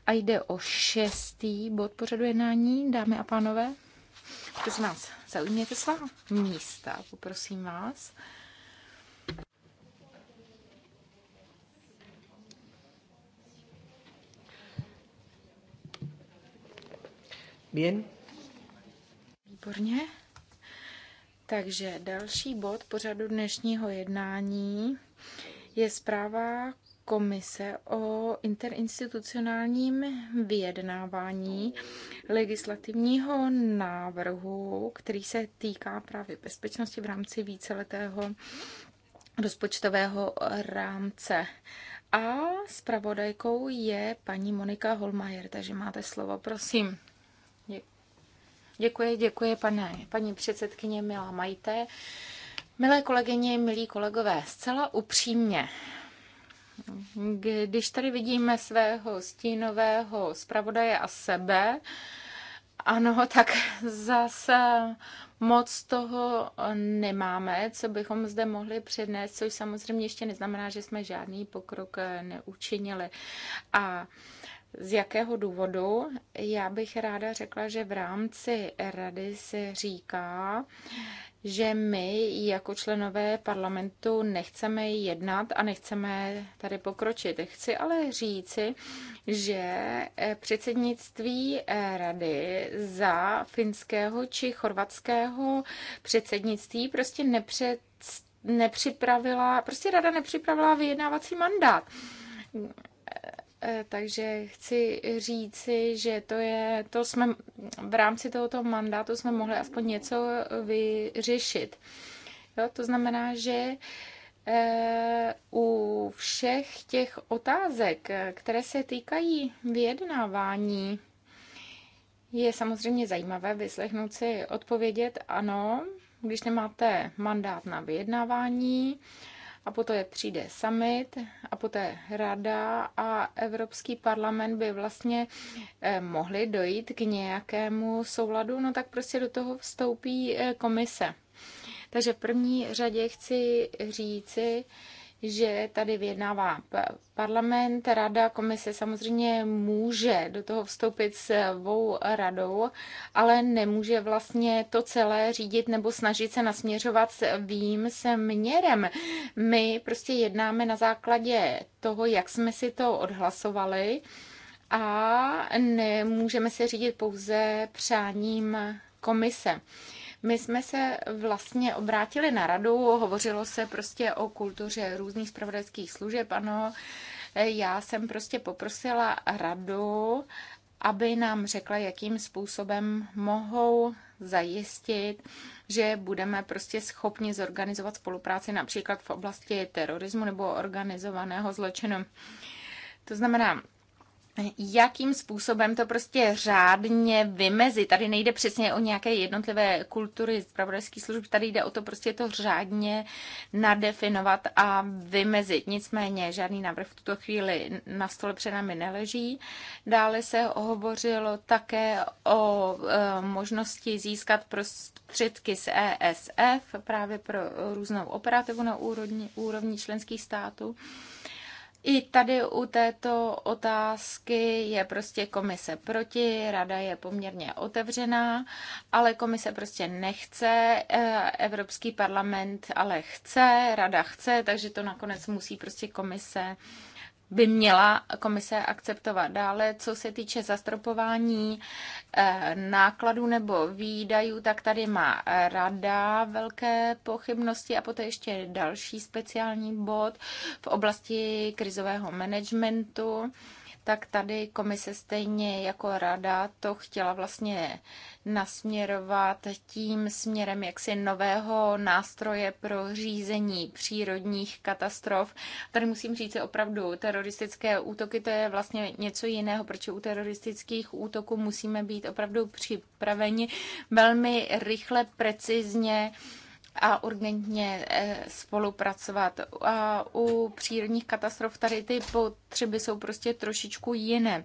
a jde o šestý bod pořadu jednání, dámy a pánové. Prosím vás, zaujměte svá místa, poprosím vás. Bien. Výborně. Takže další bod pořadu dnešního jednání je zpráva komise o interinstitucionálním vyjednávání legislativního návrhu, který se týká právě bezpečnosti v rámci víceletého rozpočtového rámce. A zpravodajkou je paní Monika Holmajer, takže máte slovo, prosím. Děkuji, děkuji, pane, paní předsedkyně, milá Majte. Milé kolegyně, milí kolegové, zcela upřímně, když tady vidíme svého stínového zpravodaje a sebe, ano, tak zase moc toho nemáme, co bychom zde mohli přednést, což samozřejmě ještě neznamená, že jsme žádný pokrok neučinili. A z jakého důvodu. Já bych ráda řekla, že v rámci rady se říká, že my jako členové parlamentu nechceme jednat a nechceme tady pokročit. Chci ale říci, že eh, předsednictví eh, rady za finského či chorvatského předsednictví prostě nepřed, nepřipravila, prostě rada nepřipravila vyjednávací mandát Eh, takže chci říci, že to je, to jsme v rámci tohoto mandátu jsme mohli aspoň něco vyřešit. Jo, to znamená, že eh, u všech těch otázek, které se týkají vyjednávání, je samozřejmě zajímavé vyslechnout si odpovědět ano, když nemáte mandát na vyjednávání, a poté přijde summit a poté rada a Evropský parlament by vlastně eh, mohli dojít k nějakému souladu, no tak prostě do toho vstoupí eh, komise. Takže v první řadě chci říci, že tady vyjednává parlament, rada, komise samozřejmě může do toho vstoupit s svou radou, ale nemůže vlastně to celé řídit nebo snažit se nasměřovat vým směrem. My prostě jednáme na základě toho, jak jsme si to odhlasovali a nemůžeme se řídit pouze přáním komise. My jsme se vlastně obrátili na radu, hovořilo se prostě o kultuře různých spravodajských služeb, ano. Já jsem prostě poprosila radu, aby nám řekla, jakým způsobem mohou zajistit, že budeme prostě schopni zorganizovat spolupráci například v oblasti terorismu nebo organizovaného zločinu. To znamená, jakým způsobem to prostě řádně vymezit. Tady nejde přesně o nějaké jednotlivé kultury zpravodajských služb, tady jde o to prostě to řádně nadefinovat a vymezit. Nicméně žádný návrh v tuto chvíli na stole před námi neleží. Dále se hovořilo také o e, možnosti získat prostředky z ESF právě pro různou operativu na úrovni, úrovni členských států. I tady u této otázky je prostě komise proti, rada je poměrně otevřená, ale komise prostě nechce, eh, Evropský parlament ale chce, rada chce, takže to nakonec musí prostě komise by měla komise akceptovat. Dále, co se týče zastropování eh, nákladů nebo výdajů, tak tady má rada velké pochybnosti a poté ještě další speciální bod v oblasti krizového managementu tak tady komise stejně jako rada to chtěla vlastně nasměrovat tím směrem jaksi nového nástroje pro řízení přírodních katastrof. Tady musím říct, že opravdu teroristické útoky to je vlastně něco jiného, protože u teroristických útoků musíme být opravdu připraveni velmi rychle, precizně, a urgentně eh, spolupracovat. A u přírodních katastrof tady ty potřeby jsou prostě trošičku jiné.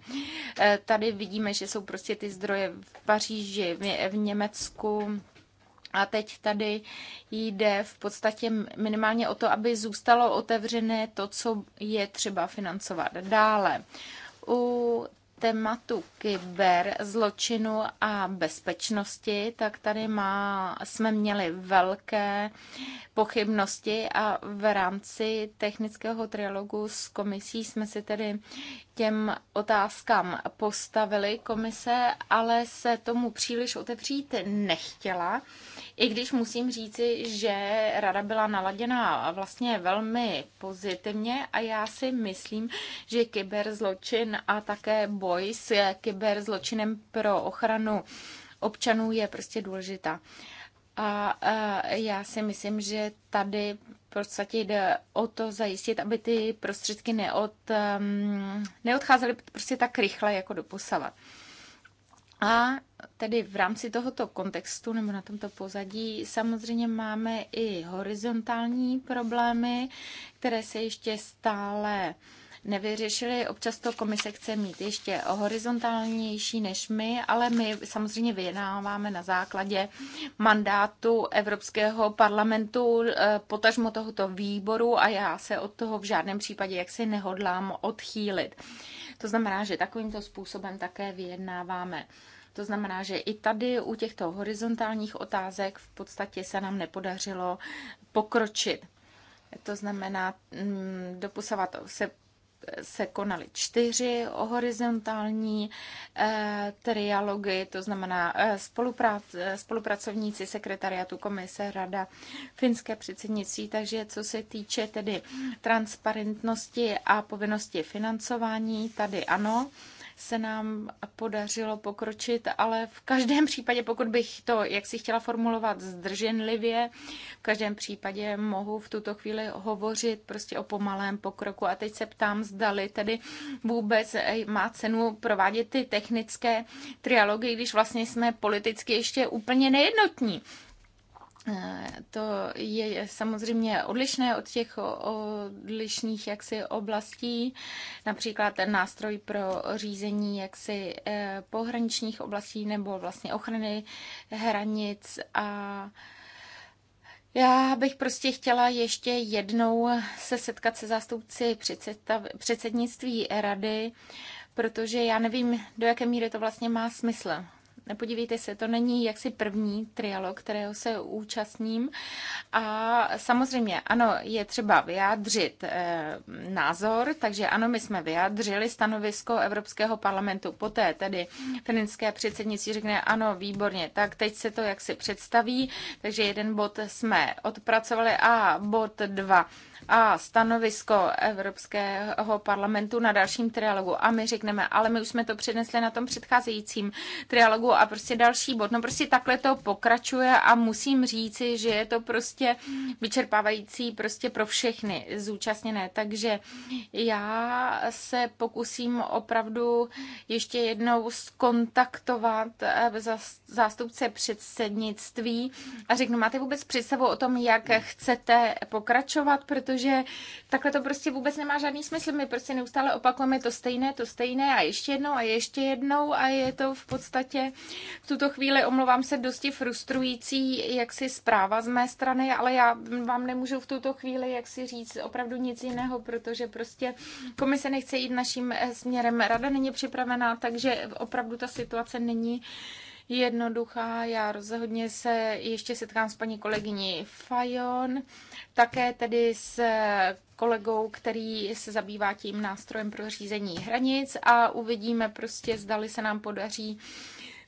Eh, tady vidíme, že jsou prostě ty zdroje v Paříži, v Německu, a teď tady jde v podstatě minimálně o to, aby zůstalo otevřené to, co je třeba financovat dále. U tématu kyber, zločinu a bezpečnosti, tak tady má, jsme měli velké pochybnosti a v rámci technického trialogu s komisí jsme si tedy těm otázkám postavili komise, ale se tomu příliš otevřít nechtěla. I když musím říci, že rada byla naladěná vlastně velmi pozitivně a já si myslím, že kyberzločin a také boj s kyberzločinem pro ochranu občanů je prostě důležitá. A, já si myslím, že tady v podstatě jde o to zajistit, aby ty prostředky neod, ehm, neodcházely prostě tak rychle jako doposavat. A tedy v rámci tohoto kontextu nebo na tomto pozadí samozřejmě máme i horizontální problémy, které se ještě stále nevyřešili. Občas to komise chce mít ještě horizontálnější než my, ale my samozřejmě vyjednáváme na základě mandátu Evropského parlamentu, eh, potažmo tohoto výboru a já se od toho v žádném případě jaksi nehodlám odchýlit. To znamená, že takovýmto způsobem také vyjednáváme. To znamená, že i tady u těchto horizontálních otázek v podstatě se nám nepodařilo pokročit. To znamená, mm, doposavat se se konaly čtyři horizontální eh, trialogy, to znamená eh, eh spolupracovníci sekretariatu komise, rada, finské předsednictví, takže co se týče tedy transparentnosti a povinnosti financování, tady ano, se nám podařilo pokročit, ale v každém případě, pokud bych to, jak si chtěla formulovat, zdrženlivě, v každém případě mohu v tuto chvíli hovořit prostě o pomalém pokroku. A teď se ptám, zdali tedy vůbec eh, má cenu provádět ty technické trialogy, když vlastně jsme politicky ještě úplně nejednotní. Eh, to je samozřejmě odlišné od těch odlišných jaksi oblastí, například ten nástroj pro řízení jaksi eh, pohraničních oblastí nebo vlastně ochrany hranic a já bych prostě chtěla ještě jednou se setkat se zástupci předsednictví rady, protože já nevím, do jaké míry to vlastně má smysl Podívejte se, to není jaksi první trialog, kterého se účastním. A samozřejmě, ano, je třeba vyjádřit e, názor, takže ano, my jsme vyjádřili stanovisko Evropského parlamentu. Poté tedy finské předsednictví řekne, ano, výborně, tak teď se to jaksi představí. Takže jeden bod jsme odpracovali a bod dva a stanovisko Evropského parlamentu na dalším trialogu. A my řekneme, ale my už jsme to přednesli na tom předcházejícím trialogu a prostě další bod. No prostě takhle to pokračuje a musím říci, že je to prostě vyčerpávající prostě pro všechny zúčastněné. Takže já se pokusím opravdu ještě jednou skontaktovat eh, zástupce předsednictví a řeknu, máte vůbec představu o tom, jak chcete pokračovat, protože protože takhle to prostě vůbec nemá žádný smysl. My prostě neustále opakujeme to stejné, to stejné a ještě jednou a ještě jednou a je to v podstatě v tuto chvíli, omlouvám se, dosti frustrující jaksi zpráva z mé strany, ale já vám nemůžu v tuto chvíli jak si říct opravdu nic jiného, protože prostě komise nechce jít naším eh, směrem, rada není připravená, takže opravdu ta situace není jednoduchá. Já rozhodně se ještě setkám s paní kolegyní Fajon, také tedy s kolegou, který se zabývá tím nástrojem pro řízení hranic a uvidíme prostě, zdali se nám podaří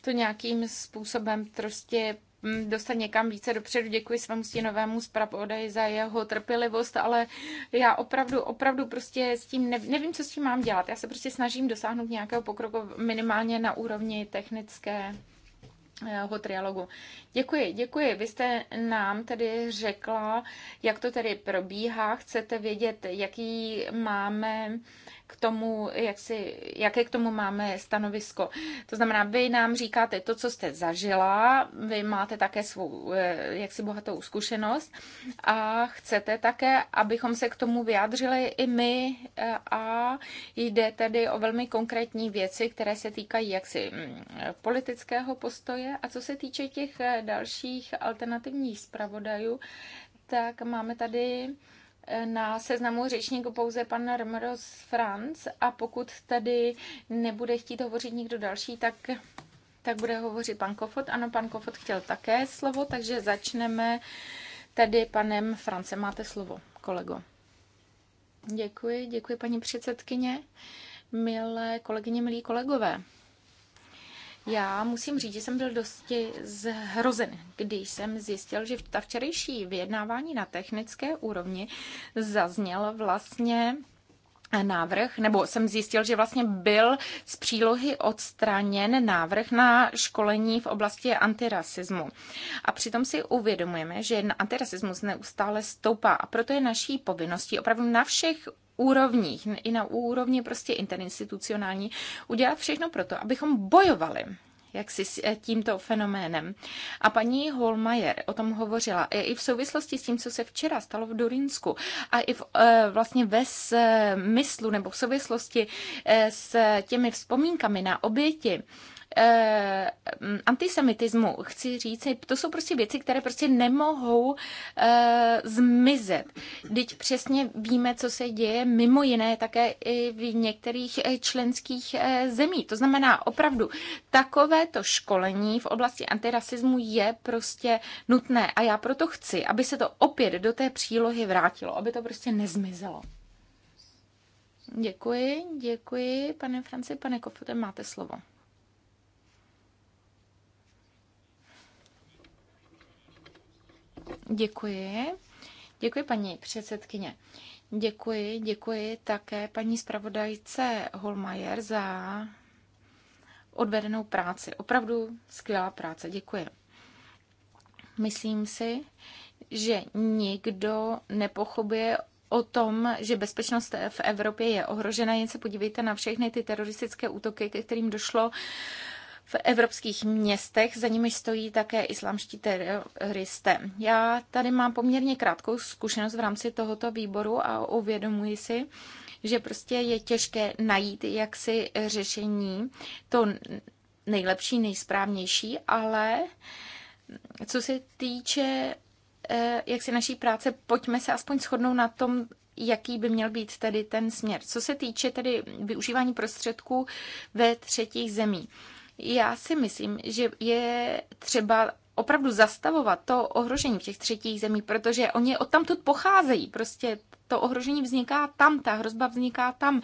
to nějakým způsobem prostě mm, dostat někam více dopředu. Děkuji svému stěnovému zpravodaji za jeho trpělivost, ale já opravdu, opravdu prostě s tím nevím, nevím, co s tím mám dělat. Já se prostě snažím dosáhnout nějakého pokroku minimálně na úrovni technické toho eh, trialogu. Děkuji, děkuji. Vy jste nám tedy řekla, jak to tedy probíhá. Chcete vědět, jaký máme k tomu, jak si, jaké k tomu máme stanovisko. To znamená, vy nám říkáte to, co jste zažila, vy máte také svou eh, jaksi bohatou zkušenost a chcete také, abychom se k tomu vyjádřili i my eh, a jde tedy o velmi konkrétní věci, které se týkají jaksi mm, politického postoje a co se týče těch eh, dalších alternativních zpravodajů, tak máme tady na seznamu řečníků pouze pan Rmros Franz Franc a pokud tady nebude chtít hovořit nikdo další, tak tak bude hovořit pan Kofot. Ano, pan Kofot chtěl také slovo, takže začneme tedy panem Francem. Máte slovo, kolego. Děkuji, děkuji paní předsedkyně, milé kolegyně, milí kolegové. Já musím říct, že jsem byl dosti zhrozen, když jsem zjistil, že ta včerejší vyjednávání na technické úrovni zazněl vlastně návrh, nebo jsem zjistil, že vlastně byl z přílohy odstraněn návrh na školení v oblasti antirasismu. A přitom si uvědomujeme, že antirasismus neustále stoupá a proto je naší povinností opravdu na všech úrovních, i na úrovni prostě interinstitucionální, udělat všechno proto, abychom bojovali jak si s eh, tímto fenoménem. A paní Holmajer o tom hovořila i v souvislosti s tím, co se včera stalo v Durinsku a i v, eh, vlastně ve smyslu nebo v souvislosti eh, s těmi vzpomínkami na oběti Eh, mm, antisemitismu, chci říct, to jsou prostě věci, které prostě nemohou eh, zmizet. Teď přesně víme, co se děje mimo jiné také i v některých eh, členských eh, zemí. To znamená opravdu, takovéto školení v oblasti antirasismu je prostě nutné a já proto chci, aby se to opět do té přílohy vrátilo, aby to prostě nezmizelo. Děkuji, děkuji, pane Franci, pane Kofote, máte slovo. Děkuji. Děkuji, paní předsedkyně. Děkuji, děkuji také paní zpravodajce Holmajer za odvedenou práci. Opravdu skvělá práce, děkuji. Myslím si, že nikdo nepochopuje o tom, že bezpečnost v Evropě je ohrožena. Jen se podívejte na všechny ty teroristické útoky, ke kterým došlo v evropských městech, za nimi stojí také islámští teroristé. Já tady mám poměrně krátkou zkušenost v rámci tohoto výboru a uvědomuji si, že prostě je těžké najít jaksi řešení, to nejlepší, nejsprávnější, ale co se týče eh, jak si naší práce, pojďme se aspoň shodnout na tom, jaký by měl být tedy ten směr. Co se týče tedy využívání prostředků ve třetích zemích. Já si myslím, že je třeba opravdu zastavovat to ohrožení v těch třetích zemí, protože oni odtamtud pocházejí. Prostě to ohrožení vzniká tam, ta hrozba vzniká tam.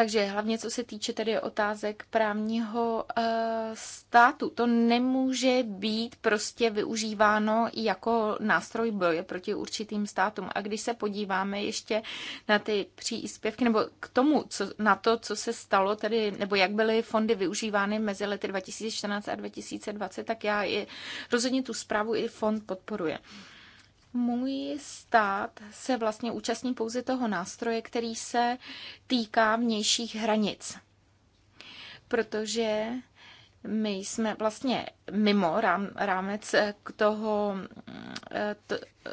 Takže hlavně co se týče tedy otázek právního eh, státu, to nemůže být prostě využíváno jako nástroj boje proti určitým státům. A když se podíváme ještě na ty příspěvky, nebo k tomu, co, na to, co se stalo, tedy, nebo jak byly fondy využívány mezi lety 2014 a 2020, tak já je rozhodně tu zprávu i fond podporuje můj stát se vlastně účastní pouze toho nástroje, který se týká vnějších hranic. Protože my jsme vlastně mimo rám, rámec eh, k toho eh, t, eh,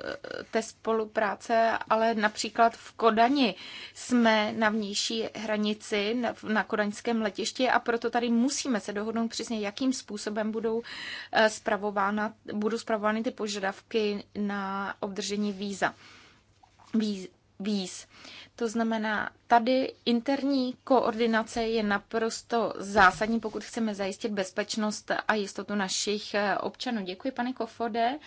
té spolupráce, ale například v Kodani jsme na vnější hranici na, na kodaňském letišti a proto tady musíme se dohodnout přesně, jakým způsobem budou spravována, budou spravovány ty požadavky na obdržení víza. Víz, víz. To znamená, tady interní koordinace je naprosto zásadní, pokud chceme zajistit bezpečnost a jistotu našich eh, občanů. Děkuji, pane Kofode.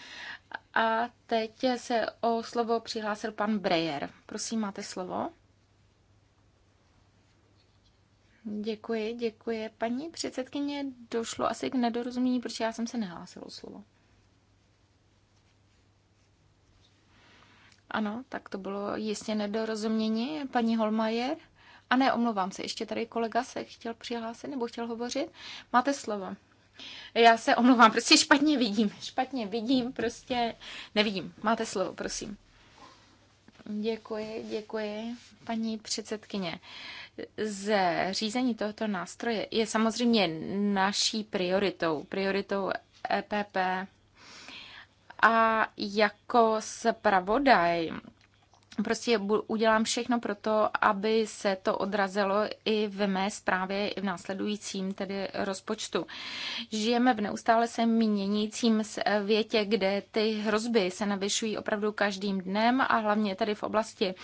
A teď se o slovo přihlásil pan Breyer. Prosím, máte slovo. Děkuji, děkuji. Paní předsedkyně, došlo asi k nedorozumění, protože já jsem se nehlásila o slovo. Ano, tak to bylo jistě nedorozumění, paní Holmajer. A ne, omlouvám se, ještě tady kolega se chtěl přihlásit nebo chtěl hovořit. Máte slovo. Já se omlouvám, prostě špatně vidím, špatně vidím, prostě nevidím. Máte slovo, prosím. Děkuji, děkuji, paní předsedkyně. Z řízení tohoto nástroje je samozřejmě naší prioritou, prioritou EPP a jako zpravodaj prostě udělám všechno pro to, aby se to odrazilo i v mé zprávě, i v následujícím tedy rozpočtu. Žijeme v neustále se měnícím světě, eh, kde ty hrozby se navyšují opravdu každým dnem a hlavně tady v oblasti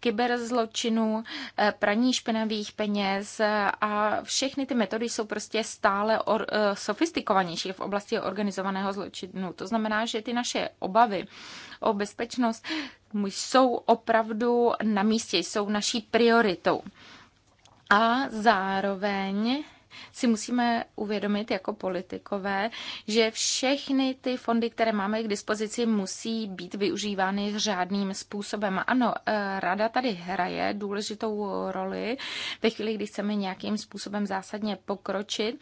kyberzločinu, eh, praní špinavých peněz eh, a všechny ty metody jsou prostě stále or, sofistikovanější v oblasti organizovaného zločinu. To znamená, že ty naše obavy o bezpečnost jsou opravdu na místě, jsou naší prioritou. A zároveň si musíme uvědomit jako politikové, že všechny ty fondy, které máme k dispozici, musí být využívány řádným způsobem. Ano, eh, rada tady hraje důležitou roli ve chvíli, kdy chceme nějakým způsobem zásadně pokročit,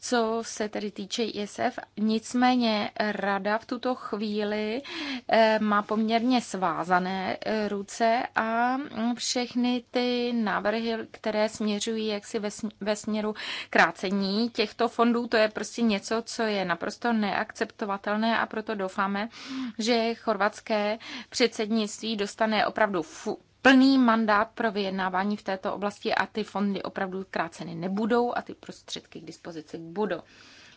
co se tedy týče ISF. Nicméně rada v tuto chvíli eh, má poměrně svázané eh, ruce a všechny ty návrhy, které směřují jaksi ve směru krácení těchto fondů, to je prostě něco, co je naprosto neakceptovatelné a proto doufáme, že chorvatské předsednictví dostane opravdu plný mandát pro vyjednávání v této oblasti a ty fondy opravdu kráceny nebudou a ty prostředky k dispozici budou.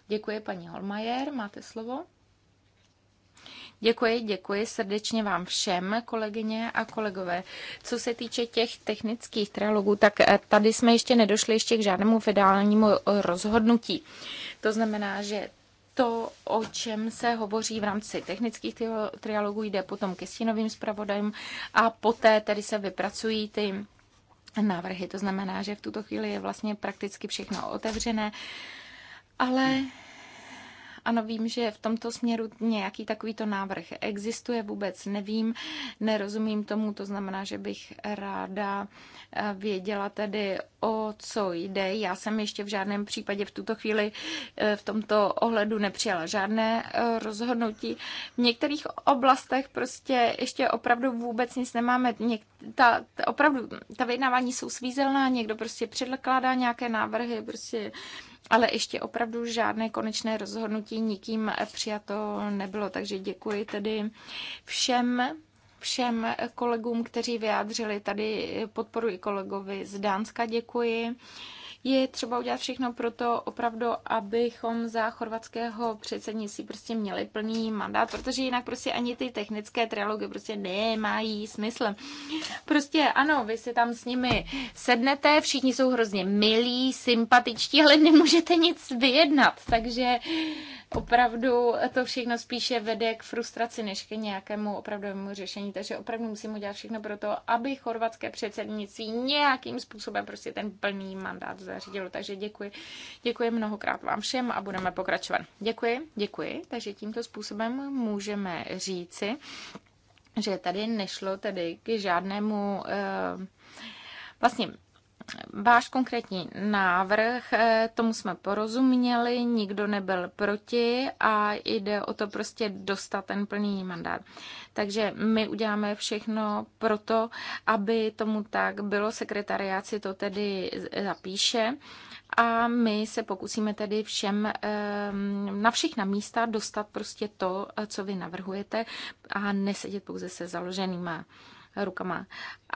Děkuji, paní Holmajer, máte slovo. Děkuji, děkuji srdečně vám všem, kolegyně a kolegové. Co se týče těch technických trialogů, tak eh, tady jsme ještě nedošli ještě k žádnému federálnímu rozhodnutí. To znamená, že to, o čem se hovoří v rámci technických trialogů, jde potom ke stínovým zpravodajům a poté tedy se vypracují ty návrhy. To znamená, že v tuto chvíli je vlastně prakticky všechno otevřené, ale ano, vím, že v tomto směru nějaký takovýto návrh existuje, vůbec nevím, nerozumím tomu, to znamená, že bych ráda eh, věděla tedy, o co jde. Já jsem ještě v žádném případě v tuto chvíli eh, v tomto ohledu nepřijala žádné eh, rozhodnutí. V některých oblastech prostě ještě opravdu vůbec nic nemáme. Něk- ta, ta, opravdu, ta vyjednávání jsou svízelná, někdo prostě předkládá nějaké návrhy, prostě ale ještě opravdu žádné konečné rozhodnutí nikým přijato nebylo. Takže děkuji tedy všem všem kolegům, kteří vyjádřili tady podporu i kolegovi z Dánska děkuji je třeba udělat všechno pro to opravdu, abychom za chorvatského předsednictví prostě měli plný mandát, protože jinak prostě ani ty technické trialogy prostě nemají smysl. Prostě ano, vy si tam s nimi sednete, všichni jsou hrozně milí, sympatičtí, ale nemůžete nic vyjednat, takže opravdu to všechno spíše vede k frustraci než k nějakému opravdovému řešení. Takže opravdu musím udělat všechno pro to, aby chorvatské předsednictví nějakým způsobem prostě ten plný mandát zařídilo. Takže děkuji. Děkuji mnohokrát vám všem a budeme pokračovat. Děkuji, děkuji. Takže tímto způsobem můžeme říci, že tady nešlo tedy k žádnému eh, vlastně váš konkrétní návrh, eh, tomu jsme porozuměli, nikdo nebyl proti a jde o to prostě dostat ten plný mandát. Takže my uděláme všechno pro to, aby tomu tak bylo. Sekretariát si to tedy zapíše a my se pokusíme tedy všem ehm, na všechna místa dostat prostě to, co vy navrhujete a nesedět pouze se založenýma rukama.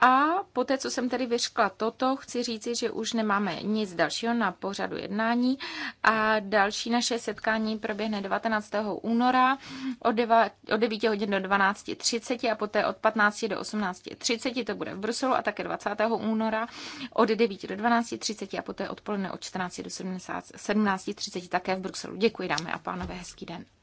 A poté, co jsem tedy vyřkla toto, chci říci, že už nemáme nic dalšího na pořadu jednání a další naše setkání proběhne 19. února od, 9, od 9 hodin do 12.30 a poté od 15 do 18.30, to bude v Bruselu a také 20. února od 9 do 12.30 a poté odpoledne od 14 do 17.30 také v Bruselu. Děkuji, dámy a pánové, hezký den.